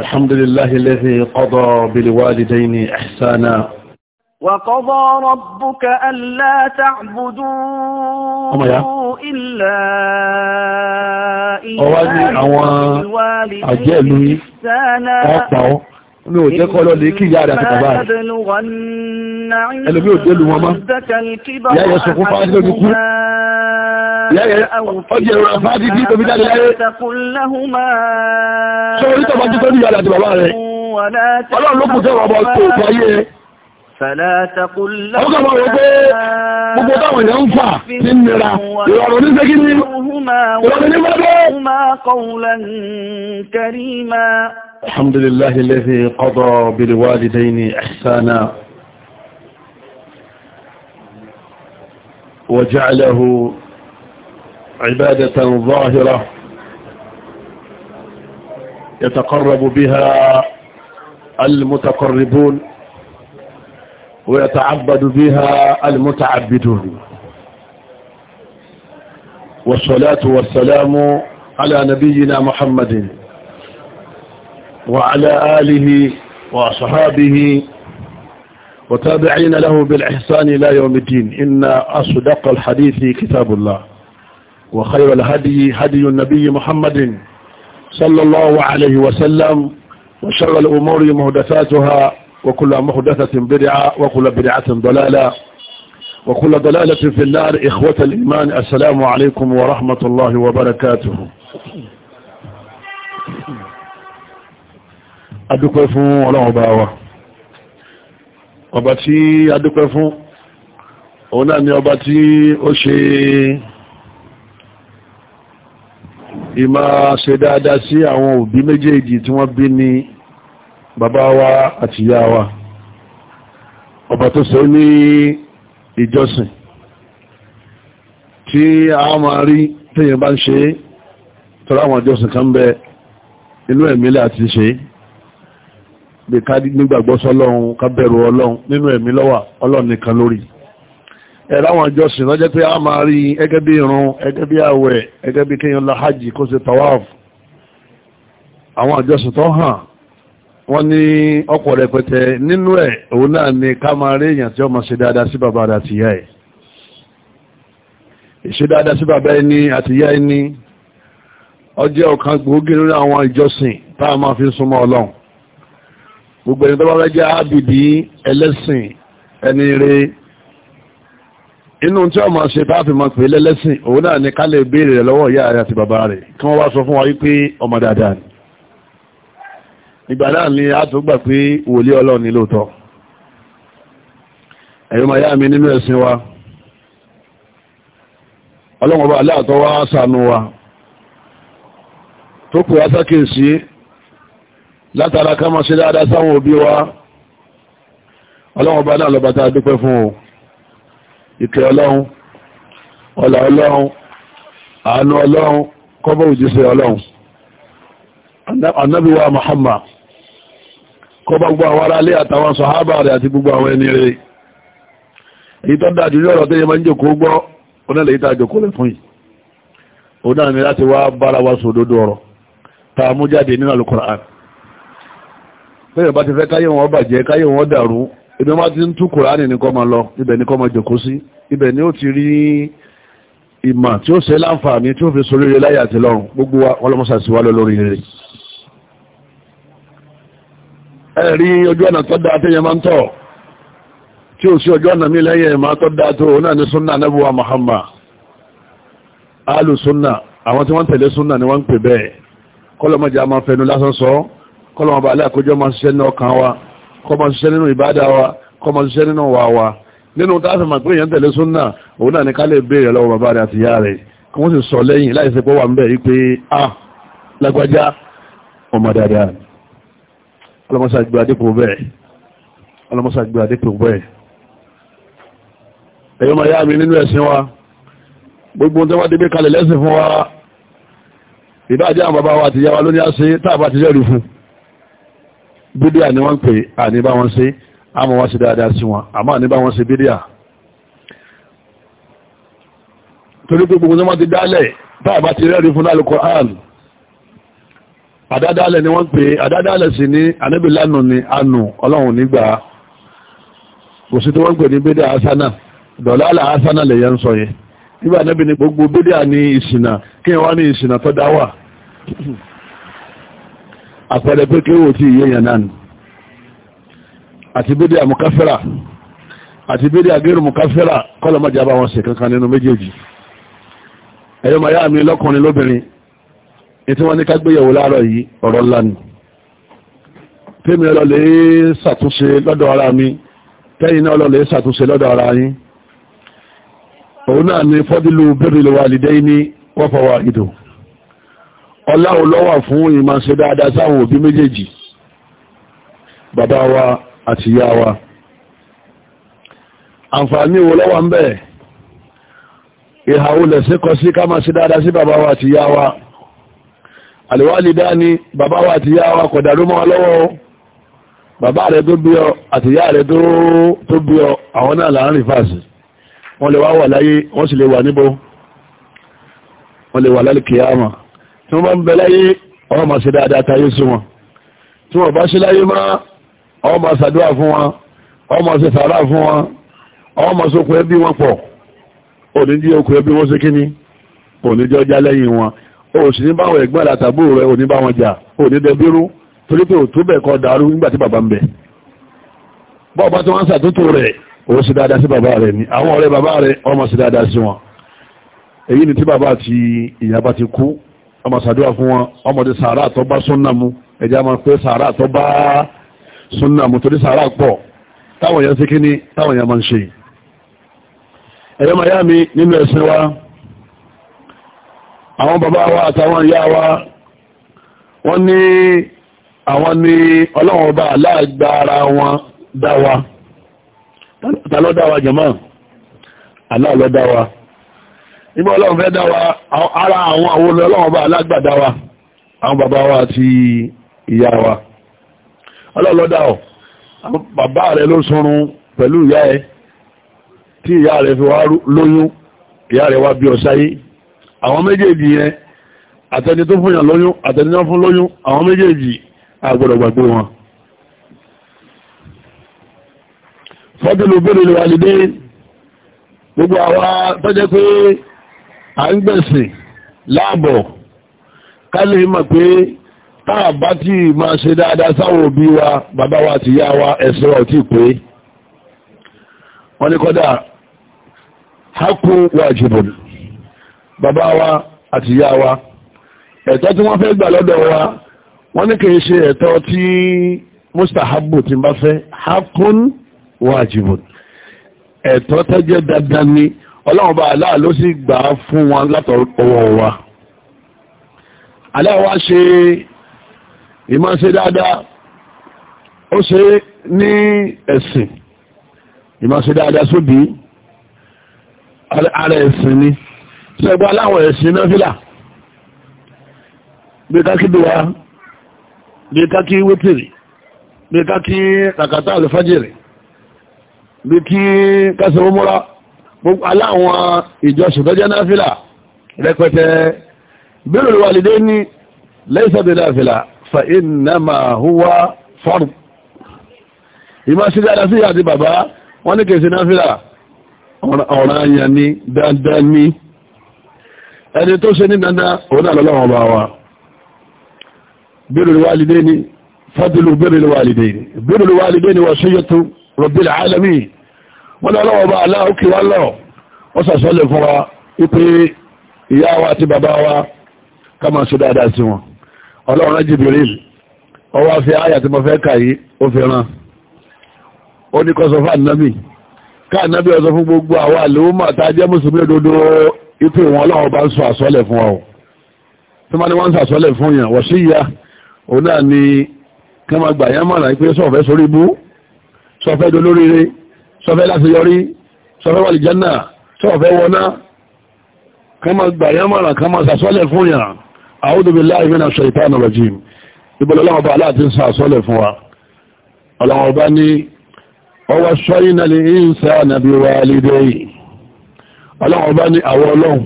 الحمد لله الذي قضى بالوالدين إحسانا وقضى ربك ألا تعبدوا إلا إياه إحسانا mi ò jẹ́ kọ́ lọ lè kí ìyá rẹ̀ àti bàbá rẹ̀ ẹlòmí ò délù wọn mọ́ ìyá yẹ sọ fún fáwọn ẹlòmí kú فلا تقل لهما إيه؟ لهما قولا كريما الحمد لله الذي قضى بالوالدين احسانا وجعله عبادة ظاهرة يتقرب بها المتقربون ويتعبد بها المتعبدون والصلاة والسلام على نبينا محمد وعلى آله وأصحابه وتابعين له بالإحسان إلى يوم الدين إن أصدق الحديث كتاب الله وخير الهدي هدي النبي محمد صلى الله عليه وسلم وشر الأمور مهدثاتها وكل مهدثة بدعة وكل برعة ضلالة وكل ضلالة في النار إخوة الإيمان السلام عليكم ورحمة الله وبركاته adúpẹ́ fún الله ọba wa ọba tí adúpẹ́ fún òun náà ìmá ṣe dáadáa sí àwọn òbí méjèèjì tí wọ́n bí ní bàbá wa àti ìyá wa ọba tó ṣe ní ìjọsìn tí a máa rí téèyàn bá ń ṣe tọ́lá àwọn ìjọsìn kan bẹ inú ẹ̀mí láti ṣe bí ká nígbàgbọ́ ká bẹ̀rù ọlọ́run nínú ẹ̀mí lọ́wà ọlọ́run nìkan lórí ẹ̀láwọn ìjọsìn lọ́jẹ́ pé a máa rí ẹgẹ́ bí irun ẹgẹ́ bí àwẹ̀ ẹgẹ́ bí kíyàn láhájì kó ṣe tawaf àwọn ìjọsìn tó hàn wọ́n ní ọ̀pọ̀ rẹpẹtẹ nínú ẹ̀ òun náà ni ká máa rí èèyàn tí ó máa ṣe dáadáa sí bàbá àti ìyá ẹ̀ ìṣe dáadáa sí bàbá ẹni àti ìyá ẹni ó ọ̀kan gbòógì nínú àwọn ìjọsìn tá a máa fi súnmọ́ ọlọ́run gbogbo ẹni tó bá fẹ́ jẹ́ ábìdí ẹlẹ́sìn ẹni rèé inú tí ọmọ ṣe bá fi mọ pé lẹ́lẹ́sìn òun náà ni ká lè béèrè rẹ̀ lọ́wọ́ ìyá rẹ̀ àti bàbá rẹ̀ kí wọ́n wá sọ fún wa wípé ọmọ dáadáa ni ìgbà náà ni a tó gbà pé wòlíì Ọlọ́run ni lóòótọ́ ẹ̀yọ́ máa yá mi nínú ẹ̀sìn wa Ọlọ́run bá aláàtọ́ wá sànú wa tó pè á sákèsí látara ká máa ṣe dáadáa sáwọn òbí wa Ọlọ́run bá náà dúpẹ́ fún òun ike ọlọ́run ọlà ọlọ́run àánú ọlọ́run kọ́bọ̀ òjíṣẹ́ ọlọ́run anábíwá Muhammad kọ́bọ̀ gbogbo àwọn aráalé àtàwọn sọ̀hábà rẹ̀ àti gbogbo àwọn ẹni rẹ̀ èyí tó dájú ní ọ̀rọ̀ tó yẹ máa ń jòkó gbọ́ onílẹ̀ a ibi wọn ti ń tú kùránì ní kọ́ máa lọ ibẹ̀ ní kọ́ máa jòkó sí ibẹ̀ ni ó ti rí ìmọ̀ tí ó ṣe láǹfààní tí ó fi sórí rẹ láyé àti lọ́run gbogbo wa ọlọ́mọṣà sí wa lọ lórí rẹ. ẹ rí ojú ọ̀nà tó dáa téèyàn máa ń tọ̀ tí ó sí ojú ọ̀nà mi lẹ́yìn ẹ̀ máa tó dáa tó náà ní sunna anábùwà Muhammad alu sunna àwọn tí wọ́n tẹ̀lé sunna ni wọ́n ń pè bẹ́ẹ̀ kọ́lọ́mọjà máa fẹnu lásán sọ kọ́lọ́mọba aláàkójọ́ máa ṣiṣẹ́ kọ́ máa ṣiṣẹ́ nínú ìbádà wa kọ́ máa ṣiṣẹ́ nínú wà wa nínú tá a fi mọ̀ pé èèyàn tẹ̀lé súnà òun náà ní ká lè béèrè lọ́wọ́ bàbá rẹ̀ àti ìyá rẹ̀ kí wọ́n sì sọ lẹ́yìn láìsí pé wà ń bẹ̀ yí pé a lágbájá ọmọ dáadáa ọlọ́mọṣà gbé adépò bẹ́ẹ̀ ẹ̀yọ́ máa yá mi nínú ẹ̀sìn wa gbogbo ohun tó wá débé kalẹ̀ lẹ́sìn fún wa ìbájá àwọn bídíà ni wọ́n pè àní bá wọn ṣe àmọ́ wọ́n ṣe dáadáa sí wọn àmọ́ àní bá wọn ṣe bídíà torí pé gbogbo wọn ti dálẹ̀ báyìí bá ti rẹ́rìí fún Al-Qur'an àdádálẹ̀ ni wọ́n pè àdádálẹ̀ sí ní anábìlánù ni anù ọlọ́run nígbà kò sí tí wọ́n pè ní bídíà asana dọ̀lálà asana lè yẹn sọ yẹ nígbà anábì ni gbogbo bídíà ní ìsìnà kí wọ́n ní ìsìnà tó dá àpẹẹrẹ pé kéwò tí ìyẹn náà ni àti bídí àmúkáfẹ́rà àti bídí àgẹ́rù múkáfẹ́rà kọ́lọ̀mọ́jà bá wọn ṣe kankan nínú méjèèjì ẹ̀yọ́ ma yá mi lọ́kùnrin lóbìnrin ètí wọ́n ní kágbéyàwó láàárọ̀ yìí ọ̀rọ̀ ńlá ni ọlọ́lẹ̀ ṣàtúnṣe lọ́dọ̀ ara mi tẹ́yìn ọlọ́lẹ̀ ṣàtúnṣe lọ́dọ̀ ara yín òun náà ni fọ́dílù bẹ́rẹ̀ lọ́wọ́ àlìdẹ́yìn ní wọ́fọ̀wọ́ ìdò ọlá olọ́wà fún ìmọ̀ ṣe dáadáa sáwọn òbí méjèèjì bàbá wa àti ìyá wa àǹfààní wo lọ́wà ń bẹ̀ ìhà olè síkọ sí ká máa dáadáa sí bàbá wa àti ìyá wa àlèwálìdá ni bàbá wa àti ìyá wa kò dàrú mọ́ lọ́wọ́ bàbá rẹ̀ tó bí ọ àti ìyá rẹ̀ tó bí ọ àwọn náà láàrin fàṣì wọ́n lè wá wà láyé wọ́n sì lè wà níbo wọ́n lè wà lálẹ́ kìíyàmà tí wọ́n bá ń bẹ láyé ọmọ ṣe dáadáa tayé sí wọn tí wọ́n bá ṣe láyé má ọmọ ṣàdúrà fún wọn ọmọ ṣe sàárà fún wọn ọmọ sókun ẹbí wọn pọ̀ òní jẹ́ okùn ẹbí wọn ṣe kíní òní jẹ́ ọjà lẹ́yìn wọn òsì ní báwọn ẹ̀gbọ́n àtàbò rẹ̀ òní báwọn jà òní dẹbírú torí pé òtún bẹ̀ kọ́ dàrú nígbà tí bàbá ń bẹ̀ bọ́ọ̀bá tí wọ́n ṣàtúntò rẹ̀ òun sì dáadáa sí bàbá rẹ̀ ni àwọn ọ̀rẹ́ bàbá rẹ̀ ọmọ sì dáadáa sí wọn èyí ni tí bàbá àti ìyá bá ti kú ọmọ sàdúrà fún wọn ọmọdé sàárà tó bá súnnà mu ẹ̀jẹ̀ máa pé sàárà tó bá súnnà torí sàárà pọ̀ táwọn yẹn sí kíní táwọn yẹn máa ń ṣe ẹ̀yọ́ miami nínú ẹ̀sìn wa àwọn bàbá wa àtàwọn ìyá wa wọ́n ní àwọn ni ọlọ́run ọba aláàgbà ara wọn dá wa ta dá wa jàmáà aláàlọ́ dá wa nígbà ọlọ́run fẹ́ dá wa ara àwọn àwọn ọlọ́run bá alágbàdá wa àwọn bàbá wa àti ìyá wa ọlọ́run lọ́dà ọ̀ bàbá rẹ ló sunrun pẹ̀lú ìyá ẹ tí ìyá rẹ fi wá lóyún ìyá rẹ wá bí ọ̀sáyé àwọn méjèèjì yẹn àtẹni tó fún yàn lóyún àtẹni tó fún lóyún àwọn méjèèjì àgbọ̀dọ̀ wọn fọ́dúnlù bèrè lè wà lédè gbogbo àwa tọ́jẹ́ pé à ń gbẹ̀sìn láàbọ̀ ká lè mọ̀ pé táà bá tí máa ṣe dáadáa sáwọn òbí wa bàbá wa ti yá wa ẹ̀sìn wa ò tí pé wọ́n ní kọ́dà hákù wájibùn bàbá wa àti yá wa ẹ̀tọ́ tí wọ́n fẹ́ gbà lọ́dọ̀ wa wọ́n ní kìí ṣe ẹ̀tọ́ tí mustahabu ti bá fẹ́ hakun wajibun ẹ̀tọ́ tẹ́jẹ́ dandan ni ọlọ́run bá aláà ló sì gbà á fún wọn látọwọ́ wa aláà wá ṣe ìmọ̀ọ́ṣe dáadáa ó ṣe ní ẹ̀sìn ìmọ̀ọ́ṣe dáadáa sóbì ara ẹ̀sìn ni ṣẹ́gbọ́n aláwọ̀ ẹ̀sìn náà fìlà bí kákídùwà bí kákí wítìrì bí kákí kàkàtà àlùfájìrì bí kí kásìwọ́múra aláwọn ìjọsìn tó jẹ́ náfìlà rẹpẹtẹ birrul walidaini laysa bi náfìlà fa innama huwa fard ìmọ̀ sí dáadáa sí àti bàbá wọ́n ní kèsì náfìlà ọ̀ràn àyàn ni dandan ni ẹni tó ṣe ní dandan wọ́n ní ọlọ́wọ́ bá aláwọ̀ kí wá lọ wọ́n sàṣọ́lẹ̀ fún wa wípé ìyá wa àti bàbá wa ká máa ṣe dáadáa sí wọn ọlọ́run rán Jibril ọwọ́ àfi àyà tí mo fẹ́ kà yìí ó fi ràn ó ní kọ́sọ̀ fún ànábì ká ànábì ọ̀sọ̀ fún gbogbo àwọn àlèwò mà tá a jẹ́ mùsùlùmí òdodo ipò ìwọ̀n ọlọ́run bá ń sọ àṣọ́lẹ̀ fún ọ tí wọ́n ní wọ́n ń sàṣọ́lẹ̀ fún yàn wọ́n sí ìyá òun náà ni kí máa gbà yán mọ̀ràn pé sọ̀fẹ́ sórí ibú sọ̀fẹ́ dolóríire sọfẹ́ láti yọrí sọfẹ́ wà lìjánà sọfẹ́ wọná kama gbàyàmọ̀ràn kama sàsọ́lẹ̀ fún yà a'udhu billahi minash shaitanir rajim ìbọ̀lọ́wọ́ bá aláàtí sàsọ́lẹ̀ fún wa ọlọ́wọ́ bá ní ọwọ́ sọ́yìn nàlẹ̀ ìyínsá nàbí wa lédè ọlọ́wọ́ bá ní àwọ ọlọ́run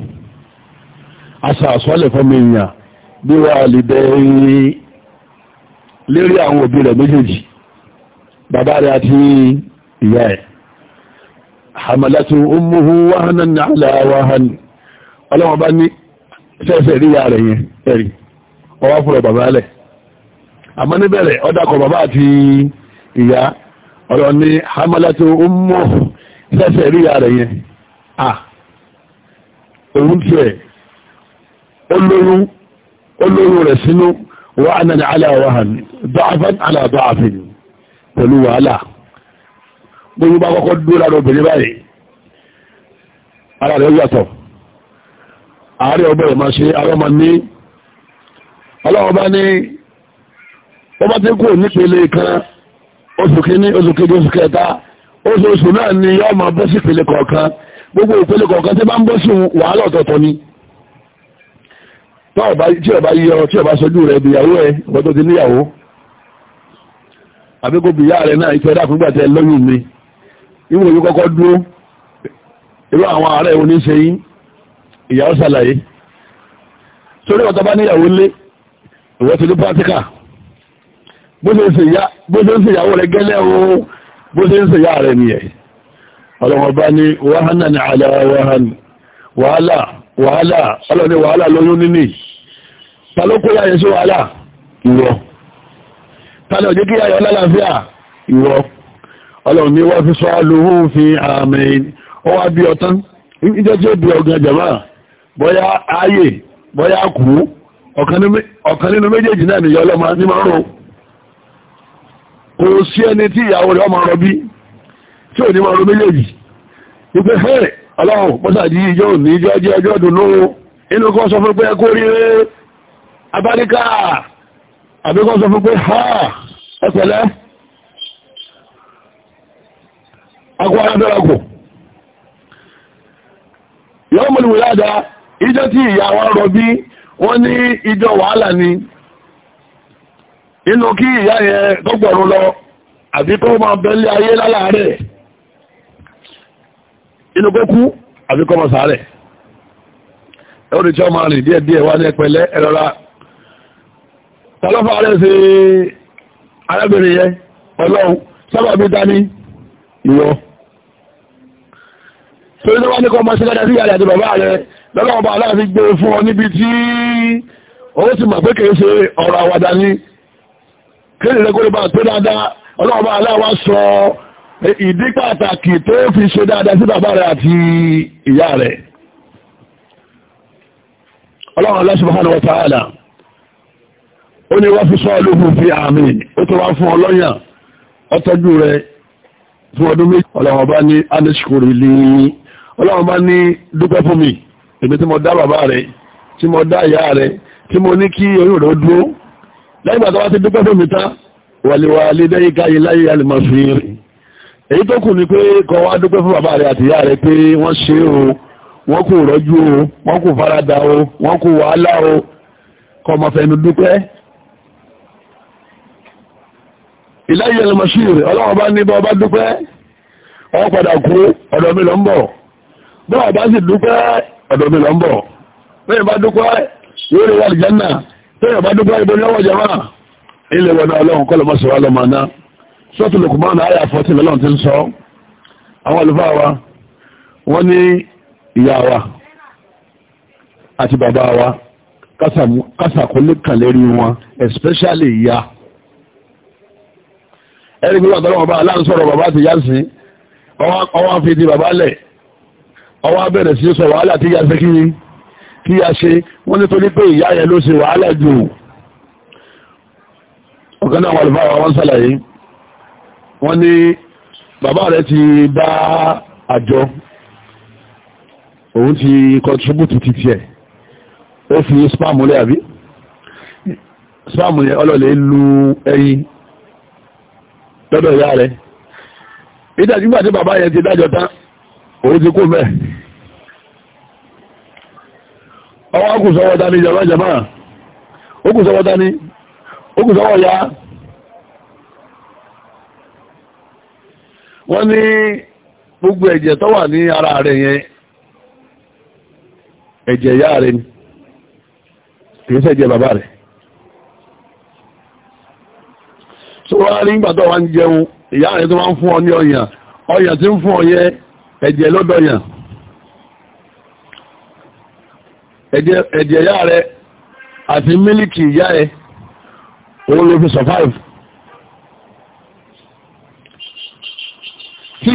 lérí àwọn òbí rẹ̀ méjèèjì bàbá rẹ̀ àti ìyá ẹ̀ hamalatu ummuhu wahanan ala wahan ọlọ́wọ́n bá ní sẹ́ẹ̀sẹ̀ rí ya rẹ̀ yẹn ẹ̀rí ọwá fúrọ̀ bàbá lẹ̀ àmọ́ níbẹ̀rẹ̀ ọdákọ̀ bàbá àti ìyá ọ̀rọ̀ ní hamalatu ummuhu sẹ́ẹ̀sẹ̀ rí ya rẹ̀ yẹn à òun tí ẹ̀ olóyún rẹ̀ sínú wahanan ala wahan da'afan ala da'afin pẹ̀lú wàhálà gbogbo bá kọ́kọ́ dúró lára obìnrin báyìí ara rẹ̀ yàtọ̀ ààrẹ ọgbẹ́ rẹ̀ máa ṣe ara ọmọ ní ọlọ́wọ́ bá ní wọ́n bá ti nípele kan oṣù kìíní oṣù kejì oṣù kẹta oṣooṣù náà ni yọ́ máa bọ́ sí ìpele kọ̀ọ̀kan gbogbo ìpele kọ̀ọ̀kan tí bá ń bọ́ sí wàhálà ọ̀tọ̀ọ̀tọ̀ ni tí ọba yíyọ tí ọba sojú rẹ̀ bìyàwó ẹ̀ ọ̀tọ̀ ti níyàwó àbíkó bìyà rẹ̀ náà ìfẹ́ dákúngbà tẹ lọ́yìn mi ìwò yìí kọ́kọ́ dúró irú àwọn ààrẹ oníṣe yìí ìyàwó ṣàlàyé sórí ọ̀tọ́ bá níyàwó lé ìwọ́ ti ní pátíkà bó ṣe ń ṣe ìyàwó rẹ̀ gẹ́lẹ́ o bó ṣe ń ṣe ìyá rẹ̀ nìyẹn ọlọ́wọ́n bá ní wàhánà ní àlẹ́ wàhánà wàhálà wàhálà ọlọ́ni wàhálà lóyún níní ta ló kó yáyẹ sí wàhálà ìwọ ta ló jẹ́ kí yáyẹ ọlálàáfíà ìwọ ọlọ́run ní wá fi sọ alóhùn fi àmì ọ bí ọtán ìjọ tí ó bí ọgán jàmá bọ́yá ayé bọ́yá kú ọ̀kan nínú méjèèjì náà ọlọ́mà ní kò sí ẹni tí ìyàwó rẹ̀ ọmọ rọ bí tí ò ní máa méjèèjì wípé hẹ́ ọlọ́run pọ́sàdì ìjọ ní ìjọ ọjọ́ ọdún akwara darapọ̀ yọ́ mọ̀lùmù yáda ìjọ tí ìyá wa rọbí wọ́n ní ìjọ ni inú kí ìyá yẹn tó gbọ̀rún lọ àbí kó máa bẹ́lẹ̀ ayé lálàárẹ̀ inú kó kú àbí kó máa sàárẹ̀ ẹ̀rọ tí ó máa rìn díẹ̀ díẹ̀ wá ní ẹpẹlẹ ẹ̀rọra tàlọ́fà rẹ̀ sí arábìnrin yẹn ọlọ́run torí ló wá ní kọ́ ọmọ sí dáadáa sí ìyá rẹ̀ àti bàbá rẹ̀ lọ́nà ọba aláàfin gbé e fún ọ níbi tí ó sì mọ̀ pé kìí ṣe ọ̀rọ̀ àwàdà ni kéde lẹ́kọ́lẹ́ bá dáadáa ọlọ́ọ̀bá aláwa sọ ìdí pàtàkì tó fi ṣe dáadáa sí bàbá rẹ̀ àti ìyá rẹ̀ ọlọ́run Allah ọlọ́run bá ní dúpẹ́ fún mi èmi tí mo dá bàbá rẹ̀ tí mo dá ìyá rẹ̀ tí mo ní kí oyún rẹ̀ ó dúró lẹ́yìn àtàwọn ti dúpẹ́ fún mi tán wàlíwà lédẹ́yí káyé láyé alìmọ̀ fi rìn èyí tó kù ni pé kó wá dúpẹ́ fún bàbá rẹ̀ àti ìyá rẹ̀ pé wọ́n ṣe o wọ́n kò rọ́jú o wọ́n kò farada o wọ́n kò wàhálà o kó má fẹnu dúpẹ́ ìláyé alìmọ̀ fi rìn ọlọ́run bá ní bá ọ bọ́ọ̀ bá sì dúpẹ́ ọ̀dọ̀ mi lọ ń bọ̀ bẹ́ẹ̀ bá dúpẹ́ yóò rí wàlì jẹ́nà bẹ́ẹ̀ bá dúpẹ́ ibo ní ọwọ́ jẹ́mà ilé wọn ọlọ́run kọ́ lọ́mọ sọ̀rọ̀ lọ́mọ aná sọ́tù Lukumana àyà fọ́tì lọ́lọ́run ti ń sọ àwọn àlùfáà wa wọ́n ní ìyá wa àti bàbá wa kásàkólé kan lérí wọn especially ìyá ẹ̀rí gbígbà tọ́lọ́wọ́ bá aláǹsọ̀rọ̀ bàbá ti yá sí ọwọ́ fi ti bàbá lẹ̀ ọwọ́ abẹ́rẹ̀ sí sọ wàhálà tí ya ṣe kí ni ya ṣe wọ́n ní torí pé ìyá yẹn ló ṣe wàhálà jù ọ̀kan náà wàlúfà wọn sàlàyé wọ́n ní bàbá rẹ̀ ti dá àjọ òun ti contribute ti tiẹ̀ ó fi spam lẹ́ àbí spam yẹn ọlọ́lẹ̀ lu ẹyin lọ́dọ̀ ìyá rẹ̀ ìdájúgbà tí bàbá yẹn ti dájọ tán Ozi ti kó mẹ́ ọwọ́ kùsọ́wọ́ dání jàmá jàmá ó kùsọ́wọ́ ya wọ́n ní gbogbo ẹ̀jẹ̀ tó wà ní ara rẹ̀ yẹn ẹ̀jẹ̀ ìyá rẹ̀ ni kìí ṣẹ̀jẹ̀ bàbá rẹ̀ tó wá rí wá ń jẹun ìyá rẹ̀ tó wá ẹ̀jẹ̀ lọ́dọ̀ yàn ẹ̀jẹ̀ ìyá rẹ̀ àti mílìkì ìyá ẹ̀ òun ló fi survive tí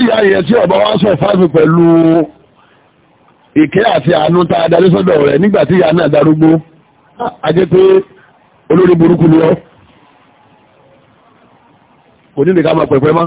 ìyá yẹn tí ọba wá survive pẹ̀lú ìkẹ́ àti àánú tá a darí sọ́dọ̀ rẹ̀ nígbà tí ìyá náà darúgbó ajẹ́ pé olórí burúkú ni ọ́ kò ní lè máa pẹ̀pẹ́ mọ́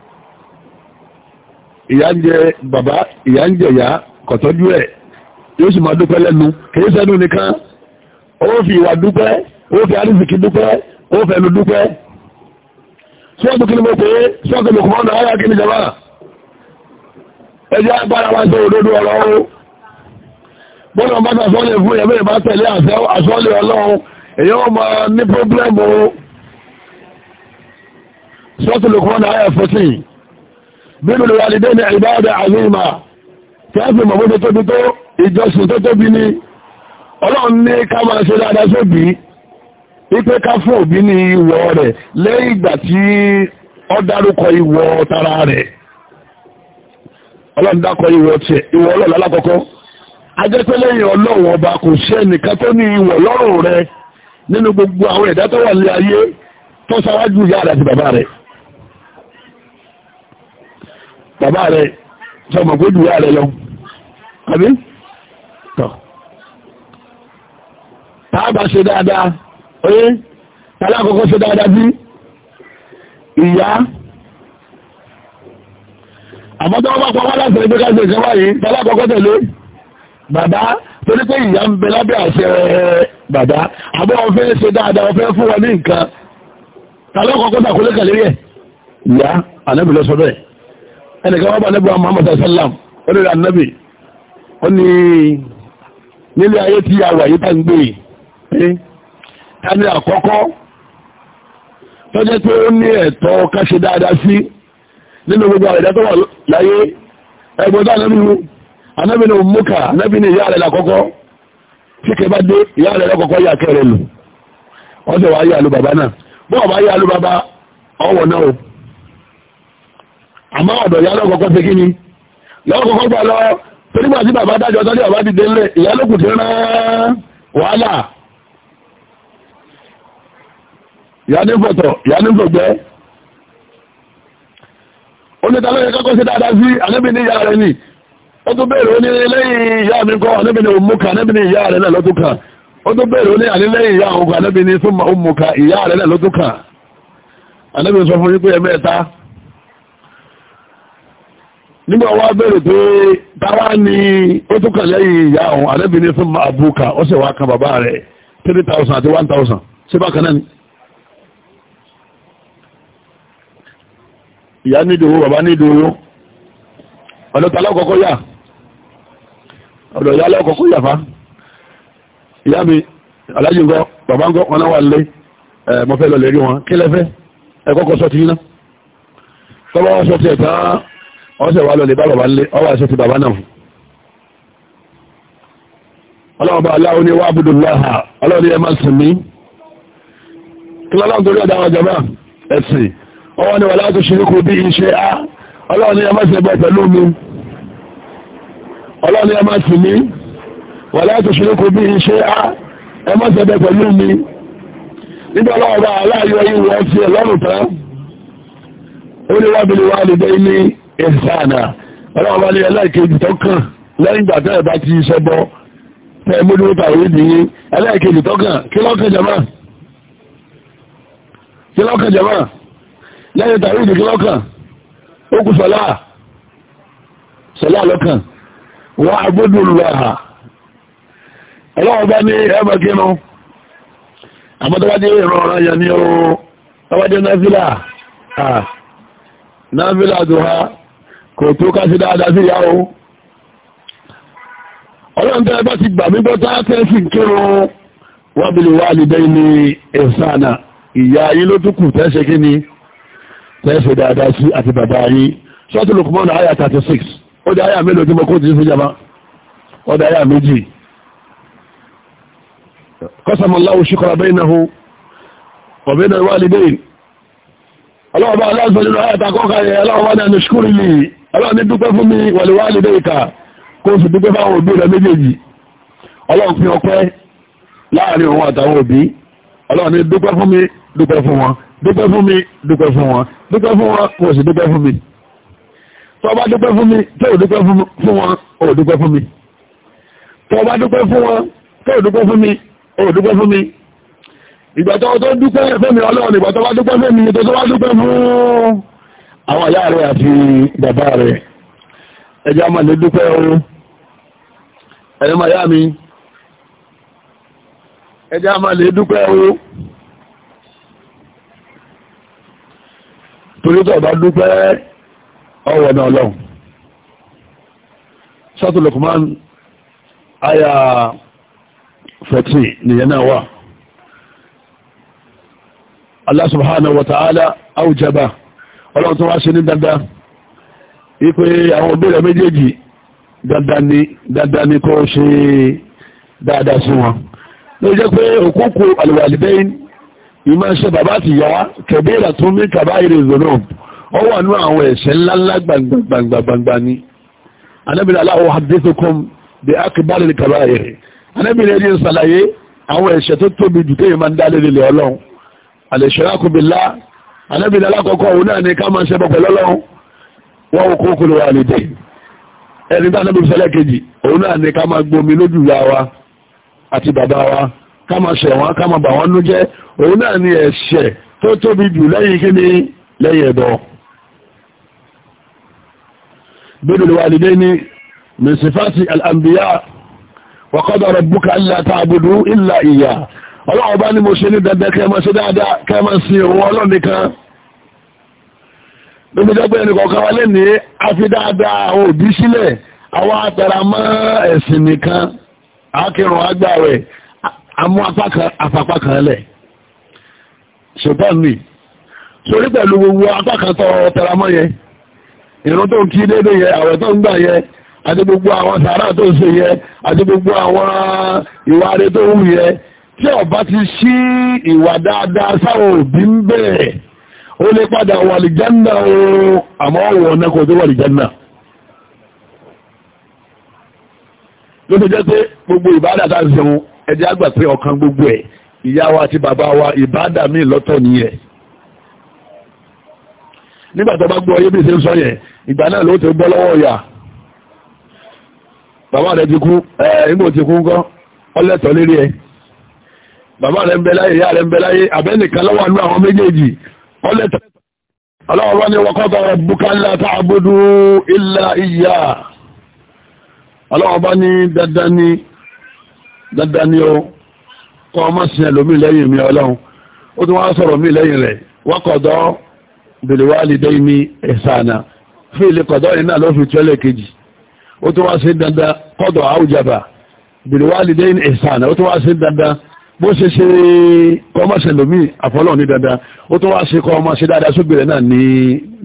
ìyá ń jẹ bàbá ìyá ń jẹ ìyá kọ̀tọ́jú ẹ̀ yóò sì máa dúpẹ́ lẹ́nu kìí sẹ́nu nìkan ó fi ìwà dúpẹ́ ó fi àrísìkí dúpẹ́ ó fẹ̀lú dúpẹ́ sọ́ọ̀tù kí ni mo pè é sọ́ọ̀tù lùkùmọ́ náà ayá kí ni jọba ẹjẹ́ agbára wa sọ òdodo ọ̀rọ̀ o bọ́lá bá ta sọ́ọ̀lẹ̀ fún ẹ̀mí ìbá tẹ̀lé àsọ́ọ̀lẹ̀ ọlọ́run èyí ó máa ní pọ́blẹ́mù sọ́ọ̀tù lùkùmọ́ náà ayá 14 bínú ìwàlìdé ní ìbáadà àzíma tí a fi mọ̀mọ́dé tóbi tó ìjọsìn tó tóbi ní ọlọ́run ní ká máa ṣe dáadáa sóbí ipé ká fún òbí ní ìwọ rẹ̀ lẹ́yìn ìgbà tí ọ dárúkọ tara rẹ̀ ọlọ́run dákọ ọlọ́run bàbá rẹ̀ sọmọ̀ pé jù rẹ̀ lọ àbí tọ̀ tàbà ṣe dáadáa oyé tàlákọ́kọ́ ṣe dáadáa bí ìyá àmọ́tọ́ wọ́n pàpọ̀ wọ́n láti ẹgbẹ́ káṣẹ̀ ìṣẹ́wà yìí tàlákọ́kọ́ tẹ̀lé bàbá torí pé ìyá ń bẹ lábẹ́ àṣẹ bàbá àbọ́ wọn fẹ́ ṣe dáadáa wọn fẹ́ fún wọn ní nǹkan tàlákọ́kọ́ tàkólé kàlérí ẹ̀ ìyá àlẹ́bìlọ́sọ́dọ̀ ẹ̀ ẹnìkan wọ́n bá nẹ́bà Muhammad sallam orí annabi ó ní nílé ayé tí a wà yìí tá ń gbé yìí ta ni àkọ́kọ́ tó jẹ́ pé ó ní ẹ̀tọ́ ká ṣe dáadáa sí nínú gbogbo àwọn ìdá tó wà láyé ẹgbẹ́ tó ànábì mú ànábì ní òmùkà ànábì ní ìyá rẹ̀ lákọ́kọ́ tí kẹ bá dé ìyá rẹ̀ lákọ́kọ́ yà kẹrẹ lù wọ́n sì yà lù bàbá náà bọ́ọ̀ bá yà lù bàbá ọwọ́ náà àmọ́ ọ̀dọ̀ ìyá lọ́kọ̀ọ́kọ́ ṣe kí ni lọ́kọ̀ọ́kọ́ gbà lọ torígbà tí bàbá dájọ́ tọ́jú ọ̀bá ti délé ìyá lókù ti rán wàhálà ìyá ní fọ̀tọ̀ ìyá ní sí dáadáa sí àníbi ìyá rẹ̀ ni ó tún bèèrè ó ní lẹ́yìn ìyá mi kọ́ àníbi ní òmùkà àníbi ní ìyá rẹ̀ náà lọ́tún kà ó tún bèèrè ó ní ànílẹ́yìn ìyá òkà àníbi ní súnmọ̀ òmùkà ìyá rẹ̀ náà lọ́tún kà àníbi sọ fún yín pé ẹ̀mẹ́ta nígbà wá bẹ̀rẹ̀ pé tàwa ni ó tún kàn lẹ́yìn ìyá òun àdẹ́bìnrin fún àbúkà ó sì wá kan bàbá rẹ̀ 3000 àti 1000 sí bákan náà ni ìyá nídìí owó bàbá nídìí owó ọ̀dọ̀ ta lọ́kọ̀ọ́kọ́ yà ọ̀dọ̀ ìyá yà fa ìyá mi alájì ńkọ́ bàbá ńkọ́ wọn náà wà lé ẹ̀ mọ́fẹ́ lọ lè wọn kí ẹ̀kọ́kọ́ sọ ti yín wọ́n sẹ̀ wá lọ lè bá bàbá ńlé ọwọ́ àṣẹ ti bàbá náà fún ọlọ́ọ̀bá aláwọ̀ ní wàbùdù láhà ọlọ́ọ̀dí ẹ máa sìn mí kí lọ́lọ́n torí ọ̀dá àwọn jama ẹ̀sìn ọwọ́ ni wà láti ṣerékù bí iṣẹ́ á ọlọ́ọ̀dí ẹ máa sìn pẹ̀lú mi ìsànà ọlọ́wọ́ bá lé ẹlẹ́ẹ̀kejì tó kàn lẹ́yìn ìgbà bá ti iṣẹ́ bọ́ tẹ́ẹ̀ mójúmọ́ tàwé nìyí ẹlẹ́ẹ̀kejì tó kàn kí lọ́kàn jama kí lọ́kàn jama lẹ́yìn tàwé nìyí kí lọ́kàn ó kù sọ́lá sọ́lá lọ́kàn wọ́n agbódò ọlọ́wọ́ bá ní kínú ọ̀rọ̀ ni ó kò tó ká sí dáadáa sí ìyàwó ọlọ́run tẹ́lẹ̀ bá ti gbà mí gbọ́ táàtẹ́ sì ń kírun wọ́n bí lè wá lè dẹ́ ní ẹ̀sánà ìyá yín ló tún kù tẹ́ṣe kí ni tẹ́ṣe dáadáa sí àti bàbá yín sọ́tù lukumọ́nà àyà 36 ó dá àyà mélòó tí mo kó lè dẹ́ ọlọ́ọ̀bá aláàzọ̀ nínú àyà takọ́kà yẹ aláwọ̀ ní ṣkúrì lè ọlọ́run ní dúpẹ́ fún mi wàlúwàlú dẹ́yìká kó o sì dúpẹ́ fáwọn òbí rẹ méjèèjì ọlọ́run fi ọpẹ́ láàrin òun àtàwọn òbí ọlọ́run ní dúpẹ́ fún mi dúpẹ́ fún wọn dúpẹ́ fún mi dúpẹ́ fún wọn dúpẹ́ fún wọn kó o sì dúpẹ́ fún mi tó o bá dúpẹ́ fún mi tó o dúpẹ́ fún wọn o ò dúpẹ́ fún mi tó o bá dúpẹ́ fún wọn tó o dúpẹ́ fún mi o ò dúpẹ́ fún mi ìgbà tó o tó dúpẹ́ fún mi ọlọ́run ìgbà tó o bá dúpẹ́ fún mi tó o tó bá dúpẹ́ fún àwọn ìyá rẹ̀ àti bàbá rẹ̀ ẹjá máa lè dúpẹ́ oó ẹ̀yẹ́ máa yá mi ẹjá máa lè dúpẹ́ oó torítọ̀ bá dúpẹ́ ọwọ̀ náà lọ́wọ́ sọ́tù Lukman aya nìyẹn náà wà Allah subhanahu wa ọlọ́run tó wá ṣe ní dandan wípé àwọn òbí méjèèjì dandan ni dandan ni kó ṣe dáadáa sí wọn ló jẹ́ pé òkúkú àlùwàlìdẹ́yìn ìmọ̀ ṣe bàbá àti ìyá kẹ̀bíra tó ní kàbá ìrè ìzòrò ó wà ní àwọn ẹ̀ṣẹ̀ ńláńlá gbàngbàngbàngbà ni anábìnrin aláwọ̀ hadithukum bí akbar ní kàbá ìrè anábìnrin ẹni ṣàlàyé àwọn ẹ̀ṣẹ̀ tó tóbi jù kéèyàn máa ń dá lé anábìlẹ̀ alákọ̀ọ́kọ́ òun náà ni ká máa ṣẹbọ pẹ̀lú ọlọ́run wọ́n kó kúrò wà lédè ẹni tá anábìlẹ̀ sẹ́lẹ̀ kejì òun náà ni ká máa gbomi lójú ìyá wa àti bàbá wa ká máa ṣẹ̀ wọ́n ká máa bà wọ́n nú jẹ́ náà ni ẹ̀ṣẹ̀ tó tóbi jù lẹ́yìn kí ni lẹ́yìn ẹ̀bọ bídùn wà lédè ni mẹsìfásì al-anbiya wa qada rabbuka allá ta'budu ọlọ́run bá ní mo ṣe ní dandan kẹmọ ṣe dáadáa kẹmọ sí òun ọlọ́run nìkan níbi jẹ́ pé ẹnìkọ̀ọ̀kan wálé ní a fi dáadáa àwọn òbí sílẹ̀ àwọn atara mọ́ ẹ̀sìn nìkan akẹrùn agbáwẹ̀ amú apá kan lẹ̀ ṣùgbọ́n mi sórí pẹ̀lú gbogbo apá kan tọ́ tara mọ́ yẹn ìrun tó ń kí déédéé yẹ àwẹ̀ tó ń gbà yẹ àti gbogbo àwọn sàárà tó ń ṣe yẹ àti gbogbo àwọn ìwà rẹ tó ń wù yẹ tí ọba ti ṣí ìwà dáadáa sáwọn òbí ń bẹ̀rẹ̀ ó lè padà wà lìjánà ooo àmọ́ ọ̀wọ̀ ọ̀nà kò tó wà lìjánà ló ti jẹ́ pé gbogbo ìbádà tá ṣeun ẹ̀jẹ̀ àgbà pé ọ̀kan gbogbo ẹ̀ ìyá wa àti bàbá wa ìbádà míì lọ́tọ̀ nìyẹn nígbà tó bá gbọ́ ọyé bí ṣe ń sọ yẹn ìgbà náà ló ti gbọ́ lọ́wọ́ ìyá bàbá rẹ̀ ti kú ẹ̀ ẹ̀ ń bò ti kú ńkọ́ ọlẹ́tọ̀ lérí ẹ̀ bàbá rẹ̀ ń bẹ láyé ìyá rẹ̀ ń bẹ láyé àbẹ́nìkan lọ́wọ́ àánú àwọn méjèèjì ọlẹ́tẹ̀ ọlọ́wọ́ bá ní waqada rabbuka alla ta'budu illa iyya ọlọ́wọ́ bá ní dandan ní dandan ní o kọ́ ọmọ sí ẹlòmí lẹ́yìn mi ọlọ́run ó tún wá sọ̀rọ̀ mí lẹ́yìn rẹ̀ waqada bil walidayni ihsana fún ilé kọ̀dọ́ iná ló fi tẹ́lẹ̀ kejì ó tún wá sí dandan qada awjaba bil walidayni ihsana ó tún wá sí dandan bó ṣe ṣe kọ́ ọmọ ṣe lómi àfọlọ́ ní dandan ó tún wá ṣe kọ́ ọmọ ṣe dáadáa sóbìrẹ̀ náà ní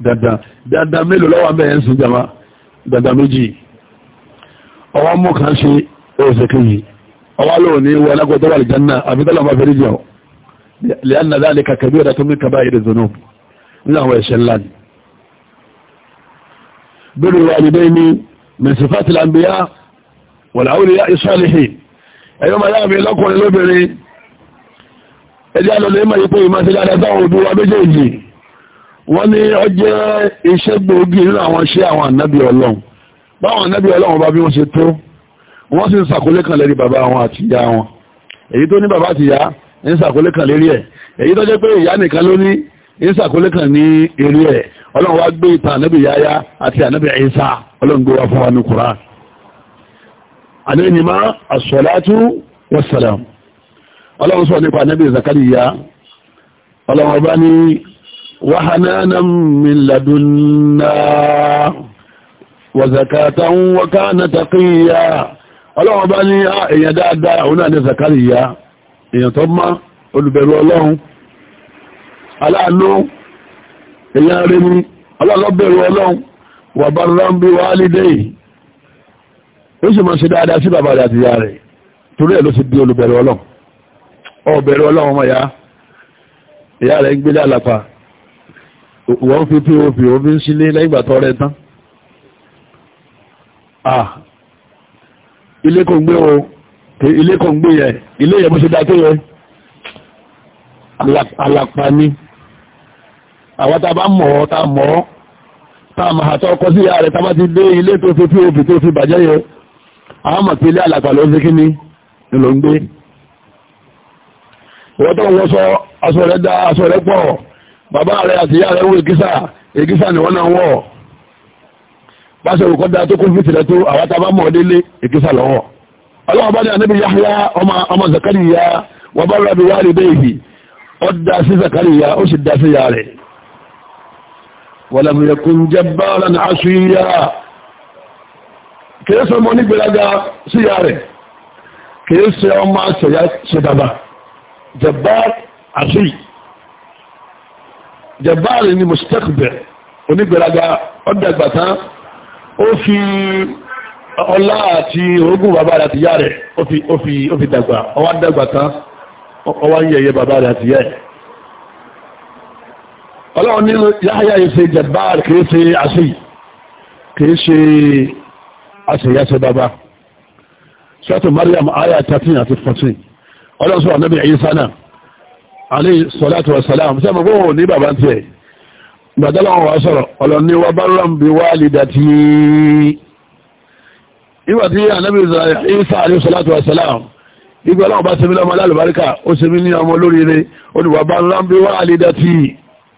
dandan dandan mélòó lọ́wọ́ bẹ́ẹ̀ ń sìn jama dandan méjì ọwọ́ mú kan ṣe oṣù kejì ọwọ́ lóò ní wọ alágbọ́dọ́ wà lìjánná àbídọ́là máa fẹ́rí jọ lẹ́yìn náà lè kàkẹ́ bí ọ̀dà tó mú kaba ìrìn zònú ní àwọn ẹ̀ṣẹ̀ ńlá ni. bẹ́ẹ̀ wà ní bẹ́ẹ̀ ni mẹ̀sìfàtìlà ń bẹ́yà ẹjẹ́ alọ́lẹ̀ mọ̀ yí pé ìmọ̀ sí dáadáa táwọn òbí wa méjèèjì wọ́n ní ọjẹ́ iṣẹ́ gbòógì nínú àwọn iṣẹ́ àwọn ànábì ọlọ́run báwọn ànábì ọlọ́run bá bí wọ́n ṣe tó wọ́n sì ń sàkólé kan lérí bàbá wọn àti ìyá wọn èyí tó ní bàbá àti ìyá ń sàkólé kan lérí ẹ̀ èyí tó jẹ́ pé ìyá nìkan ló ní ń sàkólé kan ní eré ẹ̀ ọlọ́run wá gbé ìtàn ànábì yáyá àti ànábì Ìsá ọlọ́run gbé wá fún wa ní Kùránì àníyàn ni má as-salatu was-salam ọlọ́run sọ nípa nẹ́bí zakariya ọlọ́run bá ní wàhánánà mìlàdúnná wàzàkátà ń wọ́ká na takíyà ọlọ́run bá ní ah, èyàn dáadáa òun náà ní zakariya èyàn tó má olùbẹ̀rù ọlọ́run aláàánú èyàn rẹ̀ ní ọlọ́lọ́bẹ̀rù ọlọ́run wà bá rán bí ó sì máa ṣe dáadáa sí bàbá àti ìyá rẹ̀ torí ẹ̀ ló ti di olùbẹ̀rù ọlọ́run ọ̀bẹ̀rù ọlọ́run ọmọ ya ìyá rẹ̀ ń gbélé àlàpà wọ́n fi pop omi ń sílé lẹ́gbà tọ́ rẹ̀ tán ah ilé kò ń gbé o ilé kò ń gbé yẹ ilé yẹ bó ṣe dáké yẹ àlàpà ni àwọn tá a bá mọ̀ ọ́ tá a mọ̀ ọ́ tá a máa tọ́ ọkọ sí ìyá rẹ̀ ti dé ilé tó fi pop tó fi bàjẹ́ yẹ àwọn mọ̀ pé ilé àlàpà ló ń kí ni ló ń gbé wọ́n tó wọ́n sọ aṣọ rẹ̀ dá aṣọ rẹ̀ pọ̀ bàbá rẹ̀ àti ìyá rẹ̀ wọ èkísà èkísà ni wọ́n náà wọ̀ báṣẹ òkọ́ da tó kún fìtì rẹ̀ tó àwọn tá a bá mọ̀ délé èkísà lọ́wọ́ ọlọ́wọ́ bá ní anábì Yahya ọmọ Zakariya wọ́n bá rabi wárí bẹ́ẹ̀hì ó da sí Zakariya ó sì da sí ya rẹ̀ walam yakun jabbaran jabbar asi jabbar ni mustakbir onígbèraga ọ̀dàgbà tán ó fi ọlá àti orogún bàbá rẹ̀ àti ìyá rẹ̀ ó fi dàgbà ọwá dàgbà tán ọwá ń yẹ̀yẹ́ bàbá rẹ̀ àti ìyá rẹ̀ ọlọ́run ní yáyà ìṣe jabbar kìí ṣe asi kìí ṣe àṣeyáṣe bàbá sọ́tò Maryam aya 13 àti 14 ọlọ́sùn ànábì Ìsá náà alayhi salatu wa salam sẹ́mọ̀ bó wọ́n ní bàbá tiẹ̀ gbàdálọ́wọ́ wa sọ̀rọ̀ ọlọ́ni wa barram bi walidati ìwà tí ànábì Ìsá alayhi salatu wa salam ìgbà ọlọ́wọ́ bá sẹ́mi lọ́mọ alálùbáríkà ó sẹ́mi ní ọmọ lóríire ó ní wa barram bi walidati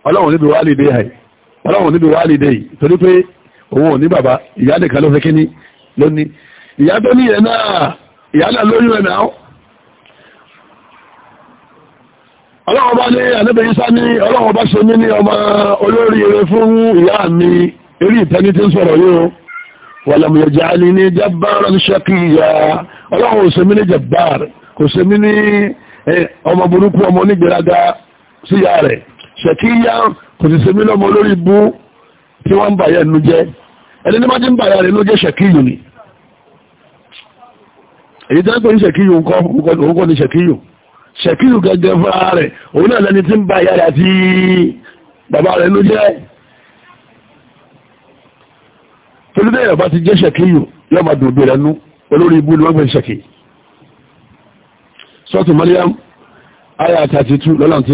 ọlọ́wọ́ níbi wálìdé yìí ọlọ́wọ́ níbi wálìdé yìí torí ìyá náà lóyún ẹ̀ ọlọ́wọ́ bá ní àdébẹ̀yí sá ní ọlọ́wọ́ bá ṣe mí ní ọmọ olórí eré fún ìyá mi eré ìtẹ́ni tí ń sọ̀rọ̀ yóò wàlàmùyẹ̀já ní ní jẹ́bàárà ní ṣẹ́kìyà ọlọ́wọ́ ò ṣe mí ní jẹ́bàár kò ṣe mí ní ọmọ burúkú ọmọ onígbèrágá síyá rẹ̀ ṣẹ́kìyà kò sì ṣe mí lọ́mọ ń bàyẹ̀ ní má ṣẹ̀kílù gẹ́gẹ́ fúnra rẹ̀ òun náà lẹni tí ń ba ìyá rẹ̀ àti bàbá rẹ̀ ló jẹ́ tolúdé ìyàbá ti jẹ́ ṣẹ̀kílù yóò máa dùn bèrè nú olórí ibú ni wọ́n gbé ṣẹ̀kì sọ́ọ̀tù Mariam aya 32 lọ́la ti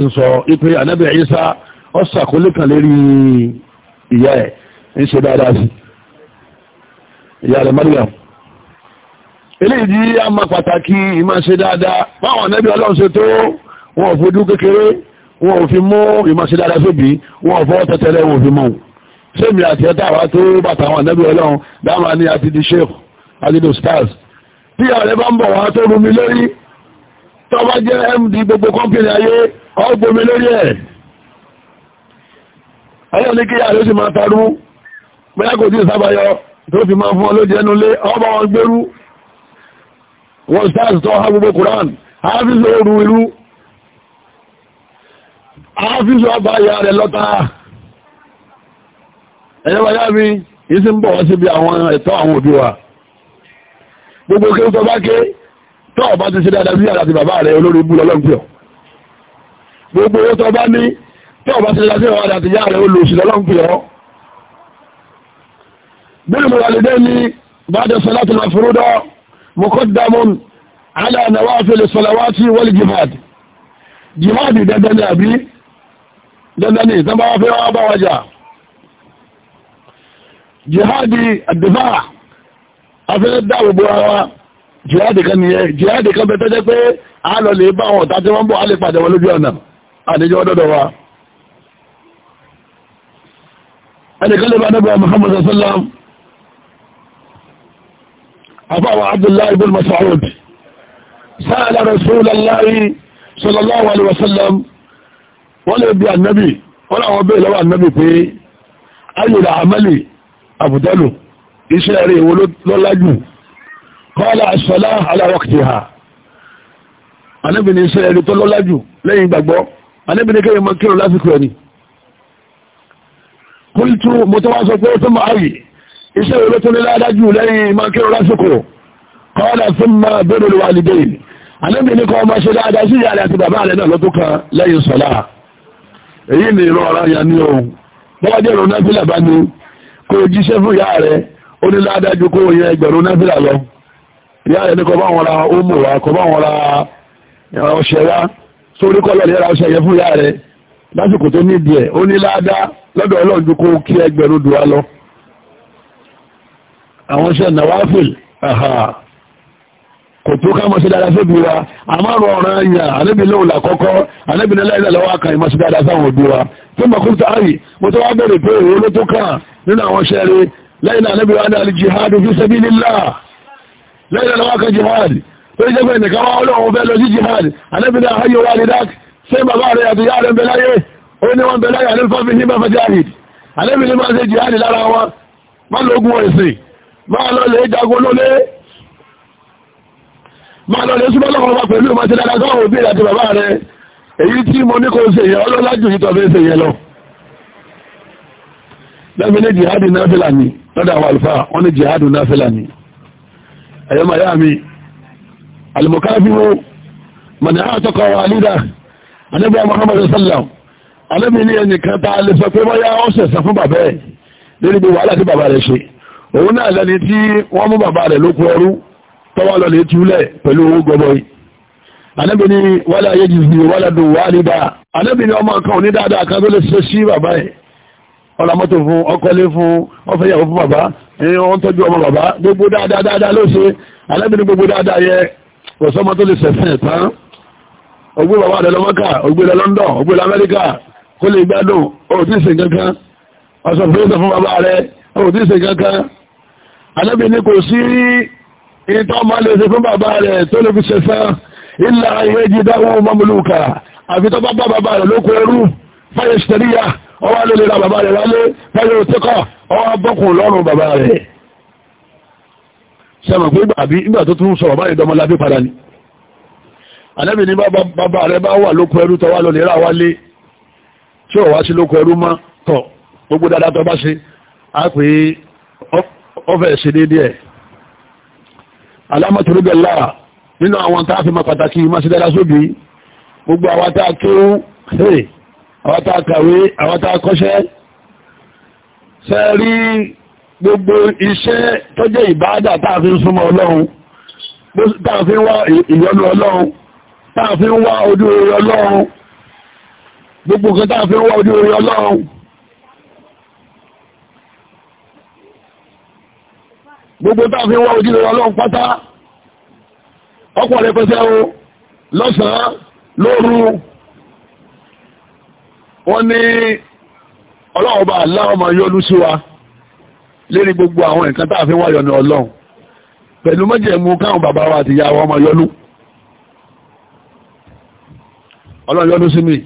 eléyìí a máa pàtàkì ìmá ṣe dáadáa báwọn ànábì ọlọ́run ṣe tó wọn ò fojú kékeré wọn ò fi mú ìmá ṣe dáadáa sóbi wọn ò fọ́ tẹ́tẹ́rẹ́ wọn ò fi mú sẹ́mi àti ẹ̀ta àwa tó bàtà àwọn ànábì ọlọ́run dáhùn ní àti di sheikh àti di stars bí ààrẹ bá ń bọ̀ wá tó rumi lórí tó bá jẹ́ md gbogbo kọ́mpìnì ayé ọgbọmi lórí ẹ̀ ọlọ́run ní kí ààrẹ ó sì máa tarú bóyá kò tí ì sábàyọ tó fi máa fún ọ lójẹ́nulé ọ wọ́n sáàsì tó ha gbogbo koran hafizu oru ìlú hafizu ọba ya rẹ̀ lọ́ta ẹ̀yẹ́ wáyá mi yìí sí ń bọ̀ wọ́n sí bí àwọn ẹ̀tọ́ àwọn òbí wa gbogbo kí ó tọ́ bá ké tọ́ ọba ti ṣe dáadáa sí àti bàbá rẹ̀ olórí ibú lọ́lọ́gbìọ̀ gbogbo owó tọ́ bá ní tọ́ ọba ti ṣe dáadáa sí àwọn àti rẹ̀ olóòṣì lọ́lọ́gbìọ̀ bílùmọ̀lẹ́dẹ́ ni bá jẹ́ sọ مقدم على نوافل الصلوات والجهاد جهاد دندن أبي دندني زما في أبا وجا جهاد الدفاع أفل الدعوة بواوا جهاد كان جهاد كان بتجد على اللي باعوا تاتي من بو علي فادي ولو جوانا أنا جوانا دوا أنا كلمة نبوة محمد صلى الله عليه وسلم àfáwà abdullahi ibn mas'ud sáàlá rasulullahi sallallahu alaihi wasallam wọ́n lè bí annabi wọ́n láwọn bẹ́ẹ̀ lọ́wọ́ annabi pé ayyùlá amali abdalu iṣẹ́ rẹ̀ wo lọ́lájú qala as-salah ala waqtiha annabi ní iṣẹ́ rẹ̀ tó lọ́lájú lẹ́yìn gbàgbọ́ annabi ní kẹ́yìn mọ́ kírò lásìkò ẹni qultu mo tó wá sọ pé ó tó máa yìí iṣẹ́ wo ló tún ní ládájú lẹ́yìn máa kírun lásìkò kọ́ọ̀dà fún máa bẹ̀rẹ̀ lọ́wọ́ àlìdé àlẹ́bí ní kọ́ ọmọ ṣe dáadáa sí ìyá rẹ̀ àti bàbá rẹ̀ náà lọ́tún kan lẹ́yìn sọ̀lá èyí ni ìran ọ̀rọ̀ yẹn ní ohun bọ́wọ́ jẹ́ ìrun náfìlà bá ní kó o jíṣẹ́ fún ìyá rẹ̀ ó ní ládájú kó o yẹn ẹgbẹ̀rún náfìlà lọ ìyá rẹ̀ lọ àwọn iṣẹ́ nàwáfìl kò tó ká mọ́sí dáadáa sóbi wa a máa rọ ọ̀rọ̀ ẹ̀yà alẹ́bí lóòlù àkọ́kọ́ alẹ́bí lẹ́lẹ́lẹ́ lọ́wọ́ àkàrí mọ́sí dáadáa sáwọn òbí wa tó mọ̀ kúrò táàrí mo tó wá bẹ̀rẹ̀ pé òun ló tó kàn nínú àwọn iṣẹ́ rẹ̀ lẹ́yìn alẹ́bí wa ní aljihadu fi sabilillah lẹ́yìn lọ́wọ́ kan jihad tó jẹ́ pé nìkan wọ́n lọ́wọ́ fẹ́ lọ sí jihad alẹ́bí náà ayé wa máa lọ lè jagun lólé máa lọ lè súnmọ́ lọ́wọ́ wa pẹ̀lú ìmọ̀ ti dáadáa sọ́wọ́ òbí àti bàbá rẹ èyí tí mo ní kò ṣe yẹ ọlọ́lá jù yìí tọ́fẹ́ ṣe yẹ lọ lẹ́mìnì jihadi náfìlà ni lọ́dọ̀ àwọn àlùfáà wọ́n ní jihadi náfìlà ni ẹ̀yọ́ màyá mi alìmọ̀káfíwó mọ̀nà àtọ́kọ̀ àlídà anábíà Muhammad sallam anábìnrin ẹnìkan ta alẹ́sọ pé yá ọ̀sẹ̀ fún bàbá lórí òun náà lẹni tí wọ́n mú bàbá rẹ̀ lókun ọrú tọ́wọ́ lọ lè túlẹ̀ pẹ̀lú owó gọbọi anábì ni wálé ayé jìzì wálé dùn wá nídà anábì ni ọmọ kan ní dáadáa kan tó lè ṣe sí bàbá ẹ̀ ọ̀rà mọ́tò fún ọkọlé fún ọfẹ́yàwó fún bàbá ẹni wọ́n tọ́jú ọmọ bàbá gbogbo dáadáa dáadáa ló ṣe anábì ni gbogbo dáadáa yẹ ọ̀sọ́mọ tó lè ṣẹ̀fẹ́ tán ògbé bàbá rẹ̀ lọ́mọ́kà ògbé lọ London ògbé lọ Amẹ́ríkà kó lè gbádùn òtí ìsìn kankan ọ̀sọ̀ fún bàbá rẹ̀ òtí ìsìn kankan anábì ní kò sí ìtọ́ máa lè ṣe fún bàbá rẹ̀ tó lè fi ṣe sán ilà ìrẹ́jì dáhùn mamuluka àfi tó bá bá bàbá rẹ̀ lóko ẹrú fáyẹ̀ ṣẹ̀ríyà ọwọ́ lè lè ra bàbá rẹ̀ wálé fáyẹ̀ òtíkọ̀ ọwọ́ bọ́kùn lọ́rùn bàbá rẹ̀ sẹ́mọ̀ pé bàbí ìgbà tó tún sọ̀rọ̀ báyìí dọmọlábí padà ni anábì ní bàbá rẹ̀ tí ò wá sí lóko ẹrú mọ́ tọ̀ gbogbo dáadáa tó bá ṣe pè é ọfẹ́ ṣe dédé ẹ̀ alámọ̀tòrúgbẹ̀ lára nínú àwọn tàà fi ma pàtàkì masídára sóbi gbogbo àwọn tàà kéwú àwọn tàà kàwé àwọn tàà kọ́ṣẹ́ ṣe rí gbogbo iṣẹ́ tó jẹ́ ìbáadà tàà fi ń súnmọ́ ọlọ́run tàà fi ń wá ìyọ́nú ọlọ́run tàà fi ń wá ojú orí ọlọ́run gbogbo kan tàà fi ń wá ojú orí ọlọ́run gbogbo táà fi wá ojúlé ọlọ́run pátá ọkọ̀ rẹpẹtẹ o lọ́sàn-án lóru wọ́n ní ọlọ́run bá aláwọ̀ máa yọ́nú sí wa lérí gbogbo àwọn nǹkan táà fi wá yọ́nú ọlọ́run pẹ̀lú mọ́jẹ̀mú káwọn bàbá wa àti ìyá wa máa yọ́nú ọlọ́run yọ́nú sí mi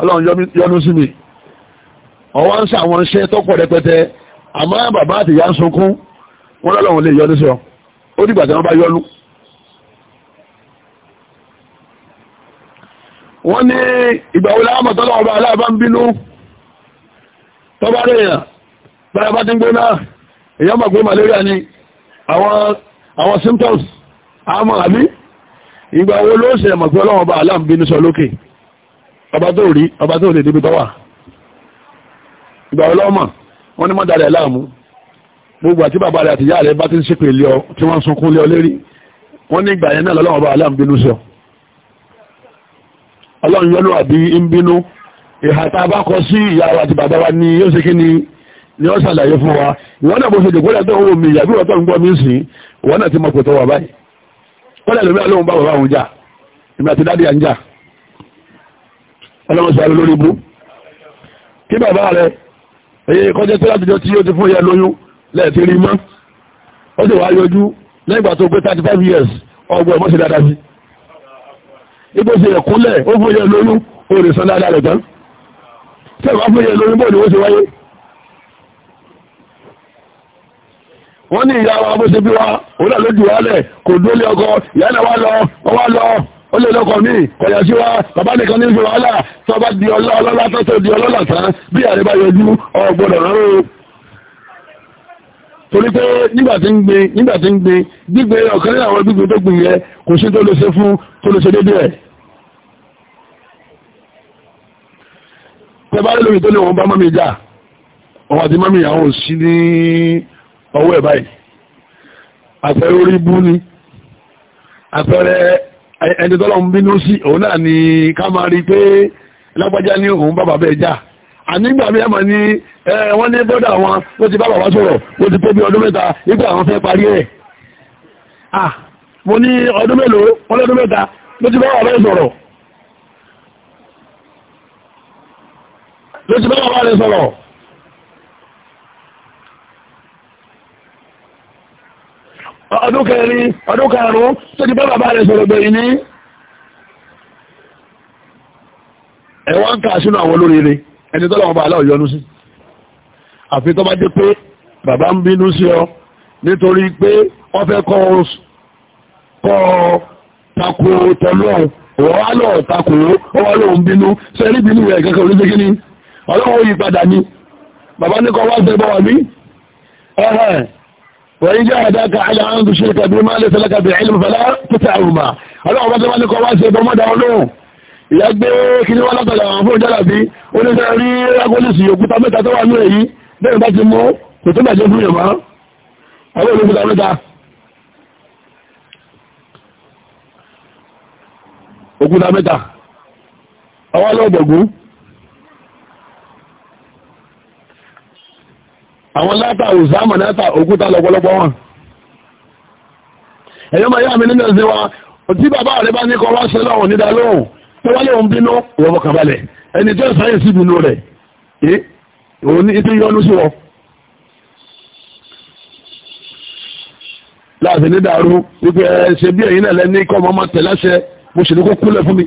ọlọ́run yọ́nú sí mi ọwọ́ ń sàwọn iṣẹ́ tọ́pọ̀ rẹpẹtẹ àmọ́ bàbá àti ìyá ń sunkún wọ́n lọ́lọ́wọ́n lè yọnu sí ọ ó dìgbà tí wọ́n bá yọnu wọ́n ní ìgbà wo láàmọ̀ tọ́lọ́ ọba aláàbá ń bínú tọ́bá rẹ̀ èèyàn bára bá ti ń gbóná èèyàn mọ̀ pé malaria ni àwọn symptoms àmọ́ àbí ìgbà wo ló ṣe mọ̀ pé ọlọ́wọ́n ọba aláàbá ń bínú sọ lókè ọba tó rí ọba tó lè débi tọ́wà ìgbà wo lọ́mọ̀ wọ́n ní mọ́ dáadáa láàmú gbogbo àti bàbá rẹ̀ àti ìyá rẹ̀ bá ti ń ṣépè lé ọ tí wọ́n ń sunkún lé ọ lérí wọ́n ní ìgbà yẹn náà lọ́lọ́wọ́ bá aláàmú bínú sọ ọlọ́run yọ́nú àbí ń bínú ìhà tá a bá kọ sí ìyá wa àti bàbá wa ni yóò ṣe kí ni ni ṣàlàyé fún wa ìwọ́n náà bó ṣe dèkó lẹ́tọ́ ohun mi ìyàbí ọ̀tọ́ ń gbọ́ mi sìn ìwọ́n náà ti mọ kò tọ́ wà báyìí kọ́lẹ̀ lẹ́ẹ̀tì rí mọ́ ó sì wá yọjú lẹ́gbàá tó pé thirty five years ọgbọ́n ẹ̀mọ́ ṣe dáadáa sí ipò ṣe ẹ̀kúnlẹ̀ ó fún yẹ lóyún ó lè san dáadáa rẹ̀ tán tẹ́wàá fún yẹ lóyún bóòlù ó ṣe wáyé wọ́n ní ìyá wa bó ṣe bí wa òun náà ló jù wálẹ̀ kò dólé ọkọ ìyá náà wá lọ wọ́n wá lọ ó lè lọ́kọ̀ mí kọ̀yà sí wa bàbá nìkan ní ìfẹ́ wàhálà tó bá di ọlọ́ọ̀lọ́lá tó tó di ọlọ́lá tán bí àrẹ bá yọjú ọgbọ́dọ̀ rárá o torí pé nígbà tí ń gbé nígbà tí ń gbé gbígbé ọ̀kan nínú àwọn gbígbé tó gbìn yẹ kò sí tó lè ṣe fún tó lè ṣe dédé ẹ̀ tẹ bá rí lórí tó lè wọ́n bá mọ́mí ìjà ọwọ́ àti mọ́mí àwọn òsì ní ọwọ́ ẹ̀ báyìí àfẹ́rẹ́ orí bú ni àfẹ́rẹ́ ẹni tọ́lọ́ ń bínú sí òun náà ni ànígbà mi ni wọ́n ní bọ́dà wọn ló ti bá bàbá sọ̀rọ̀ ló ti tó bí ọdún mẹ́ta nígbà àwọn fẹ́ parí ẹ̀ ah mo ní ọdún mélòó wọ́n mẹ́ta ló ti bá bàbá sọ̀rọ̀ ọdún kẹrin ọdún karùn-ún tó ti bá bàbá rẹ̀ sọ̀rọ̀ gbẹ̀yìn ní ẹ̀wọ́n ń sínú àwọn olóríire ẹni tọ́lọ́wọ́n bá aláwọ̀ yọnu sí àfi tó bá dé pé bàbá ń bínú sí ọ nítorí pé wọ́n fẹ́ kọ́ ọ tako tọ́lọ́wọ́ wọ́n á lọ tako ọwọ́ lóun bínú sẹ́rí bínú rẹ̀ kankan orí sékí ni ọlọ́wọ́ yí padà ni bàbá ní kọ́ wá fẹ́ bọ́ wà mí ẹ̀hẹ́ wọ́n jẹ́ àdáka àlẹ́ kàbí máa lẹ́sẹ̀ lẹ́kàbí ẹ̀lẹ́mọ̀fẹ́lá tó tẹ̀ àrùmà ọlọ́wọ́ bá tẹ́ wá ní kọ́ mọ́dà ọlọ́wọ́ ìyá gbé kiri wá látọ̀lẹ̀ àwọn fún ìjọ́lá bí ó ní sẹ́rí rákólísì òkúta mẹ́ta tó wà ní èyí bẹ́ẹ̀ bá ti mú kò tó bàjẹ́ fún ìyàmá àwọn olókúta mẹ́ta òkúta mẹ́ta àwọn alọ́gbọ̀gún àwọn látà òzámà látà òkúta lọ́pọ̀lọpọ̀ wọn ẹ̀yọ́ mọ̀ yá mi nínú ẹ̀sìn wa tí bàbá rẹ̀ bá ní kọ́ wá ṣẹlẹ̀ ọ̀hún nídàlóhùn tó wálé òun bínú ìwọ ọkàn balẹ̀ ẹni tí ó sáyẹ̀ sí ìbínú rẹ̀ ẹ òun ní ìtú yọnu sí wọn. láàfin ní dàrú wípé ẹ ṣe bí ẹ̀yin náà lẹ́ni kọ́ ọmọ tẹ̀ láṣẹ mo ṣèlú kó kúlẹ̀ fún mi.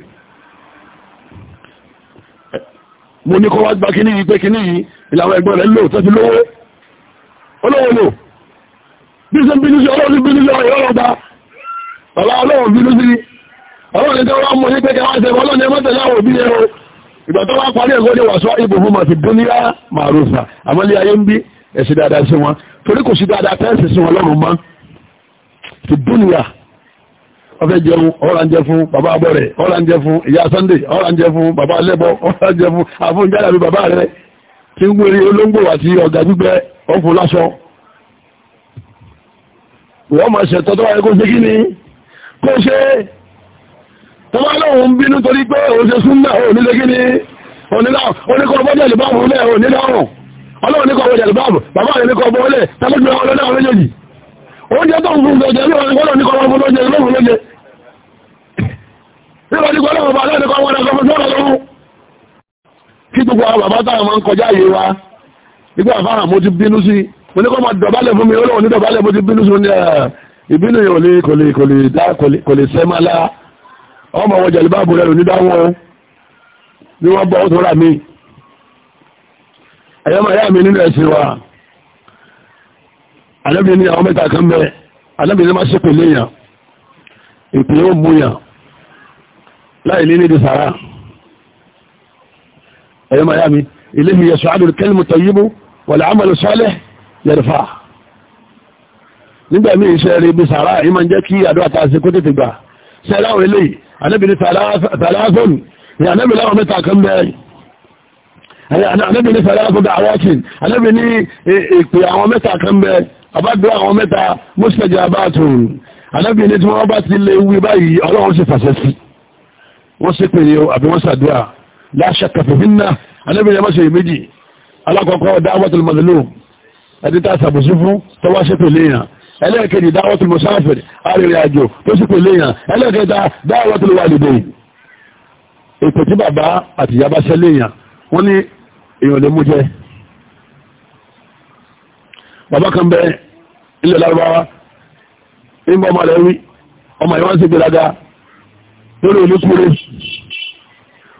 mo ní kó wá gba kíní yìí pé kíní yìí ìlànà ẹ̀gbọ́n rẹ̀ lò tẹ́fi lówó olówó lò bí ṣe bínú sí ọlọ́run bínú sí ọ̀yọ́ ọ̀dà ọlọ́run bínú sí ni ọlọ́run ní tọ́wọ́ mú ní pẹ́kẹ́ wá sẹ́wọ́ ọlọ́run ní mọ́tẹ̀ láwọ̀ òbí ẹ̀rọ ìgbà tó wá parí ẹ̀kọ́ ní wàṣọ ibò fún màtí dúnlá màrúfà àmọ́lé ayé ń bí ẹ̀sìn dáadáa sí wọn torí kò sí dáadáa tẹ́sì sí wọn lọ́rùn mọ́ ti dúnlá ọfẹ́ jẹun ọ̀rà ń jẹ fún bàbá abọ́rẹ̀ ọ̀rà ń jẹ fún ìyá Sunday ọ̀rà ń jẹ fún bàbá alẹ́bọ ọ̀rà ń jẹ fún àfúnjáde àbí bàbá rẹ tí ń wéré olóńgbò àti ọ̀gá gbígbẹ ọ̀fun lásọ wọ́n máa ṣẹ̀tọ́ tó wáyé kó ṣe kí ni kó ṣe tọ́wọ́ lóhun ń bínú torí pé òun ṣe súnmọ́ òun nílé kí ni oníkọ̀ ọbọ̀dẹ̀ ìlúbàbù náà òun nílé ọ̀rùn ọlọ́run ní kọ̀ ọbọ̀dẹ̀ ìlúbàbù bàbá rẹ̀ ní kọ̀ ọbọ̀lẹ̀ tàbílẹ̀ ọlọ́dẹ̀ àwọn méjèèjì oúnjẹ tó ń fún ọjọ́ ìlú ọ̀rẹ́ kọ́lọ̀ ní kọ̀ ọbọ̀dẹ̀ ìlú ọ̀rẹ́ lónìí kí gbogbo àwọn bàbá táwọn máa ń kọjá yìí wá nígbà fáwọn mo ti bínú sí mo ní kọ́ máa dọ̀bálẹ̀ fún mi olóòrùn ní dọ̀bálẹ̀ mo ti bínú sí ní ah, ìbínú yìí kò lè sẹ́mọ́lá ọmọ wọn jẹ̀lú báàbù rẹ̀ lónìí dáwọn ní wọ́n bọ́ tó rà mí ẹ̀yọ́ máa yá mi nínú ẹ̀sìn wa alẹ́bìnrin ní àwọn mẹ́ta kan bẹ́ alẹ́bìnrin máa ṣépè léèyàn ìpínlẹ̀ ó múyàn láì ní nídi sàrá ẹ̀yọ́ máa yá mi ilé mi yẹ̀sọ́ àdùn kẹ́lìmù tọ̀yíbù wọ̀lẹ̀ àmàlù sọ́lẹ̀ yẹ̀rẹ̀fà nígbà míì iṣẹ́ rí bí sàrá ìmọ̀ jẹ́ kí àdó àtàṣe kó tètè gbà sẹ́láwọ̀ eléyìí Ànábì ní tàlásùn ni Ànábì láwọn mẹ́ta kan bẹ́ẹ̀ Ànábì ní tàlásùn dàwátìn Ànábì ní e, ìpè àwọn mẹ́ta kan bẹ́ẹ̀ àbádọ́ àwọn mẹ́ta mustajabātun Ànábì ní tí wọ́n bá ti lè wí báyìí Ọlọ́run sì fàṣẹ sí wọ́n sì pèrè àbí wọ́n sàdúrà lā shakka fihinna Ànábì ní ẹmọ́sẹ̀ méjì alákọ̀ọ́kọ́ da'watul mazlūm ẹni tá a sàbòsí fún tọ́wọ́ sẹ́pẹ̀lẹ́yàn ẹlẹ́ẹ̀kejì dáwọ́tù musafir arìnrìn-àjò tó sì pèlè yàn ẹlẹ́ẹ̀kẹta dáwọ́tù wàlìdè ètò tí bàbá àtìyá bá ṣẹlẹ̀ yàn wọ́n ní èèyàn lè mú jẹ́ bàbá kan bẹ ilẹ̀ lárúbáwá nígbà ọmọ rẹ̀ wí ọmọ ìwọ́n sì gbéraga lórí olùkúrò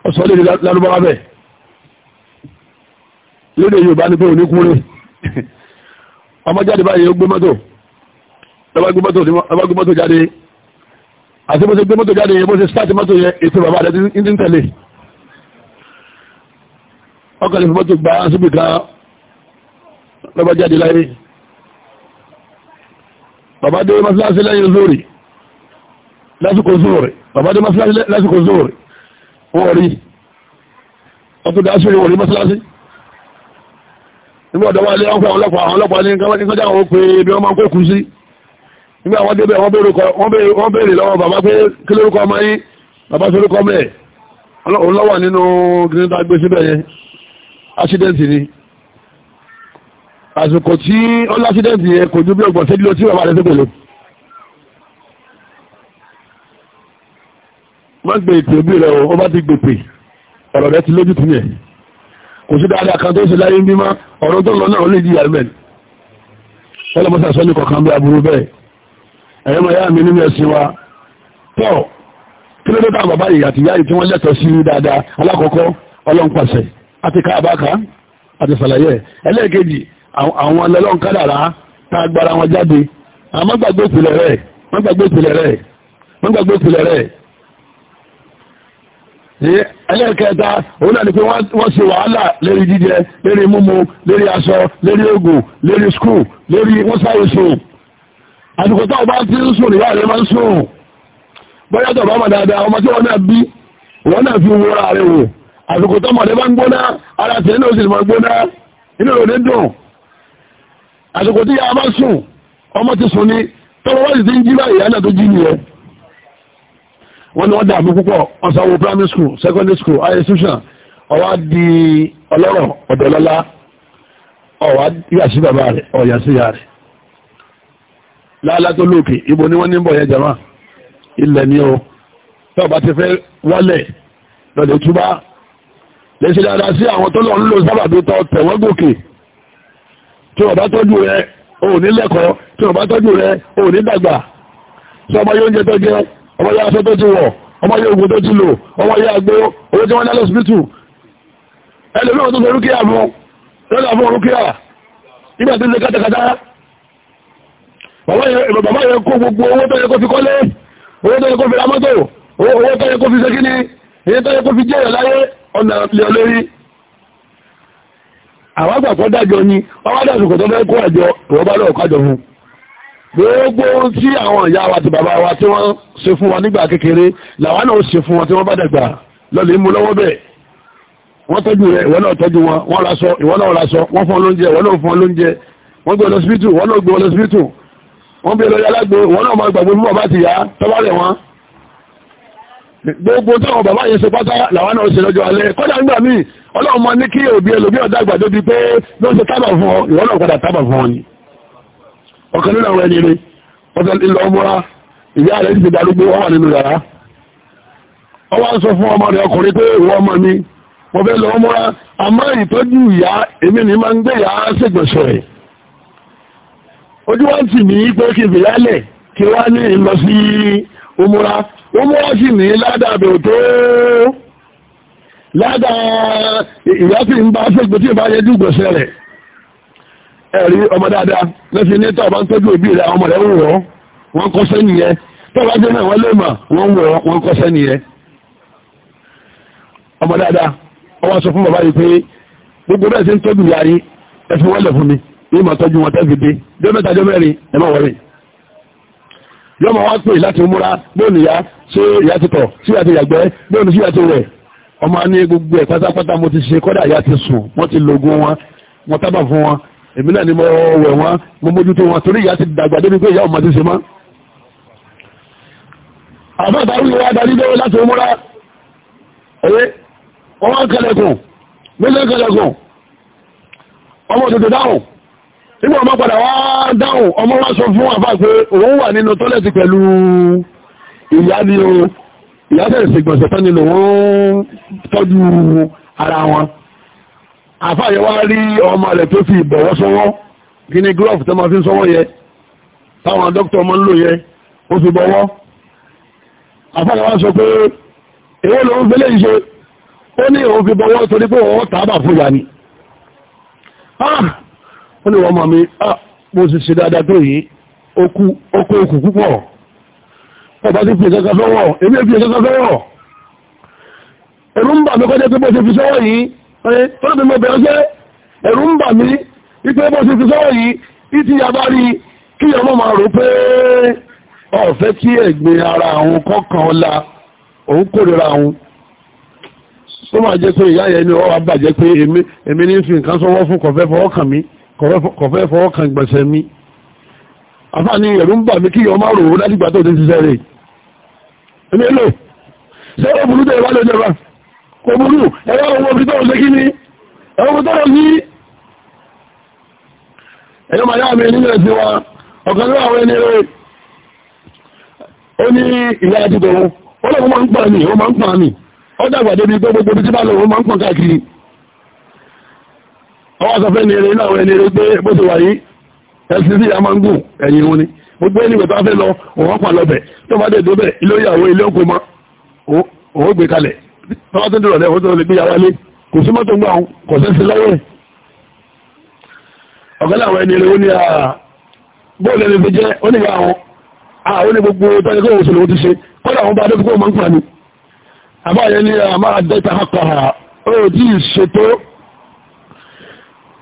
ọ̀sán lè lárúbáwá bẹ̀ lórí Yorùbá ní pé olùkúrò ọmọ jáde báyìí ó gbé mọ́tò lọ́bàgbé mọ́tò jáde àti bó ṣe gbé mọ́tò jáde bó ṣe sáàtì mọ́tò yẹ ètò bàbá rẹ̀ tí ń tẹ̀lé ọkọ̀lẹ̀ fi mọ́tò gba síbì kan lọ́bà jáde láyé bàbá dé mọ́síláṣí lẹ́yìn zóòrì lásìkò zóòrì bàbá dé mọ́síláṣí lásìkò zóòrì wọ́n rí ọtún dá sórí wọ̀rí mọ́síláṣí nígbà ọ̀dọ́wálé ọkọ̀ àwọn ọlọ́pàá ní kọjá àwọn pé bí wọ́n máa kó kú sí nígbà wọ́n débẹ̀ wọ́n béèrè lọ́wọ́ bàbá pé kí lórúkọ ọmọ yín bàbá sí orúkọ mẹ́ẹ̀ òun lọ́wọ́ nínú gíníta gbé síbẹ̀ yẹn ásídẹ́ǹtì ni àsìkò tí ó lásídẹ́ǹtì yẹn kò ju bí ọgbọ̀n sẹ́jú lọ sí bàbá rẹ̀ sépèlè má gbé ìpè òbí rẹ̀ o bá ti gbèpè ọ̀rọ̀ rẹ̀ ti lójú tún yẹn kò sí dáadáa kan tó ṣe láyé mímá ọ̀rọ̀ tó lọ náà ó lè di yàrá mẹ́rin wọ́n lọ́mọ́sà sọ́ni ẹ̀yọ́ mọ̀ yá mi nínú ẹ̀sìn wa pọ̀ kí ló dé táwọn bàbá yìí àti ìyá yìí tí wọ́n lẹ́tọ̀ọ́ sí dáadáa alákọ̀ọ́kọ́ ọlọ́npàṣẹ àti káàbáka àti sàlàyé ẹlẹ́ẹ̀kejì àwọn ọlọ́nkádàrá tá a gbára wọn jáde àmọ́ gbàgbé ìpìlẹ̀ rẹ̀ wọ́n gbàgbé ìpìlẹ̀ rẹ̀ wọ́n gbàgbé ìpìlẹ̀ rẹ̀ ẹlẹ́ẹ̀kẹta òun náà ni pé wọ́n ṣe wàhálà lérí jíjẹ lérí múmu lérí aṣọ lérí oògùn lérí skul lérí wọ́n sáyé sùn àsìkò tó ọba ti ń sùn ìyá rẹ̀ máa ń sùn bọ́yá tó ọba mọ̀ dáadáa ọmọ tí wọ́n náà bí wọ́n náà fi wúra rẹ̀ wò àsìkò tó ọmọdé bá ń gbóná ara tẹ̀ nínú òsì máa gbóná inú rẹ̀ dùn àsìkò tí ìyá bá sùn ọmọ ti sùn ni tọ́wọ́ wọ́n sì ti ń jí báyìí ìyá náà tó jí nìyẹn wọ́n ní wọ́n dààmú púpọ̀ ọ̀sán wo primary school secondary school high institution ọwá di ọlọ́rọ̀ ọ̀dọ́lọ́lá ọ̀wá yà sí bàbá rẹ̀ ọ̀yà sí ìyá rẹ̀ láàlá tó lókè ibo ni wọ́n ní bọ̀ yẹn jama ilẹ̀ ni o tó bá ti fẹ́ wálẹ̀ lọ́dẹ̀ túbá lẹ́sẹ̀ dáadáa sí àwọn tó lọ ń lò sábàbí tọ́ tẹ̀wọ́n gòkè tí wọ́n bá tọ́jú rẹ ò ní lẹ́kọ̀ọ́ tí wọ́n bá tọ́jú rẹ ò ní dàgbà tí ọmọ yóò jẹ tó ọmọ yóò aṣọ tó ti wọ̀ ọmọ yóò oògùn tó ti lò ọmọ yóò agbó owó tí wọ́n dá lọ́sibítù ẹlòmíràn tó fẹ́ rúkìá fún lọ́dà fún rúkìá nígbà tó ń ṣe kátàkátà bàbá yẹn kó gbogbo owó tó yẹ kó fi kọ́lé owó tó yẹ kó fi ra mọ́tò owó tó yẹ àwọn àgbàkọ́ gbogbo tí àwọn ìyá wa àti bàbá wa tí wọ́n ṣe fún wa nígbà kékeré làwọn náà ṣe fún wọn tí wọ́n bá dàgbà lọ́lẹ̀ mú lọ́wọ́ bẹ́ẹ̀ wọ́n tọ́jú rẹ̀ ìwọ náà tọ́jú wọn wọ́n ra sọ náà ra wọ́n fún ọ lóúnjẹ náà fún ọ wọ́n gbé wọ́n bèèrè ọjà lágbo wọ́n náà máa gbàgbé mú bàbá àtìyá tọ́bá rẹ̀ wọ́n gbogbo táwọn bàbá yẹn ṣe pátá làwọn náà ṣe lọ́jọ́ alẹ́ kọ́dà nígbà míì ọlọ́run máa ní kí òbí ẹlòmí ọ̀dá àgbàdo bíi pé ló ń ṣe tábà fún ọ ìwọ́n náà padà tábà fún ọ ni ọ̀kan nínú àwọn ẹni rẹ̀ ọ̀tọ̀ ọmọra ìyá rẹ̀ ti darúgbó wọ́n wà nínú yàrá ọwọ́ sọ fún ọmọ rẹ̀ ọkùnrin pé ìwọ ọmọ mi mo fẹ́ lọ ọmọra àmọ́ ìtọ́jú ìyá èmi ni máa ń gbé yàrá ṣègbọ̀nsọ̀ rẹ̀ ojú wá sì ní pé kí ìfìyálẹ̀ kí wá ní ìlọ sí umura umura sì ní ládàbẹ̀ òtó ládà ìyá sì ń bá ṣe gbòtí ìbá yẹjú gbèsè rẹ̀ ẹ̀rí ọmọ dáadáa lẹ́sìn ní tọ́ ń tọ́jú òbí rẹ̀ ọmọ rẹ̀ ń wọ́ wọ́n kọ́ sẹ́ni yẹn jẹ́ náà wọ́n lè mà wọ́n wọ́n yóò máa tọ́jú wọn tẹ́fi dé jọ mẹ́ta jọ mẹ́rin ẹ má wọlé yóò máa wá pè láti múra bóòlù ya ṣé ìyá ti tọ̀ sí ìyá ti yàgbẹ́ bóòlù sí ìyá ti rẹ̀ ọmọ ní gbogbo ẹ̀ pátápátá mo ti ṣe kọ́dà ìyá ti sùn wọ́n ti lògùn wọn wọ́n tábà fún wọn èmi náà ni mo wẹ̀ wọn mo mójútó wọn torí ìyá ti dàgbà débi pé ìyá ọmọ ti ṣe mọ́. àbáta wíwọ adarí lọ́wọ́ láti múra ọmọ nígbà ọmọ padà wá dáhùn ọmọ wá sọ fún àfáà pé òun wà nínú tọ́lẹ̀tì pẹ̀lú ìyá ni o ìyá bẹ̀rẹ̀ sí gbọ̀nsẹ̀ tán nínú wọ́n tọ́jú ara wọn àfáà yẹn wá rí ọmọ rẹ̀ tó fi ìbọ̀wọ́ sọ́wọ́ kí ni glove tó máa fi sọ́wọ́ yẹ táwọn dókítà ọmọ ń lò yẹ ó fi bọ́wọ́ àfáà wá sọ pé èwo lòun fẹ́lẹ́ yìí ṣe ó ní òun fi bọ́wọ́ torí pé òun tàbà fún ìyá ni ah! ó ní wọ́n mọ̀ mi ah, mo sì ṣe dáadáa tó yìí ó kú òkú púpọ̀ ọba ti fi ìkẹ́kẹ́ fẹ́wọ̀ èmi ò fi ìkẹ́kẹ́ fẹ́wọ̀ ẹ̀rù ń bà mí kọjá pé bó ṣe fi sọ́wọ́ yìí tọ́lá mi mọ̀ bẹ̀rẹ̀ jẹ́ ẹ̀rù ń bà mí wípé bó ṣe fi sọ́wọ́ yìí ìtì yàbá rí kí ọmọ máa rò pé ọ̀fẹ́ kí ẹ̀gbìn ara àwọn kọ́kàn ọ̀la òun kórìíra àwọn tó jẹ́ pé ìyá yẹn ni bàjẹ́ pé èmi ní fi nǹkan sọ́wọ́ fún kọ̀fẹ́ fọwọ́ kàn mí kọ̀fẹ́ fọwọ́ kan gbẹ̀sẹ̀ mi afá ní ẹ̀rù ń bà mí kí ọmọ rò ó látìgbà tó ti ṣiṣẹ́ rẹ̀ ẹ̀mí èlò ṣé ó burú tó ìwà ló jẹba kò burú ẹ̀rọ owó fi tọ́rọ sí kí ni ẹ̀rọ fi tọ́rọ sí ẹ̀yọ́ màá yá mi nílẹ̀ sí wa ọ̀kan ló àwọn ẹni rẹ̀ ó ní ìyá àti tòun ó lọ́wọ́ máa ń pa mi ó máa ń pa mi ó dàgbà débi gbogbo ọwọ́ sọ fẹ́ ní eré náà ẹni eré pé bó ti wà yìí ẹsìn sí ẹ̀yìn wọn ni gbogbo ẹni ìwẹ̀ta fẹ́ lọ òun pa lọ bẹ̀ tó bá dẹ̀ tó bẹ̀ ilé ìyàwó ilé òkú mọ́ òun gbé kalẹ̀ tọ́wọ́ tó dìrọ̀lẹ́ òun tó lè gbé yàrá lé kò sí mọ́tò gbà òun kò sẹ́sí lọ́wọ́ ẹ̀ ọ̀gẹ́lẹ̀ àwọn ẹni eré ó ní à bóòlù ẹni fi jẹ́ ó àwọn àwọn ní gbogbo tọ́jú kó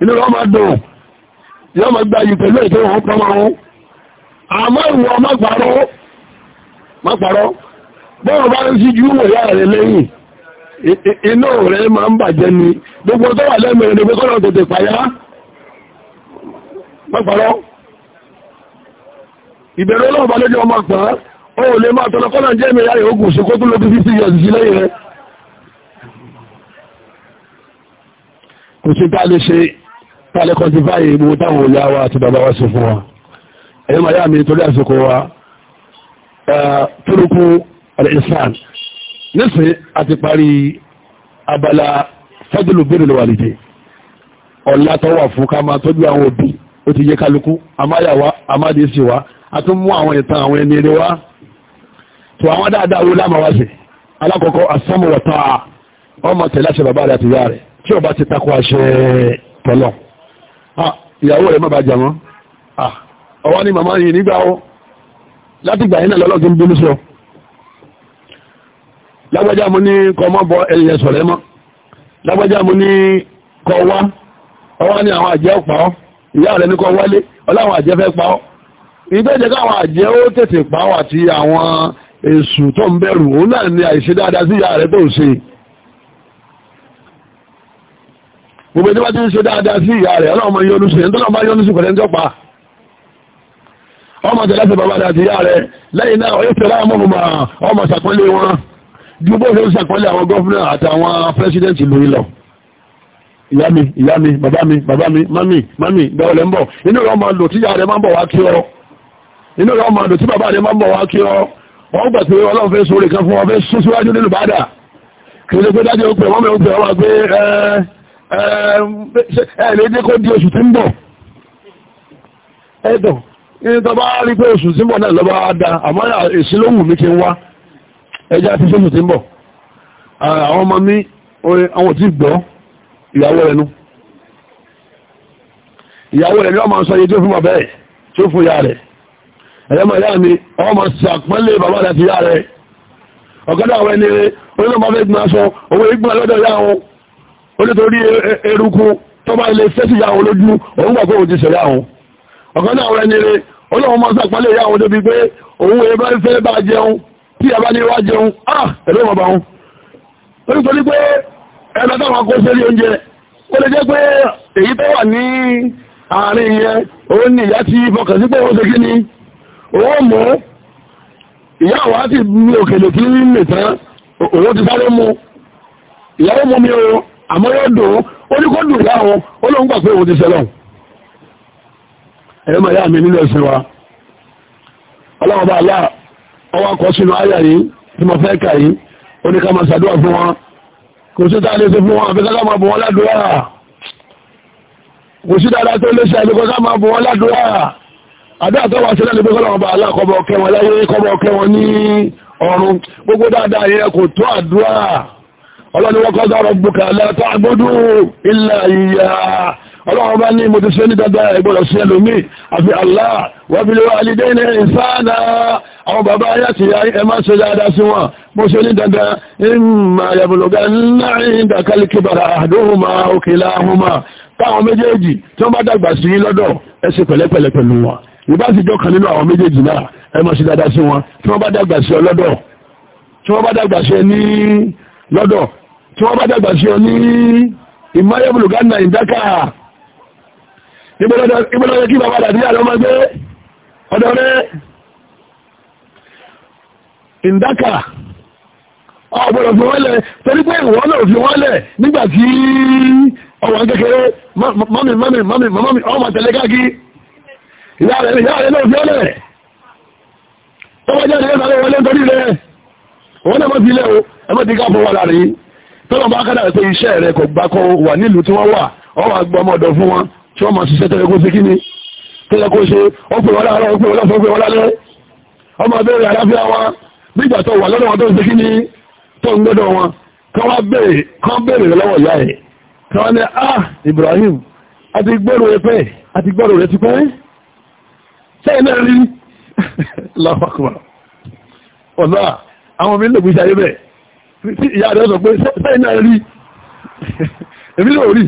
inú wọn máa dùn yọ́ máa gbáyì pẹ̀lú ètò wọn pọ́mọ́ wọn àmọ́ ìwọ má parọ́ má parọ́ bọ́ọ̀ bá ń sí jú wòyá rẹ̀ lẹ́yìn inú rẹ̀ máa ń bàjẹ́ ni gbogbo tó wà lẹ́mẹ̀rẹ̀ ni gbogbo náà tètè pàyá má parọ́ ìbẹ̀rẹ̀ ọlọ́ọ̀bá lójú ọmọ pọ̀ ó kò sí tá lè ṣe tààlẹ́ kọntífáyì ìbò táwọn olè wa àti bàbá wa sí fún wa ẹ̀yẹ́ ma yá mi torí àsìkò wa turuku al-insan àti parí abala fẹ́dùlù bírùlù wàlìdì ọ̀lá tó wà fún ká máa tọ́jú àwọn òbí ó ti yé kálukú amáyàwá amádìsí wa a tún mú àwọn ìtàn àwọn ẹni rẹ wá tó àwọn dáadáa wo bàbá rẹ̀ àti ìyá rẹ̀ tí ọba ti takò àṣẹ tọ́lọ́ ìyàwó rẹ̀ má bàjá wọn ọwọ́ ni màmá yìí nígbà ó láti gbà yínà lọ́lọ́gbìn bínú sọ lágbàjá mú ní kọmọ́ bọ ẹ̀yẹ sọ̀rẹ́ mọ́ lágbàjá mú ní kọ wá ọwọ́ ni àwọn àjẹ́ pa ọ́ ìyá rẹ̀ ní kọ wálé ọláwọn àjẹ́ fẹ́ pa ọ́ ìgbẹ́jẹ̀ káwọn àjẹ́ ó tètè pa ọ́ àti àwọn èṣù tó ń bẹ̀rù òun náà ni àìṣe dáadáa sí ìyá rẹ̀ tó ń ṣe gbogbo ẹni bá ti ń ṣe dáadáa sí ìyá rẹ̀ ọlọ́mọ yọnu sí ẹ̀ntọ́nà bá yọnu sí pẹ̀lẹ́ ń tọ́pa ọmọ tẹ̀lé ṣe bàbá àti ìyá rẹ̀ lẹ́yìn náà ọyọ́ tẹ̀lé àwọn ọmọ ọmọ ṣàpọ́nlé wọn ju bó ṣe ń ṣàpọ́nlé àwọn gọ́fúnà àtàwọn pírẹsidẹ́ǹtì ìlú ìlọ ìyá mi ìyá mi bàbá mi bàbá mi mami mami dáwọlẹ̀ ń bọ̀ inú rẹ̀ ọmọ lò tí ìyá rẹ̀ máa ń bọ̀ wá kí ọ inú rẹ̀ ọmọ lò tí bàbá rẹ̀ máa ń bọ̀ wá kí ọ wọ́n gbà pé ọlọ́run fẹ́ sóore kan fún ọ fẹ́ sún síwájú nínú bàdà kí ló pé dájú ó pè wọ́n mẹ́rin pè wọ́n máa gbé ẹ́ẹ́ ẹ̀ẹ́dẹ́ kó di oṣù tí ń bọ̀ ẹ̀dọ̀ ní tọba rí pé oṣù tí ń bọ̀ náà lọ́ba dá àmọ́ èsì ló wù mí kí n wá ẹjá ti sóṣù tí ń bọ̀ àwọn ọmọ mi àwọn tí gbọ́ ìyàwó rẹ̀ nú ìyàwó rẹ̀ ní ọmọ sọ iye tí ó fún bàbá ẹ̀ tí ó fún ìyá rẹ̀ ẹ̀yẹ́mọ̀ ìyá mi ọmọ sàpọ́nlé bàbá rẹ̀ ti yá rẹ̀ ọ̀gọ́dọ̀ àwọn ẹni rẹ̀ onílọ́mọ onítorí e- e- eruku tọ́ba ilé sẹ́sì yà wọn lójú òun gbà pé òun ti ṣẹ̀rẹ̀ àwọn ọ̀kan náà wọ́n ẹni rẹ̀ ọlọ́run máa sàpálẹ̀ yà débi pé òun èyí e bá ń bá jẹun tí a bá wá jẹun ah ẹ̀rọ ìwọ̀n bá wọn. onítorí pé ẹ̀rọ táwọn akó sórí oúnjẹ ó lè jẹ́ pé èyí tó wà ní àárín yẹn òun ni ìyá ti fọkàn sí pé òun ṣe kí ni òun mú ìyá àwọn àti òkèlè kí ń mìtán òun ti sáré mu ìyàwó mú mi o àmọ́ yóò dùn ó ní kó dùn láwọn olóhùn gbà pé òun ti sẹ́lọ̀ ẹ̀yọ́ màá yá mi nílò ẹ̀sìn wa ọlọ́wọ́ bá aláà ọwọ́ akọ sínú àyà yìí tí mo fẹ́ kà yìí ó ní ká máa ṣàdúrà fún wọn kò sí tá a lè ṣe fún wọn àfi ká máa bọ̀ wọn ládùúrà kò sí dáadáa tó lè ṣe àlùkò ká máa bọ̀ wọn ládùúrà àdúrà tó wà sílẹ̀ níbi kọ́lọ́wọ́ bá aláà kọ́bọ̀ ọkẹ́ wọn láyé kọ́bọ̀ ọkẹ́ wọn ní ọ̀run gbogbo dáadáa yẹ kò tó àdúrà ọlọ́ni wọ́n kọ́dá rabbuka la ta'budu illa iyyah ọlọ́run bá ní mo ti ṣe ní dandan ìgbọ́dọ̀ sí ẹlòmí àfi Allah wa bil walidayni ihsana àwọn bàbá ayá ti yá ẹ máa ṣe dáadáa sí wọn mo ṣe ní dandan imma yablughanna indakal kibara ahaduhuma aw kilahuma táwọn méjèèjì tí wọ́n bá dàgbà sí lọ́dọ̀ ẹ ṣe pẹ̀lẹ́pẹ̀lẹ́ pẹ̀lú wọn ìbá sì jọ kan nínú àwọn méjèèjì náà ẹ máa ṣe dáadáa sí wọn tí wọ́n bá dàgbà sí ọlọ́dọ̀ tí wọ́n bá dàgbà sí ẹ ní lọ́dọ̀ tí wọ́n bá dàgbà sí ọ ní ìmáyẹ̀bùlù gánà ìdákà ìbọ̀lọ́dọ̀ kí bàbá dàdí àlọ́ máa gbé ọ̀dọ̀ rẹ̀ ìdákà ọ̀gbọ̀dọ̀ fi wọ́n lẹ̀ torí pé ìwọ́n náà fi wọ́n lẹ̀ nígbà tí ọwọ́ kékeré mọ́mí mọ́mí mọ́mí mọ́mí ọmọ tẹ̀lé káàkì ìyá rẹ̀ náà fi wọ́n lẹ̀ tọ́wọ́ jáde lẹ́sàlẹ̀ wọlé nítorí rẹ̀ wọ́n náà mọ́ ti lẹ́ o ẹmọ́ ti ká fún wọn láàrin tọ́lọ́ bá kádà pé iṣẹ́ rẹ̀ kò gbà kó wà nílùú tí wọ́n wà wọ́n wà gbọ́ ọmọdọ̀ fún wọn tí wọ́n máa ṣiṣẹ́ tẹ́lẹ̀ kó sí kíni tẹ́lẹ̀ kó ṣe ó pè wọ́n láàárọ̀ ó pè wọ́n lọ́sọ̀ ó pè wọ́n lálẹ́ ọmọ abẹ́rẹ́ àlàáfíà wọn nígbà tó wà lọ́dọ̀ wọn tó ń ṣe kíni tó ń gbọ́dọ̀ wọn kí wọ́n béèrè kán béèrè lọ́wọ́ ìyá ẹ̀ kí wọ́n ní ah Ibrahim àti gbọ́rò rẹ pẹ́ àti gbọ́rò rẹ ti pẹ́ sẹ́yìn náà rí lọ́wọ́ àwọn mi lè gbé ṣayé bẹ́ẹ̀ tí ìyá rẹ̀ sọ pé sẹ́yìn náà rí èmi náà rí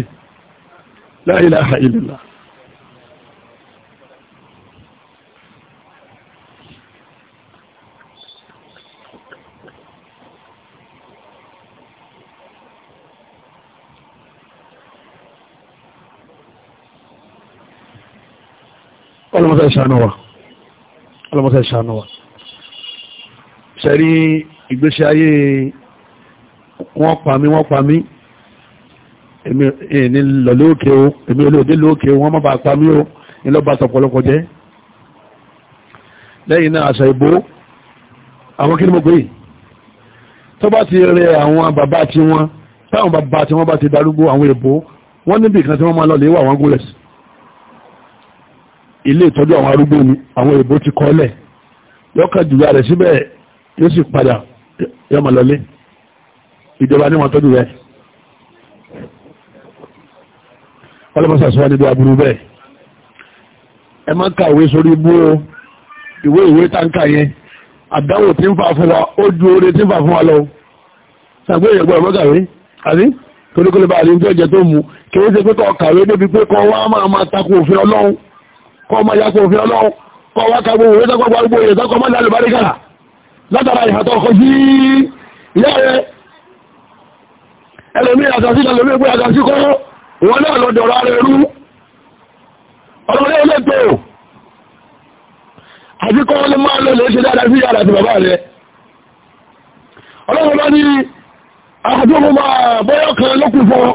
la ilaha illallah ọlọ́mọsẹ̀ ṣàánú wa ọlọ́mọsẹ̀ ṣàánú wa ṣẹ̀rí ìgbésí ayé wọ́n pa mí wọ́n pa mí èmi ní lọ lóòkè o èmi olóòdé lóòkè o wọ́n má bàa pa mí o ní lọ́ba sọ̀pọ̀lọpọ̀ jẹ́ lẹ́yìn náà àṣà ìbò àwọn kí ni mo pè é tó bá ti rẹ àwọn bàbá tí wọ́n táwọn bàbá tí wọ́n bá ti darúgbó àwọn èbó wọ́n níbi ìkan tí wọ́n máa lọ lè wọ́n gúnlẹ̀ sí ilé ìtọ́jú àwọn arúgbó ni àwọn èbó ti kọ́lẹ̀ yọ́kàn jùlọ rẹ̀ síbẹ̀ yóò sì padà yọ́mọ ìjọba ní wọn tọ́jú rẹ̀ ọlọ́mọsà sọ níbi aburú bẹ́ẹ̀ ẹ má kàwé sórí bú o ìwé ìwé táǹkà yẹn àdáwò tí ń fà fún wa ó ju oore tí ń fà fún wa lọ sàgbé ìyẹ̀gbọ́ ẹ̀mọ́ kàwé àbí toríkọ́lé bá àrí oúnjẹ tó mú kí ó ṣe pé kọ́ kàwé débi pé kọ́ wá máa máa takò òfin ọlọ́run kọ́ máa yakò òfin ọlọ́run kọ́ wá kàgbó òwe sọ́kọ́ gbárùgbó ìyẹ̀sọ́kọ́ má dálé báríkà ẹlòmí àtàsí ẹlòmí pé àtàsí kọ́ wọn náà lọ dọ̀rọ̀ ara ẹrú ọlọ́rẹ́ ẹlẹ́tọ̀ àti kọ́ lè máa lọ lè ṣe dáadáa sí yàrá àti bàbá rẹ̀ ọlọ́run bá ní àkójọ́mọ́ máa bọ́yọ̀ kan lọ́kùn fún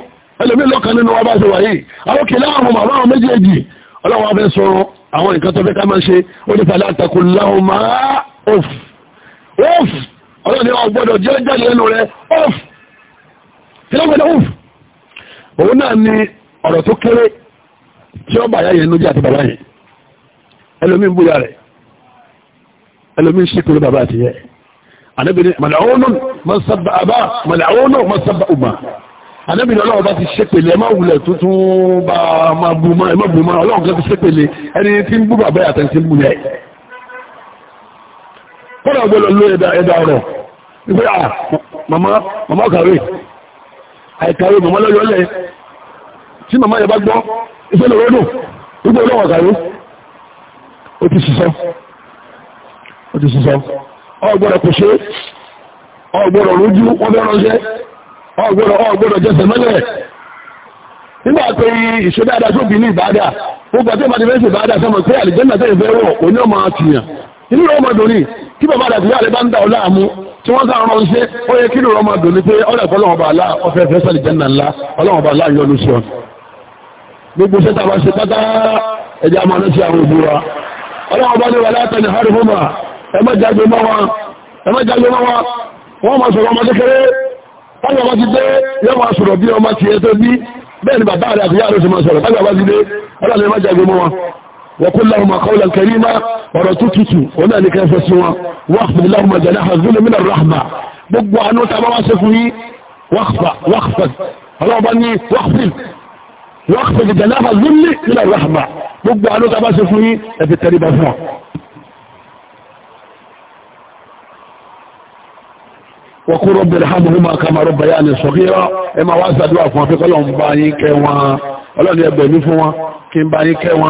ẹlòmí lọ́kàn nínú wọn ṣe wáyé àwọn kìlá àwọn màmá àwọn jẹ́ lẹ́nu rẹ̀ ọ̀f kí ló ń gbẹdọ̀ wùf òun náà ni ọ̀rọ̀ tó kéré tí ó bàyá yẹn lójú àti bàbá yẹn ẹlòmí ń búyà rẹ̀ ẹlòmí ń ṣíkúrú bàbá àti yẹ anábìrin màláwónú ma sábà àbá màláwónú ma sábà ùmà anábìrin ọlọ́wọ́ bá ti ṣépele ẹ má wulẹ̀ tuntun bá ma bu ma ẹ má bu ma ọlọ́wọ́ kan bú àìkàwé màmá lọ́yọ́ lẹ̀ tí màmá yẹ bá gbọ́ ìfẹ́ lọ́rọ́ dùn gbogbo ọlọ́wọ̀ kàwé ó ti sísọ ó ti sísọ ọgbọ́dọ̀ kò ṣe ọgbọ́dọ̀ rújú wọ́n fẹ́ ránṣẹ́ ọgbọ́dọ̀ ọgbọ́dọ̀ jẹsẹ̀ mẹ́lẹ̀ nígbà pé ìṣẹ́dáadáa tó bí ní ìbáadà ó gbà tó bá ti fẹ́ sí ìbáadà sọmọ pé àlìjẹ́nà tẹ́ ìfẹ́ wọ̀ oní ọmọ àtìyàn inú rẹ̀ ni kí bàbá àdàtì yára bá ń da ọlá àmú tí wọ́n sá ọ̀rọ̀ iṣẹ́ ó yẹ kí ló ọmọdún ni pé ọ̀rẹ́ fọlọ́wọ́ba alá ọ̀fẹ́ fẹ́ sẹ́lẹ̀ jẹ́nà ńlá ọlọ́wọ́ba alá yọnu sí ọ̀nà gbogbo iṣẹ́ tàbá ṣe pátá ẹja máa ní sí àwọn òbí wa ọlọ́wọ́ba ní wàlá tẹ̀lé harifoma ẹ má jágbe mọ́ wọn wọ́n máa sọ̀rọ̀ ọmọ kékeré wọ́n yọ̀ wọ́n ti dé yọ́ وقل لهما قولا كريما ورتوتتو هنا لكافسوا واخفض لهما جناح الذل من الرحمة gbogbo àánú tàbá wá ṣe fún yí wáxfàd ọlọ́ọ̀bá ní wáxfàd wáxfàd ìjànáfà zúlì nílẹ̀ rahma gbogbo àánú tàbá ṣe fún yí ẹ̀fẹ̀ tẹ́ríbà fún ọ wọ́kú rọ́bì ìhámùhúmá kama rọ́bà yá ní sọ̀gírá ẹ ma wá sàdúrà fún afẹ́kọ́lọ́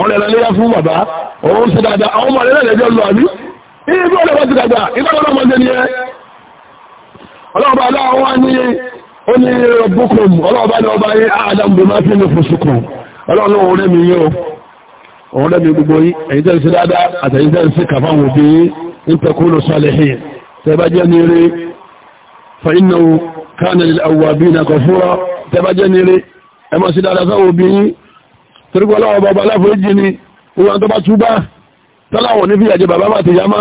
ọ̀rọ̀ ẹ̀rọ léyà fún bàbá òun ṣe dáadáa àwọn ọmọ ẹ̀rọ ẹ̀jọ́ lọ àbí ibi ọ̀rọ̀ ti dàgbà ìgbàlọ́ ọmọ ṣe ni ẹ ọlọ́ọ̀bá aláwọ̀ ní ó ní ọbúkùn ọlọ́ọ̀bá ní ọba yìí àádọ́mù máa fi ní fòṣùkù ọlọ́ọ̀nà òun rẹ̀ mi dáadáa àtẹ̀yin tẹ́ torí pé ọlọ́wọ́ bàbá aláforíjì ni wọn tó bá túbá tọ́láwọ̀ ní bí àjẹ bàbá àti yàmá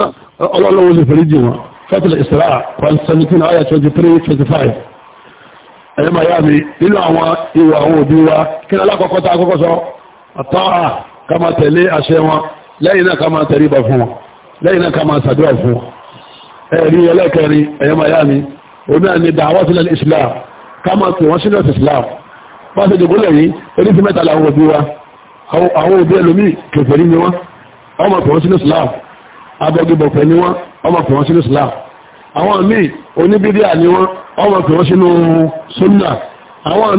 ọlọ́lọ́wọ́ sì foríjì wọn fẹ́tìlẹ̀ ìsìlá 117 ayà 23 25 ẹ̀yẹ́ miami nínú àwọn ìwà àwọn òbí wa kí alákọ̀ọ́kọ́ tá akọ́kọ́ sọ àtọ́à ká máa tẹ̀lé àṣẹ wọn lẹ́yìn náà ká máa tẹríba fún wọn lẹ́yìn náà ká ẹ̀rí ẹlẹ́kẹrin ẹ̀yẹ́ miami onáà ni dàwọ́ sílẹ̀ Islam ká máa tẹ̀ wọ́n sílẹ̀ ìsìlá bá ṣe jòkó lẹ́yìn orí sí mẹ́ta làwọn òbí wa àwọn òbí ẹlòmíì kẹfẹ́rí ni wọ́n ọmọ pẹ̀wọ́n sínú Islam abọ́gibọ̀pẹ̀ ni wọ́n ọmọ pẹ̀wọ́n sínú Islam àwọn míì oníbídíà ni wọ́n ọmọ pẹ̀wọ́n sínú sunna àwọn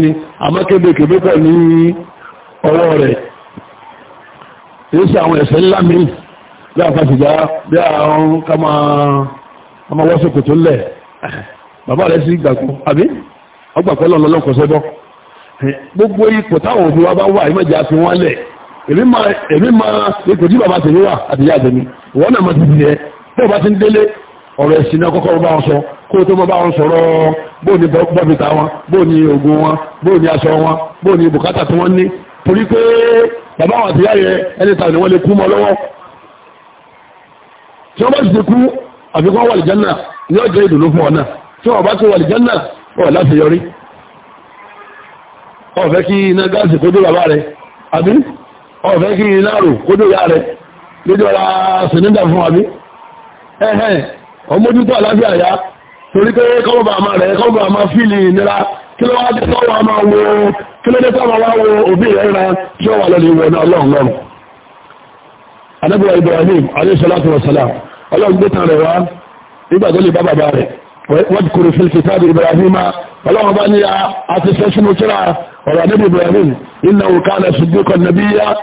ni àmọ́kébé kébékọ̀ ní ọwọ́ rẹ̀ èyí sí àwọn ẹ̀sẹ̀ ńlá míì bí àfàṣìjá bí àwọn kama ọmọ wọ́sọ̀kò tó lẹ̀ bàbá rẹ̀ sí gbàgbọ́ àbí ọgbà pẹ́lú ọ̀nà ọlọ́kọ̀ sẹ́bọ́ gbogbo ipò táwọn òbí wa bá wà ẹ má jẹ́ àfi wọ́n lẹ̀ èmi máa ipò tí bàbá tèmi wà àtìyá tèmi wọ́n náà máa ti di ẹ tó bá ti ń délé ọ̀rọ̀ ẹ̀sìn náà kọ́kọ́ bá wọn sọ kó tó mọ́ bá wọn sọ̀rọ̀ bóò ní bọ́bìtà wọn bóò ní oògùn wọn bóò ní aṣọ wọn bóò ní bùkátà tí wọ́n ní torí pé bàbá àwọn àtìyá yẹ ẹni tàbí wọ́n lè kú mọ́ lọ́wọ́ tí wọ́n bá sì ti kú àfikún wà lìjánà yóò jẹ́ ìdùnnú fún ọ náà tí wọ́n bá ti wà lìjánà ọ̀ láti yọrí ọ̀fẹ́ kí iná gáàsì kó dé bàbá rẹ̀ àbí ọ̀fẹ́ kí iná rò kó dé ìyá rẹ̀ lójú ọ̀la sinidà fún àbí ẹ̀hẹ́n ọmọdútó àlábí àyá torí pé kọ́bọ̀bà àmà rẹ̀ kọ́bọ̀bà àmà fílì nira kí ló wá dé sọ́wọ́ àmà wo kí ló dé sọ́wọ́ wá wo òbí rẹ̀ ra tí ó wà lọ́lẹ̀ ìwọ̀ náà ọlọ́run lọ́run anábìrà Ibrahim alayhi salatu salam ọlọ́run gbé tán rẹ̀ wá nígbà tó lè bá wadkuru fil kitabi ibrahim ọlọ́run bá ní a ti fẹ́ sínú kíra ọ̀rọ̀ anábì ibrahim innahu kana siddiqan nabiyya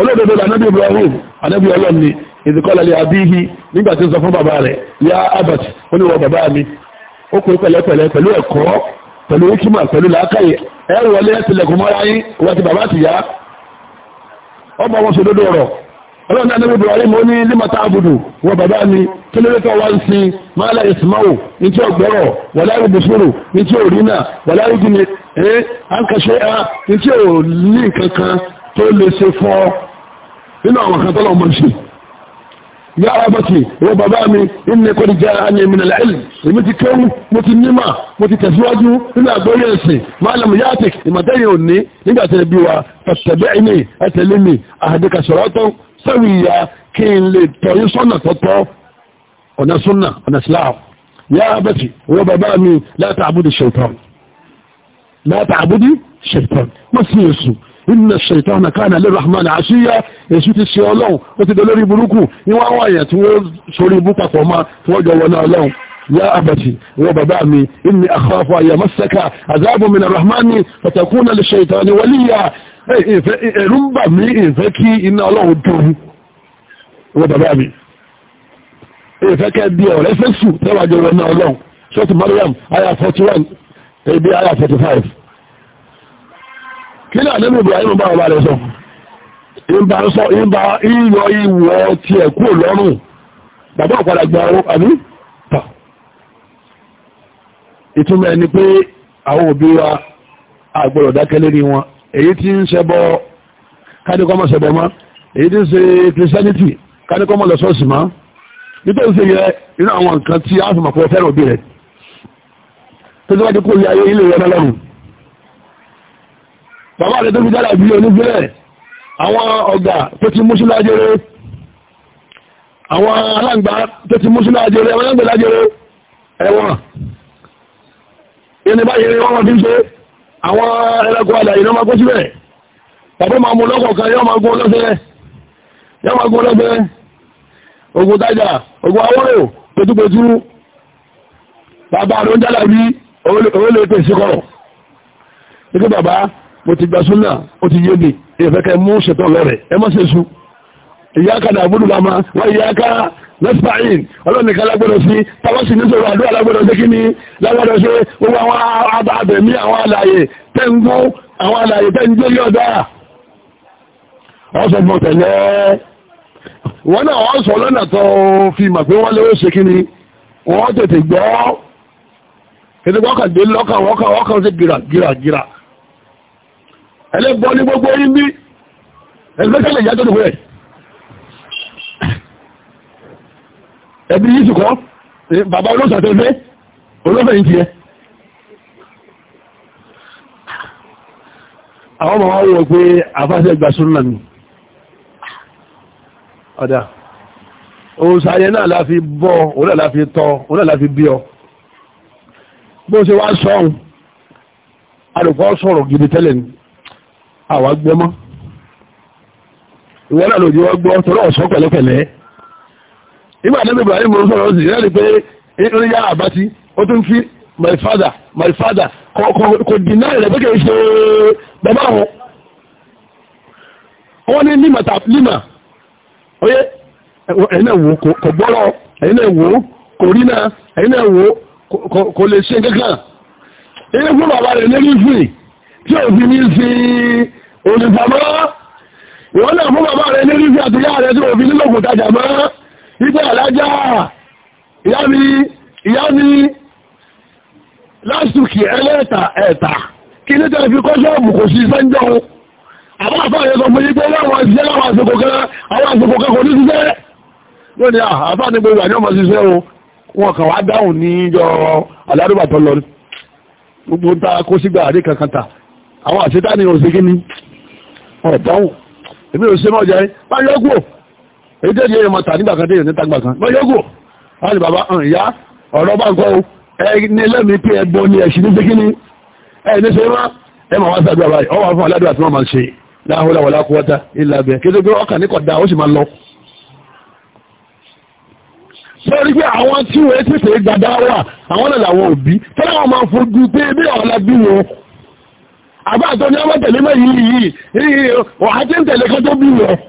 olódodo anábì ibrahim anábì ọlọ́run ni ìdíkọ́lá lè abíhi nígbà tí ń sọ fún bàbá rẹ̀ ya abat ó ní wọ bàbá mi ó kún pẹ̀lẹ́pẹ̀lẹ́ pẹ̀lú ẹ̀kọ́ pẹ̀lú ikima pẹ̀lú làákàyè ẹ̀rù wọlé tilẹ̀kùn mọ́ra yín wọ́n ti bàbá ti yá ọmọ wọn sọ dodo ọ̀rọ̀ ọlọ́run náà níbi ìbúra mo ní límọ̀tá àbùdù wọ bàbá mi kí ló lẹ́tọ̀ wá ń sin máàlá ìsìmáwò ní tí ó gbọ́rọ̀ wà láyé bùsùrù ní tí ó rí náà wà láyé jìnnì ẹ́ àǹkàṣe á ní tí ó ní kankan tó lè ṣe fọ́ nínú àwọn kan tọ́lọ̀ mọ̀ ṣe. ya abati wọ bàbá mi ní kò ní jẹ́ àyè mi nàlẹ́ èmi ti kéwù mo ti nímà mo ti tẹ̀síwájú nínú àgbóyè ẹ̀sìn máàlámù yáàtìk ìmọ̀tẹ́yìn òní nígbà bí wa tẹ̀tẹ̀bẹ́ ẹ̀mí ẹ̀tẹ̀lé sẹ́wì ìyá kí n lè tọ́ yín sọ́nà tọ́tọ́ ọ̀nà súnà ọ̀nà síláà yá abẹ́tì wọ́n bàbá mi látà àbúdí ṣètọ́n látà àbúdí ṣètọ́n wọ́n sì èsù inna ṣètọ́n kánà lè rahman àṣíyá èsù ti ṣe ọlọ́run ó ti dolórí burúkú ní wọ́n wà yẹn tí wọ́n sórí ibú papọ̀ mọ́ tí wọ́n jọ wọná ọlọ́run yá abẹ́tì wọ́n bàbá mi inni akhafu àyàmọ́sẹ́ka àzáàbò min rahman fatakuna lè ṣètọ́n waliya ẹ̀rù ń bà mí ìfẹ́ kí iná ọlọ́run tó mi wọ́n bàbá mi ìfẹ́ kẹ́ bí ọ̀rẹ́ fẹ́sù tẹ́wàjọ rẹ̀ náà ọlọ́run ṣọ́tù Mariam aya 41 ebi aya 45 kí náà nínú Ibrahim bá ọba rẹ̀ sọ ìbá ń sọ ìbá ìyọ ìwọ̀ ti ẹ̀kú lọ́rùn bàbá ọ̀padà gba ọ̀rọ̀ àbí tà ìtumọ̀ ẹni pé àwọn òbí wa àgbọ̀rọ̀ dákẹ́ lérí wọn èyí tí ń ṣẹbọ kádíkọ́mọ̀ ṣẹbọ mọ́ èyí tí ń ṣe christianity kádíkọ́mọ̀ lọ sọ́ọ̀sì mọ́ nítorí ṣe yẹ inú àwọn nǹkan tí a fìmọ̀ pé fẹ́ràn òbí rẹ̀ tó tó bá ti kó ilé ayé ilé ìrọ̀lẹ́ lọ́rùn bàbá rẹ̀ tó fi dára bí onígbélẹ̀ àwọn ọ̀gá tó ti mú sílá jẹrẹ àwọn aláǹgbá tó ti mú sílá jẹrẹ àwọn aláǹgbá lájẹrẹ ẹ̀wọ̀n ìní báyìí wọ́n wọ́n fi ń ṣe àwọn ẹlẹ́kọ̀ọ́ àlàyé náà máa kó síbẹ̀ tàbí máa mú lọ́kọ̀ kan yọ́ máa gún ọlọ́sẹ̀ yọ́ máa gún ọlọ́sẹ̀ ogun tájà ogun awọ́rò pẹ̀túpẹ̀tú bàbá àrùn jálà rí òun lè pèsè kọ̀rọ̀ nígbà bàbá mo ti gbà súnà ó ti yé mi ìfẹ́kẹ́ mú ṣètò lọ́rẹ̀ ẹ má ṣe sùn ìyáka dàbúrú bá máa wọ́n ìyáka nẹ́sìpáyìn ọlọ́nìkan lágbọ́dọ̀ sí tàbásì nítorò àdúrà lágbọ́dọ̀ sí kí ni lágbọ́dọ̀ sí gbogbo àwọn abàbẹ̀mí àwọn alàyè tẹ́ǹgbó àwọn alàyè tẹ́ǹgbó yọ̀dá ọ̀sọ̀ mọ̀ tẹ̀lẹ́ wọ́n náà wọ́n sọ lọ́nà tó fi mà pé wọ́n léwó ṣe kí ni wọ́n tètè gbọ́ kìtì wọ́kàndé lọ́kàn wọ́kàn wọ́kàn sí gìrà gìrà gìrà ẹlẹ́gbọ́n ní ẹbí yíṣù kọ́ bàbá olóṣàtẹ́fẹ́ olófẹ́ yìí tiẹ̀ àwọn ọmọ wọn wọ pé àfáṣẹ́ gba súnnà mi ọ̀dà òṣàyẹ náà láfi bọ́ òlà láfi tọ́ òlà láfi bí ọ bó ṣe wá sọ́hun alùpọ̀ sọ̀rọ̀ gidi tẹ́lẹ̀ ni àwa gbọ́mọ́ ìwọ́n náà lòdì wọ́n gbọ́ tọ́lọ́ ọ̀ṣọ́ pẹ̀lẹ́pẹ̀lẹ́ nígbà níbi Ibrahim ló sọ̀rọ̀ sí rẹ́ni pé ní yá àbátí ó tún fi my father my father kò dìnnà rẹ̀ pé kìí ṣe bàbá wọn wọ́n ní lima tap lima oyé ẹ̀yin náà wò kò gbọ́rọ̀ ẹ̀yin náà wò kò rí náà ẹ̀yin náà wò kò lè ṣe kankan ilé fún bàbá rẹ̀ ní lífì tí ò fi ní fi olùfàmọ́ ìwọ́n náà fún bàbá rẹ̀ ní lífì àti yá rẹ̀ tí ò fi nílòkùn tajà mọ́ wípé alájá ìyá mi ìyá mi lásìkì ẹlẹ́ta ẹ̀ta kí ní tẹ́lẹ̀ fi kọ́ ṣọ́ọ̀bù kò sí sẹ́ńjọ́ àwọn àfáàyẹ sọ fún yí pé láwọn àṣìṣẹ́ láwọn àṣìkò kan àwọn àṣìkò kan kò ní ṣiṣẹ́ lónìí àfáà ní gbogbo àjọ́mọ̀ ṣiṣẹ́ o wọn kàn wá dáhùn níjọ alárùbà tó lọ gbogbo ta kó sígbà àdé kankan ta àwọn àṣetáni òṣèkíní ọ̀dáhùn èmi ò ṣe mọ́ jẹ́ báyọ̀ kúrò èyí tẹ́jì èyàn máa tà nígbà kan tẹ́yàn níta gbà kan mọ́ yóò gò á ní bàbá hàn ìyá ọ̀rọ̀ bá ń kọ́ ẹni lẹ́mìí pé ẹbọ ni ẹ̀sìn ní pékíní ẹni ṣe wá ẹ máa wá sábẹ́ àbáyé ọwọ́ àwọn aládùúgbà tí wọ́n máa ń ṣe láhùlà wọlá kúwọ́tà ilà abẹ kí ló ọkàn ní kọ̀dá ó sì máa lọ. sọ́ọ́rí pé àwọn tí wọ́n ti fèé gbadá wà àwọn náà làwọn òbí tọ́lá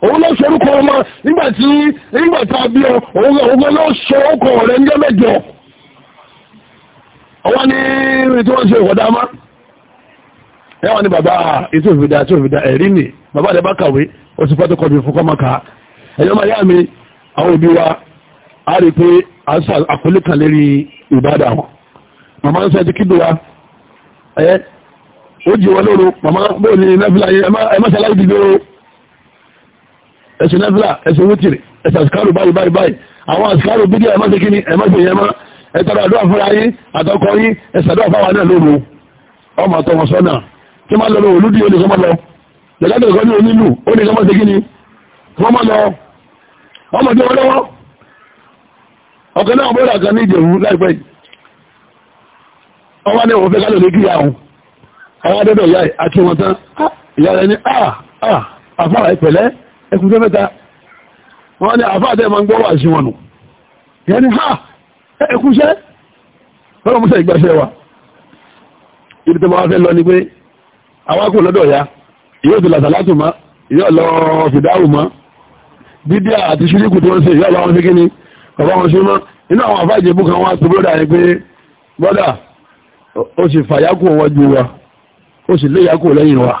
òun ló sọ orúkọ ọmọ nígbàtí nígbàtí abí ọ òun ọgbọ́n ló sọ ọkọ rẹ̀ ń jẹ́mẹ́jọ ọwọ́ ní rí tí wọ́n ṣe ìwọ̀dá má ẹwà ni bàbá ètò ìfìdá ètò ìfìdá bàbá bá kàwé ó fún máa yá mi àwọn wa a rí pé a sọ àkọlé kan lérí ìbádà wọn màmá ń sọ ti kíbi wa ẹ ó jí wọn lóru màmá bóyá ẹ̀ṣẹ̀ nẹ́fìlà ẹ̀ṣẹ̀ wítìrì ẹ̀ṣẹ̀ àṣìkárò báyìí báyìí báyìí àwọn àṣìkárò bídí ẹ̀mọ́ sí kíni ẹ̀mọ́ sí ẹ̀mọ́ ẹ̀tọ́rọ àdúrà fúnra yín àtọkọ yín ẹ̀ṣẹ̀ àdúrà fáwọn náà lóru ọmọ àtọwọn sọ́nà tí máa lọ́rọ̀ olúdi olè sọmọ lọ lẹ́gbẹ̀ẹ́ ìkọ́ ní onílù ó ní sọmọ sí kíni wọ́n mọ́ lọ ọmọ tí wọ́n lọ́wọ́ ọ̀kan náà bọ́ọ̀lù àkan ní ìjẹ̀wú láìpẹ́ ọwọ́ ní òun fẹ́ kálọ̀ lókì yà àfáà ìpẹ̀lẹ́ ẹkùnjẹ́ mẹ́ta wọ́n ní àfáàtẹ́ ma ń gbọ́ wà wọn nù yẹni ha ẹkùnṣẹ́ lọ́rọ̀ mọ́sẹ̀ ìgbàṣẹ́ wa ibi tó máa fẹ́ lọ ni pé awákò lọ́dọ̀ ya yóò ti làtàlátù ma yóò lọ ma dídí àti ṣíríkù tó ń ṣe yóò lọ́wọ́ sí kíní bàbá wọn sí mọ́ inú àwọn àfáàjẹ́ bú kan wá sí bróda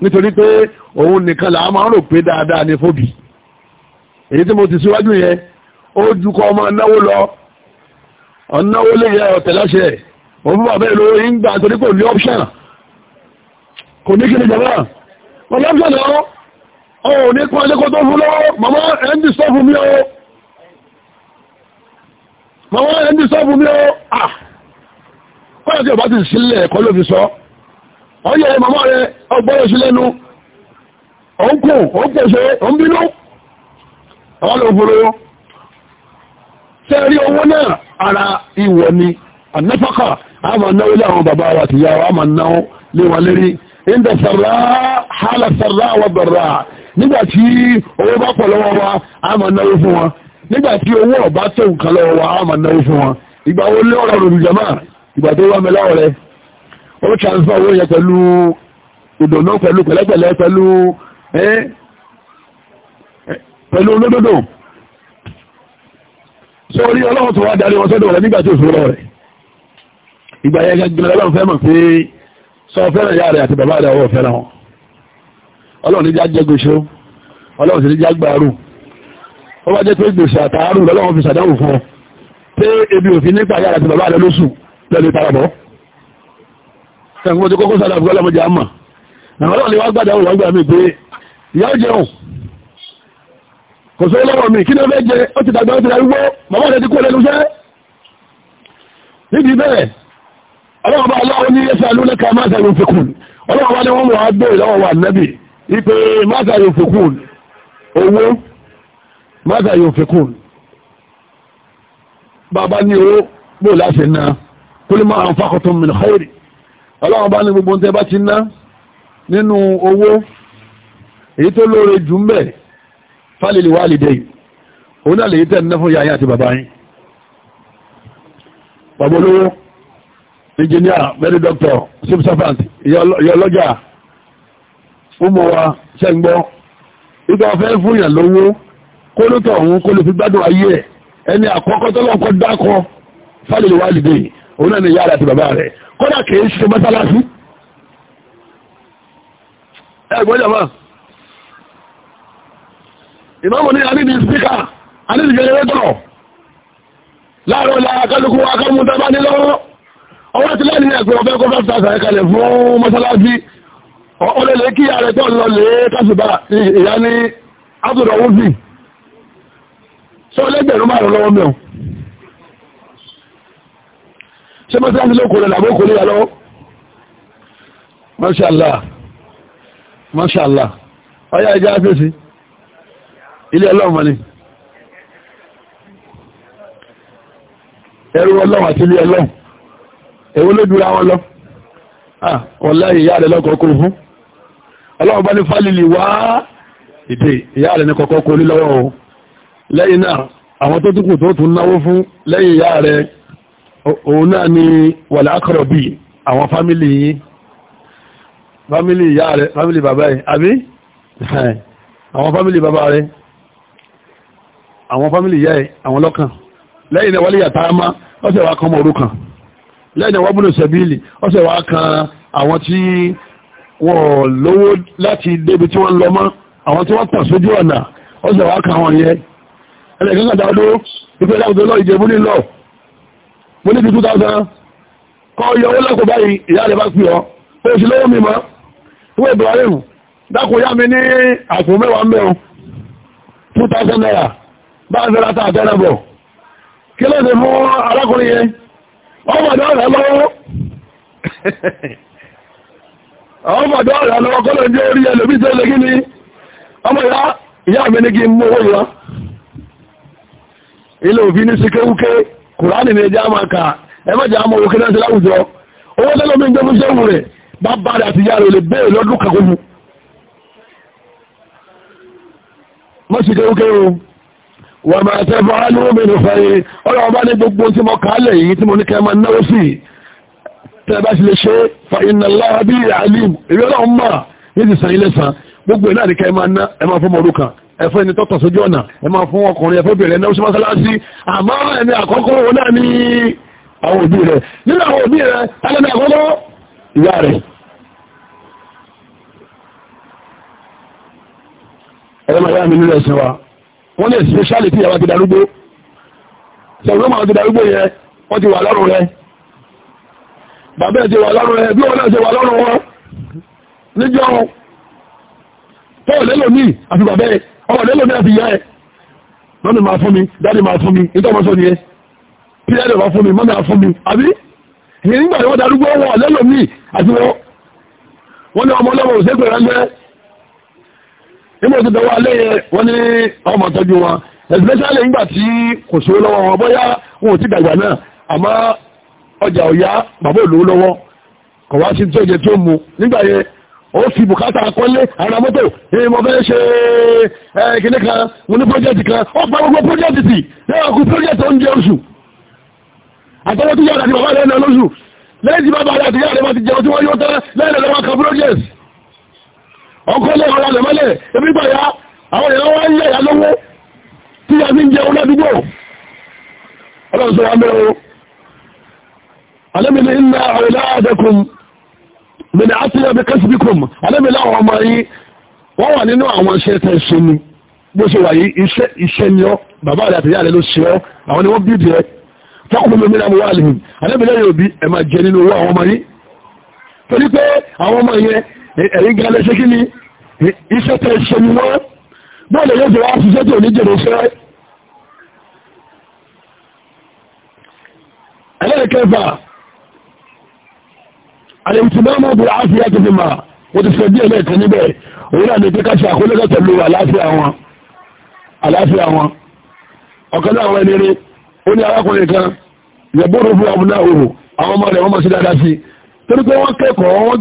nítorí pé òun nìkan làá máa ń rò pé dáadáa ní fóbi èyí tí mo ti síwájú yẹn ó ju kọ́ ọmọ náwó lọ ọ̀náwó lè yẹ ọ̀tẹ̀láṣẹ òun fún bàbá ìlú yìí ń gbà torí kò ní option kò ní kíni jàmbá wọn lọ́pọ̀ lọ́wọ́ ọ̀hún ò ní kọ́ ẹlẹ́kọ́ tó fún lọ́wọ́ màmá ẹ̀ndì sọ́fún mi ọ́ màmá ẹ̀ndì sọ́fún mi ọ́ ah kọ́lá tí ọba ti sílẹ̀ ẹ̀kọ́ ló fi sọ ọyẹ mama rẹ ọgbọ́rọ̀ sí lẹ́nu ọ̀nkù ọ̀pẹ̀ṣẹ́ ọ̀nbínú àwọn olóògbòrò yọ tẹ́ owó náà ara ìwọ̀ ni ànáfàkà a máa náwó lé àwọn bàbá wa tìyà wa máa náwó lé wọn lérí ìndà sàrá hálà sàrá wà bàrà nígbàtí owó bá pọ̀ lọ́wọ́ wa a máa náwó fún wọn nígbàtí owó ọ̀bá tó nǹkan lọ́wọ́ wa a máa náwó fún wọn ìgbà wo lé ọ̀rọ̀ rùrù jama ìgbà tó wà mẹ́láwọ̀ rẹ̀ ó transfer owó yẹn pẹ̀lú ìdùnnú pẹ̀lú pẹ̀lẹ́pẹ̀lẹ́ pẹ̀lú pẹ̀lú olódodo so orí ọlọ́run tó wá darí wọn sọ́dọ̀ rẹ̀ nígbà tí òṣù rọ̀ rẹ̀ ìgbà yẹn gẹ́gẹ́ ọlọ́run fẹ́ mọ̀ pé sọ fẹ́ràn ìyá rẹ̀ àti bàbá rẹ̀ ọwọ́ fẹ́ràn wọn ọlọ́run ní jájẹ́ gbèsò ọlọ́run sì ní jágbàárù ó bá jẹ́ pé gbèsè àtàárù lọ́lọ́run fi ṣàdánwò fún ọ pé ebi òfin nípa ìyá rẹ̀ àti bàbá rẹ̀ lóṣù lẹ́nu ìparabọ̀ sẹ́gun tí kókó sálà fún ọlọ́mọdé àmà àwọn ọlọ́run lè wá gbàdá òun wágbà mi pé ìyá ó jẹun kò sọ lọ́wọ́ mi kí ló fẹ́ jẹ ó ti dàgbà ó ti dàgbà bàbá rẹ̀ ti kú lẹ́nu iṣẹ́ níbi bẹ́ẹ̀ ọlọ́run bá ọlọ́run ní ẹsẹ̀ alú lẹ́ka máa sàrò fòkùn ọlọ́run bá ní wọ́n wà á gbé ìlọ́wọ́ wà nẹ́bì ọlọ́run bá ní gbogbo tẹ́ bá ti ná nínú owó èyí tó lóore jù ń bẹ̀ fálẹ̀lì wà lìdẹ̀ yìí òun náà lèyí tẹ́ ń ná fún yàyà àti bàbá yín bàbá olówó engineer mary doctor civil servant ìyá ọlọ́jà ọmọ wa ṣẹ́gbọ́ ìgbà ọ̀fẹ́ fún yàn lówó kólótọ̀ ọ̀hún kó lè fi gbádùn ayé ẹ̀ ẹni àkọ́kọ́ tọ́lọ́kọ́ dákọ fálẹ̀lì wà lìdẹ̀ yìí òun náà ni yàrá àti bàbá rẹ̀ kódà kìí ṣe mọ́sálásí ẹgbọ́n jàmá ìmọ́mù ní àníbi spíkà àníbi gẹ̀rẹ́gẹ̀rẹ́ láàrin ọ̀la akálukú akámú tàbá nílọ́wọ́ ọwọ́ ti láàrin ẹgbẹ́ ọ̀fẹ́ kọ́ 5,000 ẹ̀kalẹ̀ fún mọ́sálásí ọlẹ́lẹ́ kí ààrẹ tó lọ lè kásùbà ìyá ní abdul rahuzi sọ lẹ́gbẹ̀rún márùn-ún lọ́wọ́ mẹ́rin ṣé mọ́sálásí ló kò rẹ̀ làbó kò lè yà lọ́wọ́ mashallah mashallah ọyá ẹja fèsì ilé ọlọ́run ni ẹrù ọlọ́run àti ilé ọlọ́run èwo ló dúra wọn lọ ọ̀lá ah, ìyá rẹ̀ lọ́kọ̀ọ́ kò fún ọlọ́run bá ní fálìlì wá ìdè ìyá rẹ̀ ní kọ̀kọ́ kò ní lọ́wọ́ lẹ́yìn náà àwọn tó túnkù tó tún náwó fún lẹ́yìn ìyá rẹ̀ òun náà ni wàlá akọ̀rọ̀ bí àwọn fámílì yìí fámílì ìyá rẹ̀ fámílì bàbá rẹ̀ àbí àwọn fámílì bàbá rẹ̀ àwọn fámílì ìyá rẹ̀ àwọn lọ́kàn lẹ́yìn náà wọlé yàtá má ọ́sẹ̀ wá kan mọ̀ orú kan lẹ́yìn náà wọ́n búrò sẹ̀bílì ọ́sẹ̀ wá kan àwọn tí wọ́n lówó láti débi tí wọ́n lọ mọ́ mo ní bí 2000 kọ́ yọ owó lẹ́kọ̀ọ́ báyìí ìyá rẹ̀ bá pè ọ́ ó sì lọ́wọ́ mi mọ́ owó Ibrahim dákò yá mi ní àpò mẹ́wàá mẹ́rin 2000 naira bá ń fẹ́ra tá àtẹ́rẹ́ bọ̀ kí ló dé fún arákùnrin yẹn ọmọdé ọ̀rẹ́ lọ́wọ́ ọmọdé ọ̀rẹ́ lọ́wọ́ kọ́lọ̀ ní orí ẹlòmí tó lè gíní ọmọ ìyá ìyá mi ní kí n mú owó yọ ilé òfin ní síkéwúké kùránì ní ẹjá máa kà ẹ má jẹ́ àmọ́ owó kẹ́lẹ́ ṣe láwùjọ owó tẹ́lẹ̀ mi ń jẹ́ fúnṣẹ́ òun rẹ̀ bá bá rẹ̀ àti ìyá rẹ̀ lè bẹ́ẹ̀ lọ́dún kàkókù mọ́sí kéwúkéwú wà máa tẹ́ fọ́ alúwọ́mí ní ẹ̀fọ́ ẹni tọ́tọ̀ sójú ọ̀nà ẹ máa fún ọkùnrin ẹ̀fọ́ bẹ̀rẹ̀ ẹ̀nà oṣù mọ́sálásí àmọ́ ẹni àkọ́kọ́ wọn náà ní àwọn òbí rẹ̀ nínú àwọn òbí rẹ̀ alẹ́ni àkọ́kọ́ ìyá rẹ̀ ẹ̀rọ màá yá mi nílẹ̀ ẹ̀sìn wa wọ́n ní ẹ̀sìn ṣáàlì tí ìyàwó ti darúgbó ṣàgbọ́n máa ti darúgbó yẹn wọ́n ti wà lọ́rùn ọmọ ìdẹ́lò náà fi yá ẹ̀ mọ́mí máa fún mi dáadé máa fún mi ìtọ́ ọmọ sọ ni ẹ tí dáadé máa fún mi mọ́mí máa fún mi àbí ìyẹn nígbà ìwọ́n darúgbó wọn lẹ́lò míì àti wọn wọ́n ní ọmọ ọlọ́wọ́ òṣèpè rẹ́gbẹ́ nígbà tó dọwọ́ alẹ́ yẹ wọ́n ní ọmọ tọ́jú wọn especially nígbà tí kò sówó lọ́wọ́ wọn bóyá wọn ò ti dàgbà náà àmọ́ ọjà ọ̀yá bàbá òlówó lọ́wọ́ kọ̀ wá sí tó jẹ tó mu nígbà yẹn ó fi bùkátà akọ́lé ara mọ́tò èèmọ̀ bẹ́ẹ̀ ṣe ẹ̀kìní kan mo ní pọ́jẹ́tì kan ó pa gbogbo pọ́jẹ́tì tì lẹ́wọ̀n kú pọ́jẹ́tì oúnjẹ oṣù àtọwọ́ tó yára ti bàbá rẹ̀ náà lóṣù lẹ́yìn tí bàbá rẹ̀ àti yára rẹ̀ ti jẹun tí wọ́n yóò tán lẹ́yìn lọ́wọ́ kan pọ́jẹ́tì ọkọ́lé ọ̀rọ̀ ya àwọn èèyàn wá ń yẹ̀ yà lówó tí bẹ̀rẹ̀ àti ẹbí kẹ́sìbíkùn alẹ́bí láwọn ọmọ yìí wọ́n wà nínú àwọn iṣẹ́ tẹ́ ṣe ni bó ṣe wà yìí iṣẹ́ iṣẹ́ ni ọ́ bàbá rẹ̀ àtìyá rẹ̀ ló ṣe ọ́ àwọn ni wọ́n bí bìrẹ̀ fọ́kùnrin mi náà wà lẹ́yìn alẹ́bí lẹ́yìn òbí ẹ̀ máa jẹ nínú owó àwọn ọmọ yìí torí pé àwọn ọmọ yẹn ẹ̀yìn gan lẹ́ṣẹ́ kí ni iṣẹ́ tẹ́ ṣe ni wọ́n bọ́ọ̀lù yóò jẹ́ wá ṣiṣẹ́ tó ní jèrè fẹ́ ẹlẹ́ẹ̀kẹfà alẹ́mùsùlẹ́mọ̀ bí àáfíà ti fi máa wọ́n ti sọ bí ẹlẹ́ẹ̀kan níbẹ̀ òun náà ní pé káṣí àkólẹ́gà pẹ̀lú àláfíà wọn àláfíà wọn ọ̀kan náà wọn eléré ó ní arákùnrin kan yẹ̀bọ́rọ̀ fún àbúná òru àwọn ọmọ rẹ̀ wọ́n mọ̀ sí dáadáa sí torí pé wọ́n kẹ́kọ̀ọ́ wọ́n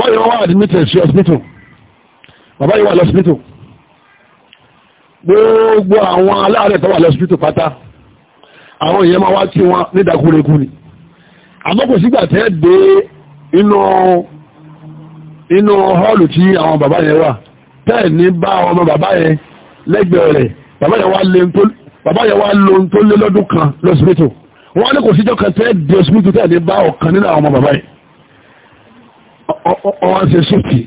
gbẹ̀kọ̀ọ́ wọ́n bàbá yìí wà lọ́sibítù gbogbo àwọn aláàrẹ̀ tó wà lọ́sibítù pátá àwọn èèyàn máa wá kí wọn nídàkúrekú ni àmọ́ kò sígbà tẹ́ dé inú inú họ́ọ̀lù tí àwọn bàbá yẹn wà tẹ́ẹ̀ ní bá ọmọ bàbá yẹn lẹ́gbẹ̀ẹ́ rẹ̀ bàbá yẹn wá lo tó lé lọ́dún kan lọ́sibítù wọ́n ní kò síjọ́ kan tẹ́ dé lọ́sibítù tẹ́ẹ̀ ní bá ọ̀kan nínú àwọn ọmọ bàbá yẹn ọwọ́n ṣe sókè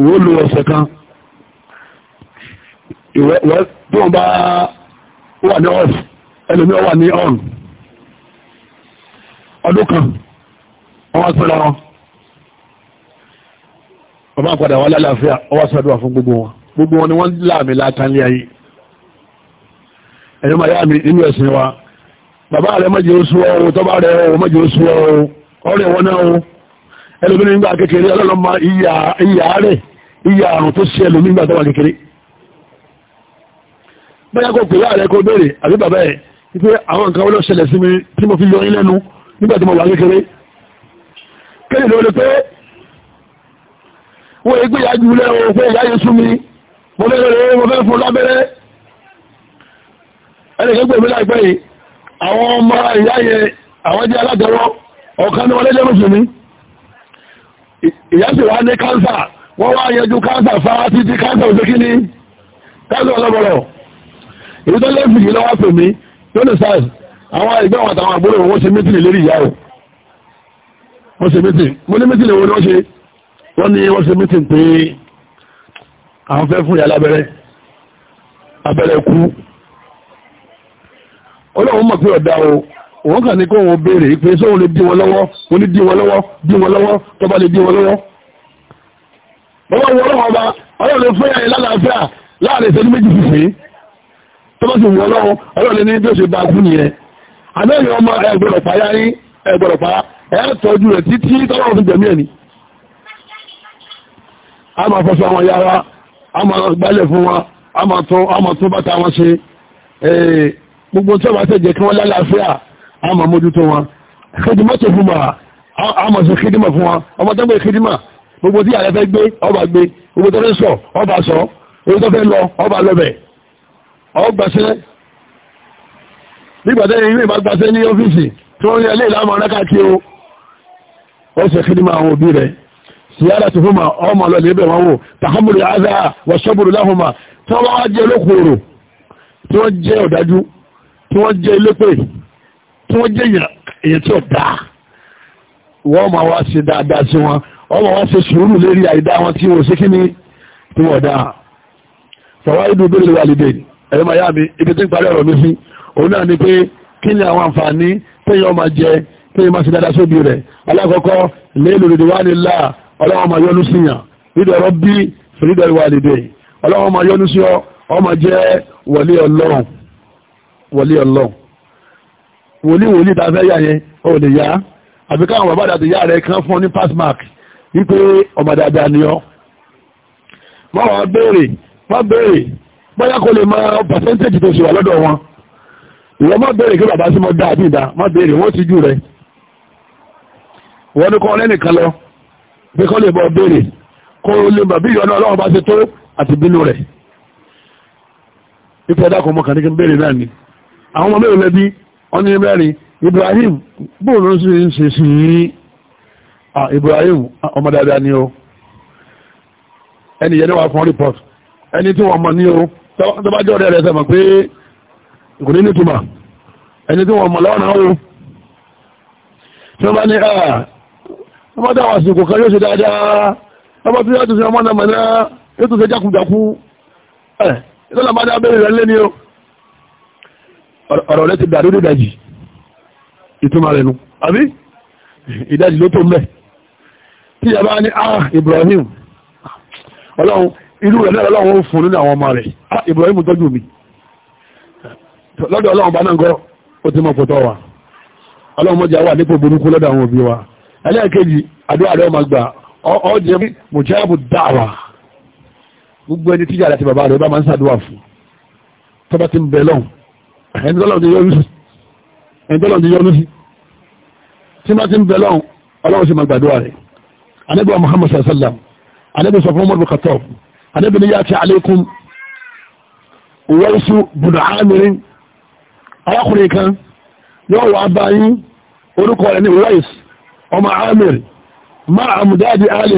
òun lo ọ̀sẹ̀ kan ìwẹ́ tó wọ́n bá wà ní ọ̀sì ẹlòmí ọwà ní ọ̀rùn ọdún kan ọwọ́ sọ́lọ́ wọn ọba padà wà lálàáfíà ọwọ́ sọ́dọ̀ fún gbogbo wọn gbogbo wọn ni wọ́n láàmì látàlẹ́ ayé ẹ̀yọ́ máa yá mi nínú ẹ̀sìn wa bàbá rẹ̀ mọ́jẹ́ oṣù ọ̀rọ̀ tọ́bá rẹ̀ ọ̀rọ̀ mọ́jẹ́ ẹlòmínú nígbà kékeré ọlọ́lọ́mọ ìyà rẹ̀ ìyà àrùn tó ṣe ẹlòmínú nígbà tó wà kékeré bóyá kò pè láàrẹ kó béèrè àbí bàbá ẹ̀ wípé àwọn nǹkan olóò ṣẹlẹ̀ sí mi tí mo fi yọ yín nígbà tí mo wà kékeré kéde lórí pé wọ́n yẹ gbéyà jù lẹ́ o pé ìyá yẹn sú mi mo fẹ́ lórí mo fẹ́ fún lábẹ́rẹ́ ẹnìkan gbèmí láìpẹ́ yìí àwọn ọmọ ìyá yẹn àwọn jẹ́ aládọ́rọ́ ọ̀kan ni wọ́n lẹ́jọ́ mùsùlùmí ìyá sì wá ní kánsà wọ́n wá yẹjú kánsà fara títí kánsà òṣè kí ni kánsà ọlọ́bọ̀rọ̀ èyí tó lẹ́sìn yìí lọ́wọ́ pè mí yóò lè sáà àwọn ẹgbẹ́ wọn àtàwọn àbúrò wọn ṣe mítìlì lérí ìyá o wọ́n ṣe mítìlì mo ní mítìlì wo ni wọ́n ṣe wọ́n ní wọ́n ṣe mítìlì pé àwọn fẹ́ fún ìyá lábẹ́rẹ́ abẹ́rẹ́ kú ọlọ́run mọ̀ pé ọ̀dá o òun kàn ní kó wọn béèrè pé sóhun lè dí wọn lọ́wọ́ wọn ní dí wọn lọ́wọ́ dí wọn lọ́wọ́ tó bá lè dí wọn lọ́wọ́. bọ́wọ́ wọ ọlọ́wọ́ ọba ọlọ́run lè fún ni. a máa fọṣọ àwọn yàrá a máa gbálẹ̀ fún wọn a máa tún bàtà wọn ṣe gbogbo tí wọ́n bá tẹ̀jẹ̀ kí wọ́n lálàáfíà a máa mójútó wọn xidima tó fún wa a máa ṣe xidima fún wa ọmọ tó ń gbé xidima gbogbo tí ààrẹ fẹ́ gbé ọba gbé gbogbo tó fẹ́ sọ ọba sọ gbogbo tó fẹ́ lọ ọba lọbẹ̀ ọgbàṣẹ́ nígbàtẹ́ ilé ìbágbàṣẹ́ ní ọ́fíìsì tí wọ́n rí ẹlé ìlàmà ọ̀rẹ́kàkí o ó ṣe xidima àwọn òbí rẹ̀ síyára tó fún ma ọmọ lọ lébẹ̀ tí wọ́n jẹ́ olókòòrò tí wọ́n jẹ́ ọ̀dájú tí tí wọ́n jẹ́ èèyàn èyí tí ò dáa wọ́n máa wá ṣe dáadáa sí wọn wọ́n máa wá ṣe sùúrù lérí àìdá wọn tí wọ́n ṣe kí ni tí wọ́n dáa fọwọ́ ìdú bèrè wàlídé ẹ̀rọ màyá mi ibi tí ń parí ọ̀rọ̀ mi sí òun náà ni pé kí ni àwọn àǹfààní téèyàn máa jẹ téèyàn máa ṣe dáadáa sóbi rẹ̀ alákọ̀ọ́kọ́ léèlò rèdè wà nílá ọlọ́wọ́n máa yọnu sí yàn wòlíì wòlíì tá a fẹ́ yà yẹn ó lè yá àbí káwọn bàbá àti ìyá rẹ̀ kan fún ní pass mark wípé ọmọ dáadáa ni ọ́ wọ́n wá béèrè wọ́n béèrè bóyá kò lè máa percentage tó ṣe wà lọ́dọ̀ wọn ìwọ́n má béèrè kí bàbá sí mọ́ dáa bí ìdá má béèrè wọ́n ti jù rẹ̀ wọ́n ní kọ́ lẹ́nìkan lọ bí kọ́ lè bọ́ béèrè kó o lè bàbí ìyọ́nà ọlọ́run bá ṣe tó àti bínú rẹ̀ ìpẹ́dà kò mọ̀ kàn ní kí n béèrè náà ni àwọn ọmọ mẹ́rin lẹ́bí wọ́n ní Ibrahim bóòlù sí ń ṣe sí yí Ibrahim ọmọ dáadáa ni o ẹni yẹn fún report ẹni tí wọ́n mọ̀ ní ó tọ́bájọ́ rẹ̀ rẹ̀ sẹ́mọ̀ pé kò ní nítumà ẹni tí wọ́n mọ̀ lọ́nà ó tí ní àà ọmọ dáwà sí kò kan yóò dáadáa ọmọ tí wọ́n tún ṣe ọmọ náà mọ̀ náà yóò tún ọ̀rọ̀ rẹ ti dàrú ní ìdajì ìtumọ̀ rẹ̀ nu àbí ìdajì ló tó ń tí yàrá ní ah Ibrahim ọlọ́run irú rẹ̀ náà ọlọ́run fún nínú àwọn ọmọ rẹ̀ ah Ibrahim tọ́jú mi lọ́dọ̀ ọlọ́run bá náà gọ́ ó ti mọ̀ pọ̀tọ́ wa ọlọ́run mọ́jà wà nípò burúkú lọ́dọ̀ àwọn òbí wa ẹlẹ́ẹ̀kejì àdúrà rẹ̀ ọmọ gbà ọ jẹ́ mùjáàbù ẹni tọ́lọ̀ ti yọ́nú sí ẹni tọ́lọ̀ ti yọ́nú sí tí má ti ń bẹ̀ lọ́hùn ọlọ́run sì máa gbàdúrà rẹ̀ anábì wa muhammad sallam anábì sọ fún mọ́rùn kàtọ́ anábì ni yá ti aleikum wọ́ọ̀sù bùnà ámìrin arákùnrin kan yóò wá báyìí orúkọ rẹ̀ ní wọ́ọ̀s ọmọ ámìr máa àmúdáàdì alì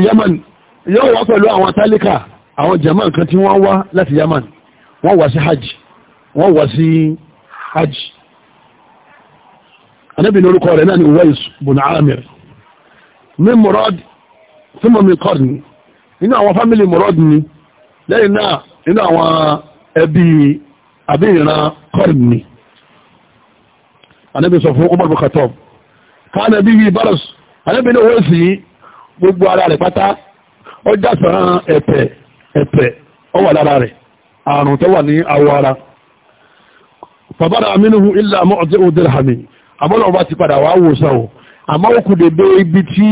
wọ́n wá sí hajj anábì ní orúkọ rẹ̀ náà ni Uwais bùnà amir ní murad tí mọ̀ mi kọ́d ni nínú àwọn fámìlì murad ni lẹ́yìn náà nínú àwọn ẹbí àbí kọ́d a anábì sọ fún Umar a na-ebi yìí baras anábì ní yìí gbogbo ara rẹ̀ pátá ó lára rẹ̀ àrùn tó wà ní awọ ara fàbára amínuhu ilẹ̀ àmọ́ ọ̀tẹ́ òdìrhàmì àbọ́lọ̀ ọba ti padà wà wòsàn o àmọ́ ó kù dédé ibi tí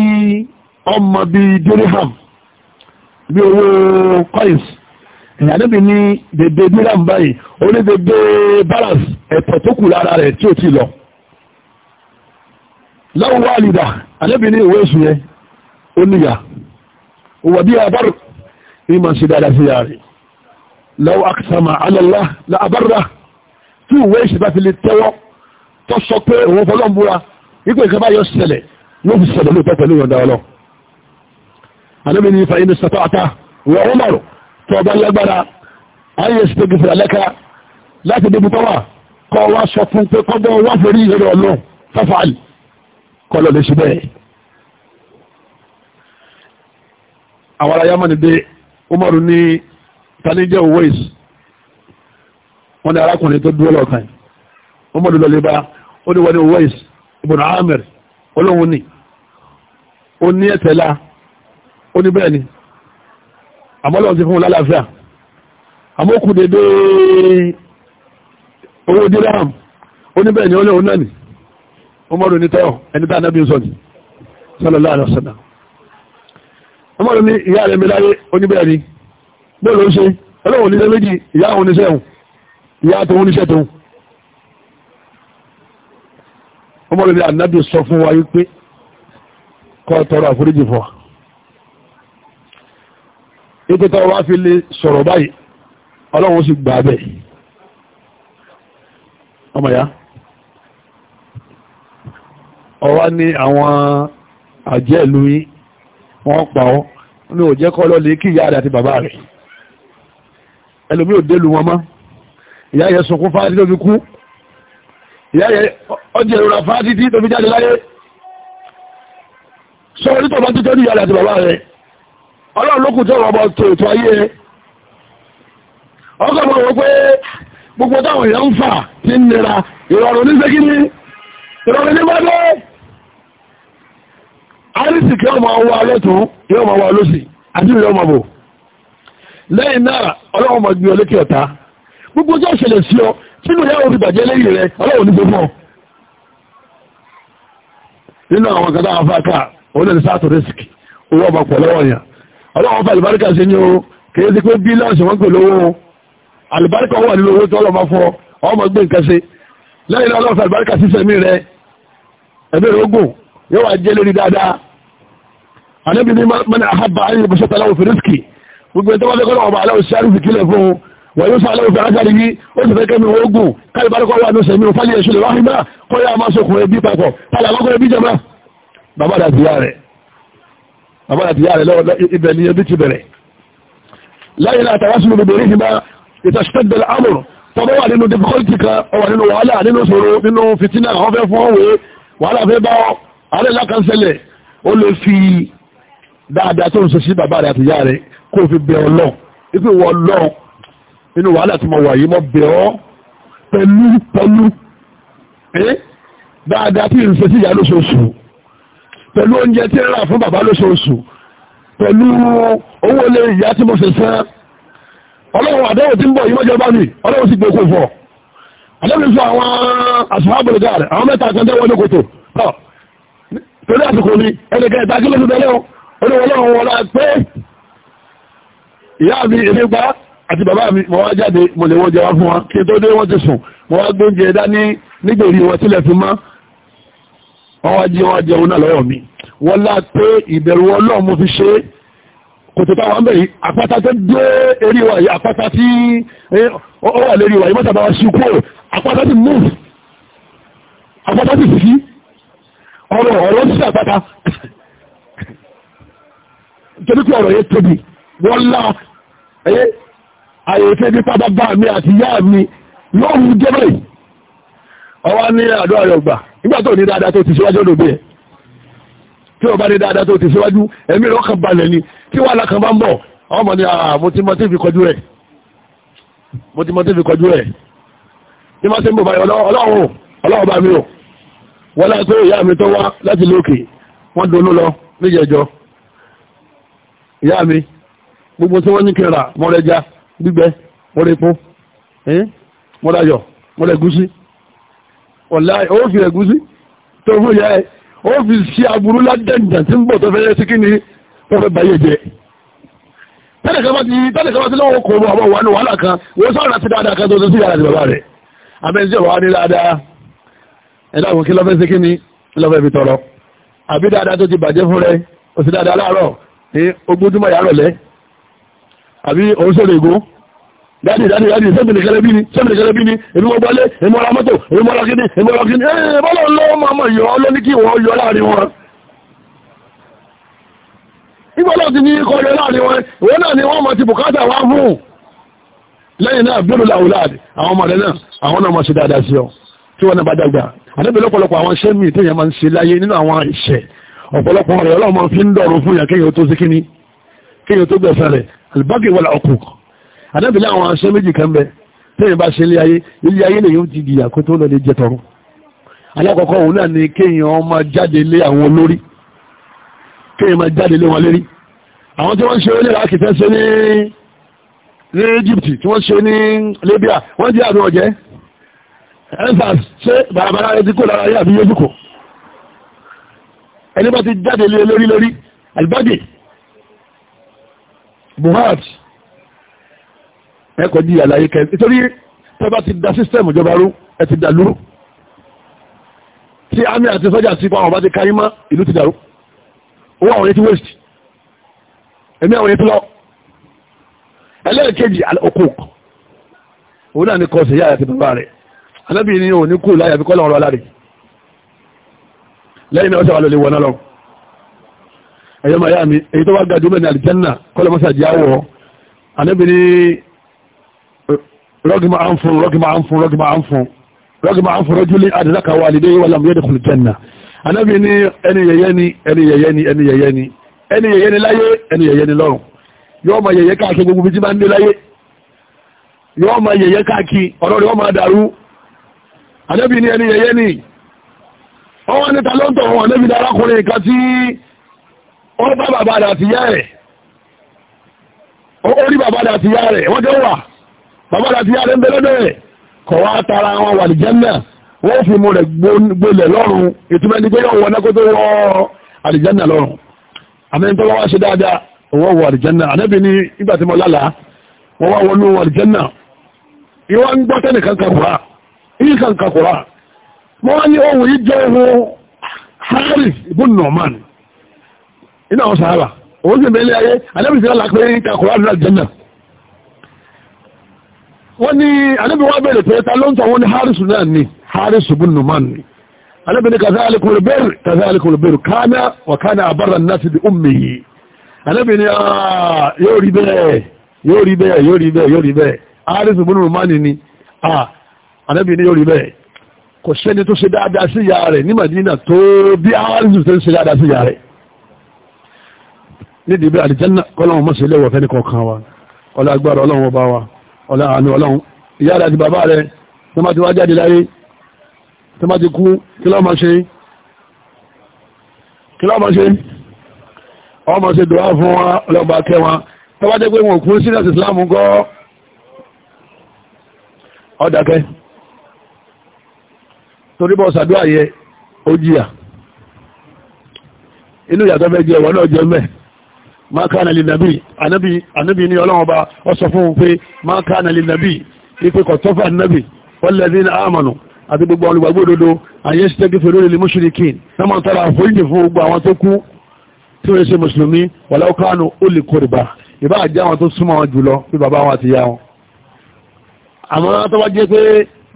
ọmọ bí dirham bí owó coins ìyàdébì ní dédé dirham báyìí ó ní dédé balance ẹ̀tọ́ tó kù lára rẹ̀ tí ó ti lọ láwọn wàlìdà àdébì ní ìwé èsù yẹn ó níyà òwòdí àbárò ní màá ṣe dáadáa sí yàrá rẹ̀ láwọn akṣàmà alẹ́lá láàbárò tí ìwé ìṣèlú àti lè tẹ́wọ́ tó sọ pé òun fọlọ́ ń búra wípé ìjọba yọ ṣẹlẹ̀ yóò fi ṣẹlẹ̀ lóòótọ́ pẹ̀lú ìyọ̀ǹda ọlọ́ àlẹ́mi ní ìfàyín ní sọ́tọ́ àtà wọ ọ̀rọ̀ mọ̀rọ̀ tó ọba lágbára ayé ṣètò gífẹ́ àlẹ́ka láti débi tọ́wà kọ́ wa sọ fún pé kọ́ bọ́ wá forí ìrọ̀ ọlọ́run fáfáàlì kọ́ lọ lè ṣe bẹ́ẹ̀. àwọn ará yamani dé umaru ní tanijẹ́ owó ìsìn wọ́n ní arákùnrin tó dúró lọ́kàn yìí wọ́n mọ̀ lọ́lẹ́ bá ó ní wọ́n ní Uwais ibn Amir olóhùn ni ó ní ẹ̀tẹ̀lá ó ní bẹ́ẹ̀ ni àmọ́ lọ́n ti fún un lálàáfíà àmọ́ kù dédé owó dirham ó ní bẹ́ẹ̀ ni ó lóhùn náà ni ó mọ̀ ní tọ́ ẹni tá anábì sọ ni sallallahu alaihi wasallam ó mọ̀ ní ìyá rẹ̀ mi láyé ó ní bẹ́ẹ̀ ni bẹ́ẹ̀ ló ń ṣe ọlọ́run oníṣẹ́ méjì ìyá òun oníṣẹ́ òun ìyá tó ń níṣẹ́ tó ọmọ lórí ànádù sọ fún wa wípé kọ́ tọrọ àforíjì fún wa ètò tọrọ wá fi lè sọ̀rọ̀ báyìí ọlọ́run sì gbà bẹ́ẹ̀ ọmọ ya ọwá ní àwọn àjẹ́ ìlú yìí wọ́n pa ọ́ ní òjẹ́kọ́ lọ́lẹ̀ kí ìyá rẹ̀ àti bàbá rẹ̀ ẹlòmí ò wọn máa ìyá yẹ sunkún fáti tó fi kú ìyá yẹ ọjọ́ ìrora tí tó fi jáde láyé sọ onítọ̀ bá títọ́ ní àti bàbá rẹ̀ ọlọ́run ló kù tó ọmọ tó ètò ayé rẹ̀ ọkọ̀ mọ̀ wọ́n pé gbogbo táwọn èèyàn ń fà ti ń nira ìrọ̀rùn ìrọ̀rùn ní àrísì kí ọmọ wa lọ́tún lọ́sì àti bò lẹ́yìn náà ọlọ́run mọ̀ gbogbo ọjọ́ ìṣẹ̀lẹ̀ sí ọ sínú ìyá òbí bàjẹ́ lẹ́yìn rẹ ọlọ́run ní gbogbo ọ nínú àwọn kan táwọn afáàkà olóòlù sáàtò rẹ́sìkì owó ọba pọ̀ lọ́wọ́ yẹn ọlọ́run fa àlùbáríkà sí ni o kìí sí pé bílíọ̀nù wọn pè lówó àlùbáríkà wà nínú owó tó ọlọ́mọ fọ ọmọ gbé nǹkan ṣe lẹ́yìn náà ọlọ́run fa àlùbáríkà sí sẹ́mi rẹ ẹ̀mí rogùn yóò wá jẹ́ lórí dáadáa àníbi ní mọ́nà àhábà ayélujára bọ́sẹ̀ tàlàwò fèrèsìkì gbogbo ẹ̀ tó wá lẹ́kọ́ wọ́n yóò sọ́lọ́ òfin ajáde yìí ó sì fẹ́ kẹ́mi ogun kálíbárúkọ wà ní sẹ̀mí òfàlì ẹ̀ṣù lè wáhìmá kọ́ yá máa sọkùn ẹbí papọ̀ tàbí àkọ́kọ́ ẹbí jẹma bàbá àdìyà rẹ̀ bàbá àdìyà rẹ̀ lọ́wọ́ ibẹ̀ ni ẹbí ti bẹ̀rẹ̀ láyé náà tàwásùlù bèbèrè ìhìmá ìtàṣítẹ́gbẹ̀lẹ̀ amòrò tọ́bọ́ wà nínú difficulty kan ó wà nínú wàhálà nínú ṣòro nínú fìtínà àwọn fẹ́ fún òwe wàhálà fẹ́ bá ààrẹ lákànṣẹlẹ̀ ó lè fi dáadáa tó ń ṣe sí bàbá rẹ̀ àtìyá rẹ̀ kó fi bẹ ọlọ́ọ̀ ikú ìwọ ọlọ́ọ̀ inú wàhálà tí mo wà yìí mo bẹ̀ ọ́ pẹ̀lú pẹ̀lú eh, dáadáa tí ìrìnsẹ̀ sí ìyá lóṣooṣù pẹ̀lú oúnjẹ tí ń rà fún bàbá lóṣooṣù pẹ̀lú owó ilé ìyá tí mo sì san ọlọ́run àdéhùn tí ń bọ̀ yìí mọ́jọ bá mi ọlọ́run sì gbókò fọ́ ọlọ́run sọ àwọn àṣàbòlùgá rẹ̀ àwọn mẹ́ta kan tẹ́wọ́ ní kòtò tọ́ torí àsìkò ni ẹnìkan ìta kí ló ti tẹ́lẹ̀ olówó ọlọ́run wọlá pé ìyá mi ìrìngbà àti bàbá mi mo wá jáde mo lè wọ́n jẹ wá fún wa kí tó dé wọ́n ti sùn mo wá gbé oúnjẹ dání nígbèrè wọn sílẹ̀ fi mọ́ wọ́n wá jí wọ́n jẹun náà lọ́wọ́ mi wọ́n lá pé ìbẹ̀rù ọlọ́run mo fi ṣe kò tó táwọn bẹ̀rẹ̀ ọ̀rọ̀ ọ̀rọ̀ sí àpáta torí pé ọ̀rọ̀ yẹn tóbi wọ́n lá ẹyẹ àyèfé ní pápá bá mi àti ìyá mi lóòrùn jẹ́bẹ̀ yìí ọwá ní àdó àyọ̀gbà nígbà tó ní dáadáa tó ti síwájú lòbí ẹ̀ tí ó bá ní dáadáa tó ti síwájú ẹ̀mí rẹ̀ ọkàn balẹ̀ ni tí wà lákan bá ń bọ̀ ọmọ ni àmọ́tímọ́tí ah, fi kọjú ẹ̀ mọ́tímọ́tí fi kọjú ẹ̀ ní má ti ń bọ̀ báyìí ọlọ́run ọlọ́run bá mi ò wọ́n láti pé ìyá mi tó wá láti lókè wọ́n donú lọ níjẹ̀jọ ìyá mi gbogbo tí wọ́n ní kẹrà mọ́rẹ́já gbígbẹ mo rẹ epo mo rẹ ayọ̀ mo rẹ gúsí ọ̀la ó fi rẹ gúsí tó fún ìyá ẹ ó fi ṣe aburú ládẹ́ǹdà tí ń bọ̀ tó fẹ́ sí kí ni tó fẹ́ báyé jẹ tẹ́lẹ̀kẹ́wà tí lọ́wọ́ kò mọ̀ àwọn wà ní wàhálà kan wọ́n sọ̀rọ̀ àti dáadáa kan tó tó sí yàrá ìbàbá rẹ̀ abẹ́sí ọ̀rọ̀ wá ní dáadáa ẹ̀dá àwọn kí lọ́fẹ́ sí kí ni lọ́fẹ́ fi tọrọ àbí dáadáa tó ti bàjẹ́ fún rẹ̀ ó sì dáadáa láàárọ̀ ní ogójúmọ̀ yàrá rẹ̀ àbí òun sọ̀rọ̀ ègún dáàdì dáàdì dáàdì sẹ́mìlì kẹlẹ́bí ni sẹ́mìlì kẹlẹ́bí ni èmi wọ́n gbọ́lé èmi ọ̀rọ̀ mọ́tò èmi ọ̀rọ̀ kíní èmi ọ̀rọ̀ kíní ẹ̀ẹ́ bọ́lọ̀ lọ́wọ́ máa mọ̀ yọ ló ní kí wọ́n yọ láàrin wọn. ìgbọ́lọ̀ ti ní kọ́ yọ láàrin wọn ìwọ náà ni wọ́n mọ̀ ti bùkátà wá fún lẹ́yìn náà bẹ́rù làwùláàdì àwọn ọmọdé náà àwọn náà mọ̀ sí dáadáa sí ọ tí wọ́n náà bá dàgbà àdébẹ̀ lọ́pọ̀lọpọ̀ àwọn iṣẹ́ míì téèyàn máa ń ṣe láyé nínú àwọn ìṣẹ̀ ọ̀pọ̀lọpọ̀ rẹ̀ ọlọ́mọ fi ń dọ̀rùn fún yàn kéèyàn tó sí kíní kéèyàn tó gbẹ̀sẹ̀ rẹ̀ albagi wal uquq anábìlẹ̀ àwọn aṣẹ́ méjì kan bẹ tẹ́yìn bá ṣe ilé ayé ilé ayé lè yóò ti dìyà kó tó lọ lè jẹ tọrọ alákọ̀ọ́kọ́ òun náà ni kéèyàn ọmọ jáde lé àwọn olórí kéèyàn máa jáde lé wọn lérí àwọn tí wọ́n ń ṣe orílẹ̀ àkìtẹ́ ṣe ní ní Egypt tí wọ́n ṣe ní Libya wọ́n jẹ́ àdúrà jẹ́ ensas ṣé bàbára ẹni kò lára ayé àbí yéjúkọ ẹni bá ti jáde lé lórí lórí àlùbádìí buhari ẹ̀kọ́ jí àlàyé kẹ́ nítorí tẹ́bá ti da sísẹ́mù ìjọba rú ẹ ti dàlú tí àmì àti sọ́jà sí pa àwọn bá ti káyí mọ́ ìlú ti dàrú owó àwọn yẹn ti waste ẹ̀mí àwọn yẹn ti lọ ẹlẹ́ẹ̀kejì okòk òun náà ni kọ́ sí yáyà ti bàbá rẹ̀ anábìyí ni òun ní kú láyà bí kọ́ lọ́rọ̀ alárè lẹ́yìn náà ó sàwálò lè wọ náà lọ́rùn ẹ̀yọ́ máa yá mi èyí tó wá gàdú mẹ́rin àlìjẹ́nà kọ́lẹ̀ mọ́sàdì àwọ̀ ànábì ní rọ́gìmọ̀ àǹfún rọ́gìmọ̀ àǹfún rọ́gìmọ̀ àǹfún rọ́gìmọ̀ àǹfún rọ́júlé àdìláka wà lédè wà lámú yẹ́dẹ̀ kùlù jẹ́nà ànábì ní ẹni yẹyẹ ni ẹni yẹyẹ ni ẹni yẹyẹ ni ẹni yẹyẹ ni láyé ẹni yẹyẹ ni lọ́run yọ́ máa yẹyẹ káàkiri gbogbo bíi máa ń dé láyé yọ́ máa yẹyẹ káàkiri ọ̀rọ̀ rẹ̀ wọ́n ó bá bàbá rẹ̀ àti ìyá rẹ̀ ó rí bàbá rẹ̀ àti ìyá rẹ̀ wọ́n jẹ́ wà bàbá rẹ̀ àti ìyá rẹ̀ ń bẹ̀rẹ̀ bẹ̀rẹ̀ kọ̀ wá tara wọn wà ní jẹ́nà wọ́n fi mú rẹ̀ gbolẹ̀ lọ́rùn ìtumẹ̀ ní pé yóò wọ nákótó wọ àlìjẹ́nà lọ́rùn àmì tó wá ṣe dáadáa owó wọ àlìjẹ́nà ànábì ní ìgbà tí mo lálà wọ́n wá wọnú àlìjẹ́nà ìwọ́n gbọ́ tẹ́nì kan kakura ìyí kan kakura wọ́n ní ohun ìjọ ohun harris ibùn norman nínú àwọn sàárà òun sì mẹ́lẹ́ ayé alẹ́bìsí ọ̀la pé ní kakọ̀ àdúrà jẹ́nà wọ́n ní alẹ́bìsí wọ́n bẹ̀rẹ̀ pé ta ló ń tọ́ wọn ní harisu náà ni harisu bin numan ni alẹ́bìsí kàzá alikulu bẹ́rù kàzá alikulu bẹ́rù kánà wà kánà àbára náà ti di ummi yìí alẹ́bìsí yóò rí bẹ́ẹ̀ yóò rí bẹ́ẹ̀ yóò rí bẹ́ẹ̀ yóò rí bẹ́ẹ̀ harisu bin numan ni alẹ́bìsí yóò rí bẹ́ẹ̀ kò sẹ́ni tó ṣe dáadáa sí ìyá rẹ̀ ní Madina tó bí harisu ṣe ṣe dáadáa sí ìyá rẹ̀ nídìí bí àlìjẹ́nà kọ́lọ́wọ́ mọ́sí ilé ìwọ̀fẹ́ ní kọ̀ọ̀kan wa ọlá agbára ọlọ́run ọba wa ọlá àánú ọlọ́run ìyá rẹ̀ àti bàbá rẹ̀ tó má ti wá jáde láyé tó má ti kú kí ló máa ṣe kí ló máa ṣe ọ máa ṣe dùwà fún wa ọlọ́ba kẹ́ wa tó bá jẹ́ pé wọn kú sínú Islam gọ́ ọ̀dàkẹ́ torí bọ́ sàdúrà yẹ ó jìyà inú ìyàtọ̀ fẹ́ jẹ́ ìwọ náà jẹ́ mẹ́ẹ̀ ma kana lin nabi anabi anabi ni ọlọ́run ọba ọ sọ fún un pé ma kana lin nabi ipe kọ̀tọ́fà nabi walladhina amanu àti gbogbo olùgbàgbọ́ òdodo àyẹ́ sí tẹ́gbẹ́fẹ́ lórí lè mushrikin náà máa tọ́ra àforíjì fún gbogbo àwọn tó kú tí wọ́n ṣe mùsùlùmí walau kanu uli qurba ìbá àjẹ́ àwọn tó súnmọ́ wọn jùlọ bí bàbá wọn àti ìyá wọn àmọ́ tó bá jẹ́ pé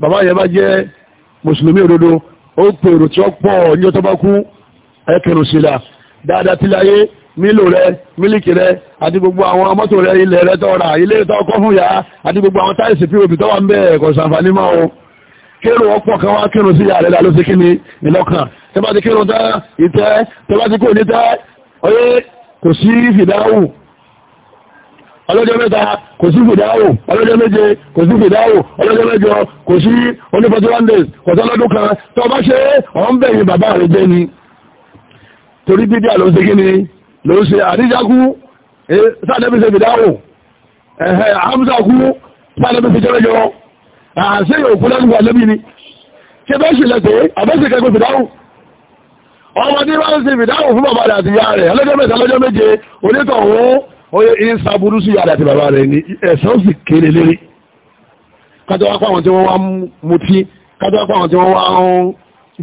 bàbá yẹn bá jẹ́ mùsùlùmí òdodo ó pèrò tí ó pọ̀ ní ọtọ́ bá kú ẹkẹrùn sílá dáadáa tí láyé mílò rẹ mílìkì rẹ àti gbogbo àwọn mọ́tò rẹ ilẹ̀ rẹ tó ra ilé tó kọ́ fún yá àti gbogbo àwọn táìsì pí òbí tó wà ń bẹ́ẹ̀ kò sàǹfààní máa o kérò ọ̀pọ̀ kan wá kérò sí yàrá rẹ ló ṣe kí ni ìlọ́kàn tó bá ti kérò tán ìtẹ́ tó bá ti kò ní tẹ́ oyé kò sí fìdáwù ọlọ́jọ́ mẹ́ta kò sí fìdáwò ọlọ́jọ́ méje kò sí fìdáwò ọlọ́jọ́ mẹ́jọ kò sí onífọ́tíwándés kò ló ṣe àdíjá kú sáàdẹ́bí ṣe fìdáwò ẹ̀hẹ́ àmúsà kú sáàdẹ́bí ṣe jẹ́rẹ́jọ́ àṣẹ òkú lẹ́nu wà lẹ́bí ni ṣe bẹ́ ṣe lẹ́tẹ̀ẹ́ àbẹ́ṣe kẹ́kọ̀ọ́ fìdáwò ọmọ tí wọ́n ṣe fìdáwò fún bàbá rẹ̀ àti ìyá rẹ̀ ọlọ́jọ́ mẹ́ta ọlọ́jọ́ méje onítọ̀ òun oye ìsà burú sí ìyá rẹ̀ àti bàbá rẹ̀ ni ẹ̀sán sì kéré lérí kájọ́ wá pàwọn tí wọ́n wá mutí kájọ́ wá pàwọn tí wọ́n wá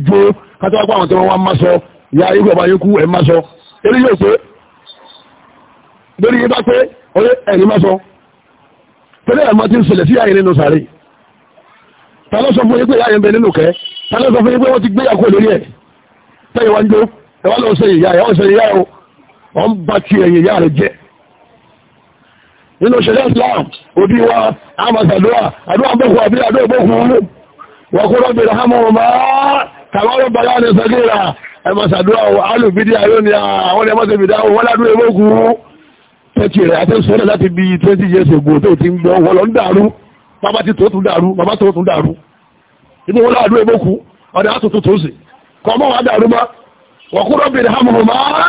jó kájọ́ wá pàwọn tí wọ́n wá máṣọ ìyá ikú ọba yókù ẹ̀ máṣọ eré yóò ṣe lórí yín bá pé orí ẹ̀rí má sọ tẹ́lẹ̀ ẹ̀mọ́ ti ń ṣẹlẹ̀ sí ààyè nínú sàárè ta ló sọ fún yín pé ìyá yẹn bẹ nínú kẹ́ ta ló sọ fún yín pé wọ́n ti gbéyàwó lórí ẹ̀ tẹ́yìn wá ń jó ẹ̀wá lọ́wọ́ ṣe ìyá ẹ̀wọ́ ṣe ìyá ẹ̀ wọ́n bá ti ẹ̀yìn ìyá rẹ̀ jẹ́ nínú ṣẹlẹ̀ Islam òbí wa àmàṣàdúrà àdúrà bókun àbí àdúrà bókun wọ́n kó lọ́bẹ̀rẹ̀ hámọ́ wọn máa tàbáwọ́ bàbá ní sọ́gíra ẹmọ́sàdúrà alùbídí àyóní àwọn ẹmọ́sẹ̀bìdá wọ́n ládúrà ewé kú tẹ́tì rẹ̀ àti sọ́rọ̀ láti bí 20 years ago tó ti ń gbọ́ wọ́n lọ ń dàrú bàbá ti tó tún dàrú bàbá tó tún dàrú ibi wọ́n ládúrà ewé kú ọ̀dà àtúntò tó sì kọ́ mọ́ wà dàrú mọ́ wọ́kúrọ́ bèrè hàmùhù máa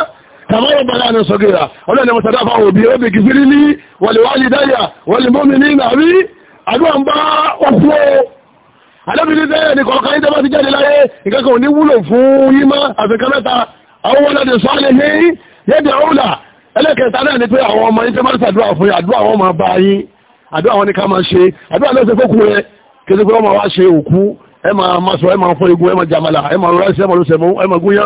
tàbáwọ́ bàbá ní sọ́gíra ọlọ́ni ẹmọ́sàdúrà fáwọn òbí ẹ̀rọ bèkì sírí ní wọ̀lẹ̀wálì dáyà wọ̀lẹ̀mọ́mi ní ìgbà rí àdúrà ń bá ọkùnrin alábìnrin bẹ́ẹ̀ ni kọ̀ọ̀kan yín tẹ́bá ti jáde láyé ìkẹ́kọ̀ọ́ ní wúlò fún yín mọ́ àwọn wọn láti sọ yẹ́dẹ̀ ọ̀la ẹlẹ́kẹta náà ni pé àwọn ọmọ yín tẹ́bá ti ṣàdúrà fún yín àdúrà wọn máa bá yín àdúrà wọn ni ká máa ṣe àdúrà lọ́sẹ̀ fókù rẹ kéde pé wọ́n máa wá ṣe òkú ẹ máa máa sọ ẹ máa fọ igun ẹ máa jàmàlà ẹ máa rọra ẹsẹ ẹ máa lọsẹ mọ ẹ máa gúnyá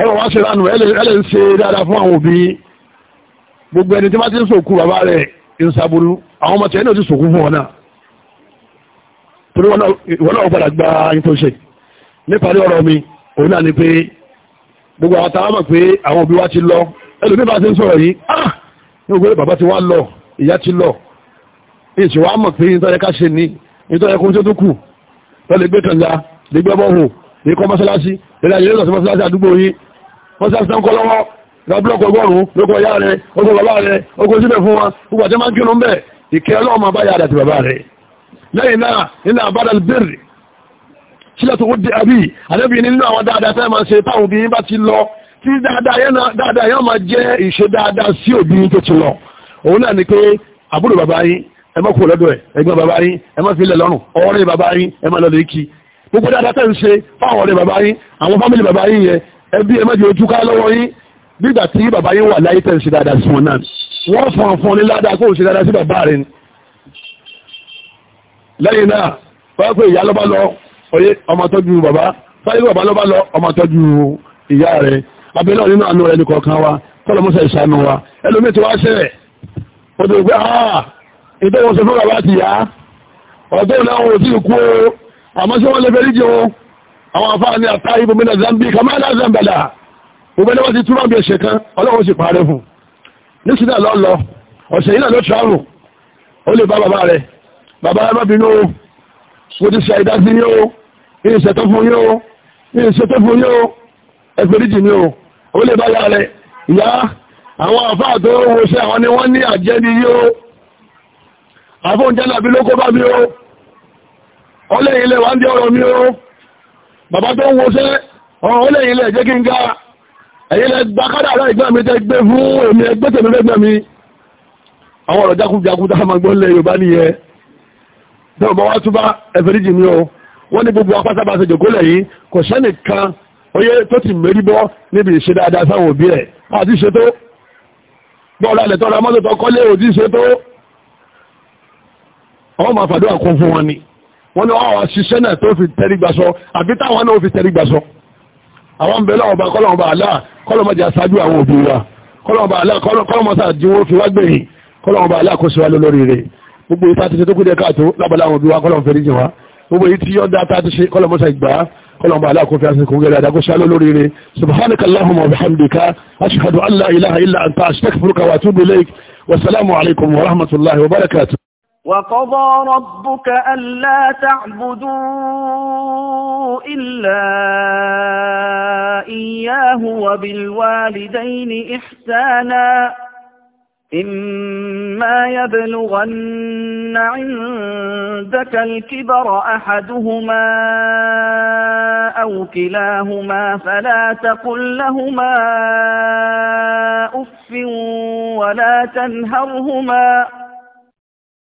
ẹ máa wá ṣe lánàá ẹ lè ń ṣe dáadáa torí wọn náà padà gba ayé tó ṣe níparí ọ̀rọ̀ mi òun náà ni pé gbogbo àwọn táwọn mọ̀ pé àwọn òbí wa ti lọ ẹlòmí bá ti ń sọ̀rọ̀ yìí ah ní ògbé bàbá ti wá lọ ìyá ti lọ ìṣe wa mọ̀ pé nítorí ká ṣe ní nítorí ẹkùn tó tó kù lọ́lẹ̀ gbé kànga lè gbé bọ́ọ̀hù lè kọ́ mọ́sálásí lè láyé lọ́sọ̀ mọ́sálásí àdúgbò lẹ́yìn náà nínú àbádà bèrè sílẹ̀ tó wọ́n di àbí àdébí nínú àwọn dáadáa tẹ́ máa ń ṣe táwọn obìnrin bá ti lọ tí dáadáa yẹn máa jẹ́ ìṣe dáadáa sí obìnrin tó ti lọ òun náà ni pé àbúrò bàbá yín ẹ má kú lọ́dọ̀ ẹ̀ ẹgbẹ́ bàbá yín ẹ má fi lẹ̀ lọ́rùn ọ̀rẹ́ bàbá yín ẹ má lọ́lẹ̀ kí gbogbo dáadáa tẹ́ ń ṣe fáwọn ọ̀rẹ́ bàbá yín àwọn fámìlì bàbá yín yẹn ẹbí ẹ ojú ká lọ́wọ́ yín nígbà lẹ́yìn náà wọ́n pé ìyá lọ́bá lọ oyé ọmọ tọ́jú bàbá sáyé bàbá lọ́bá lọ ọmọ tọ́jú ìyá rẹ̀ abẹ́lẹ̀ nínú àánú rẹ̀ nìkọ̀ọ̀kan wa kọ́lọ̀ mọ́sẹ̀ ìṣàánú wa ẹlòmí ti wá ṣẹ̀rẹ̀ ó ti gbé ah ìtọ́wọ́ sọ fún bàbá ti yá ọ̀dọ́ náà ò sí kú o àmọ́ sí wọ́n lè fẹ́ ríjì zambi kamala zambala gbogbo ẹni wọ́n ti túbọ̀ bí ẹ̀ṣẹ̀ kan ọlọ́run sì parẹ́ fún nísìnyí náà lọ́ lọ ọ̀sẹ̀ bàbá ẹ má bínú o mo ti ṣe àìdá sí yín o ní ìṣètò fún yín o ní ìṣètò fún yín o ẹgbẹ̀rìjì ni o ó lè bá yà rẹ̀ ìyá àwọn àfáà tó wo ṣe àwọn ni wọ́n ní àjẹ́ ni yí o àfóúnjẹ́ làbí ló kó bá mi o ó lè ilẹ̀ wá ń dé ọ̀rọ̀ mi o bàbá tó ń wo ṣe ó lè ilẹ̀ jẹ́ kí n ga ẹ̀yìn lẹ gba kádà rẹ̀ ìgbà mi tẹ́ gbé fún èmi ẹgbẹ́ tèmi lẹ́gbẹ̀ẹ́ mi àwọn ọ̀rọ̀ jákujàkuta máa gbọ́ lẹ Yorùbá nìyẹn bẹ́ẹ̀ bá wá túbá ẹ̀fẹ̀ríjì mi o wọ́n ní gbogbo apásábà ṣe jòkólẹ̀ yìí kò sẹ́nì kan oyè tó ti mérí bọ́ níbi ìṣe dáadáa sáwọn òbí rẹ̀ àti ṣe tó bọ́ọ̀lá ilẹ̀ tọ́ra mọ́tò tó kọ́lé òdì ṣe tó àwọn máa fàdúrà kún fún wọn ni wọ́n ní wọ́n ṣiṣẹ́ náà tó fi tẹ́rí gbà sọ àbí táwọn náà fi tẹ́rí gbà sọ àwọn bẹ̀rẹ̀ ọba kọ́lọ́mọba àlá kọ́lọ́mọjà ṣáájú àwọn òbí wa kọ́lọ́mọba àlá kọ́lọ́mọsà jíwó fi wá gbẹ̀yìn kọ́lọ́mọba àlá kó sí wa lórí rẹ̀ gbogbo ìta ti ṣe tó kúrẹ́ káàtó lábàlá àwọn òbí wa kọ́lọ̀ fẹ́ níjìn wa gbogbo èyí tí ọ̀dà ta ti ṣe kọ́lọ̀ mọ́sà ìgbà kọ́lọ̀ bá aláàkó fi àṣẹ kò ń gẹ̀rẹ́ àdàkó ṣáló lórí rẹ̀ subhanaka allahumma wa bihamdika ashhadu an la ilaha illa anta astaghfiruka wa atubu ilayk wa salamu alaykum wa rahmatullahi wa barakatuh وقضى ربك ألا تعبدوا إلا إياه وبالوالدين إحسانا إما يبلغن عندك الكبر أحدهما أو كلاهما فلا تقل لهما أف ولا تنهرهما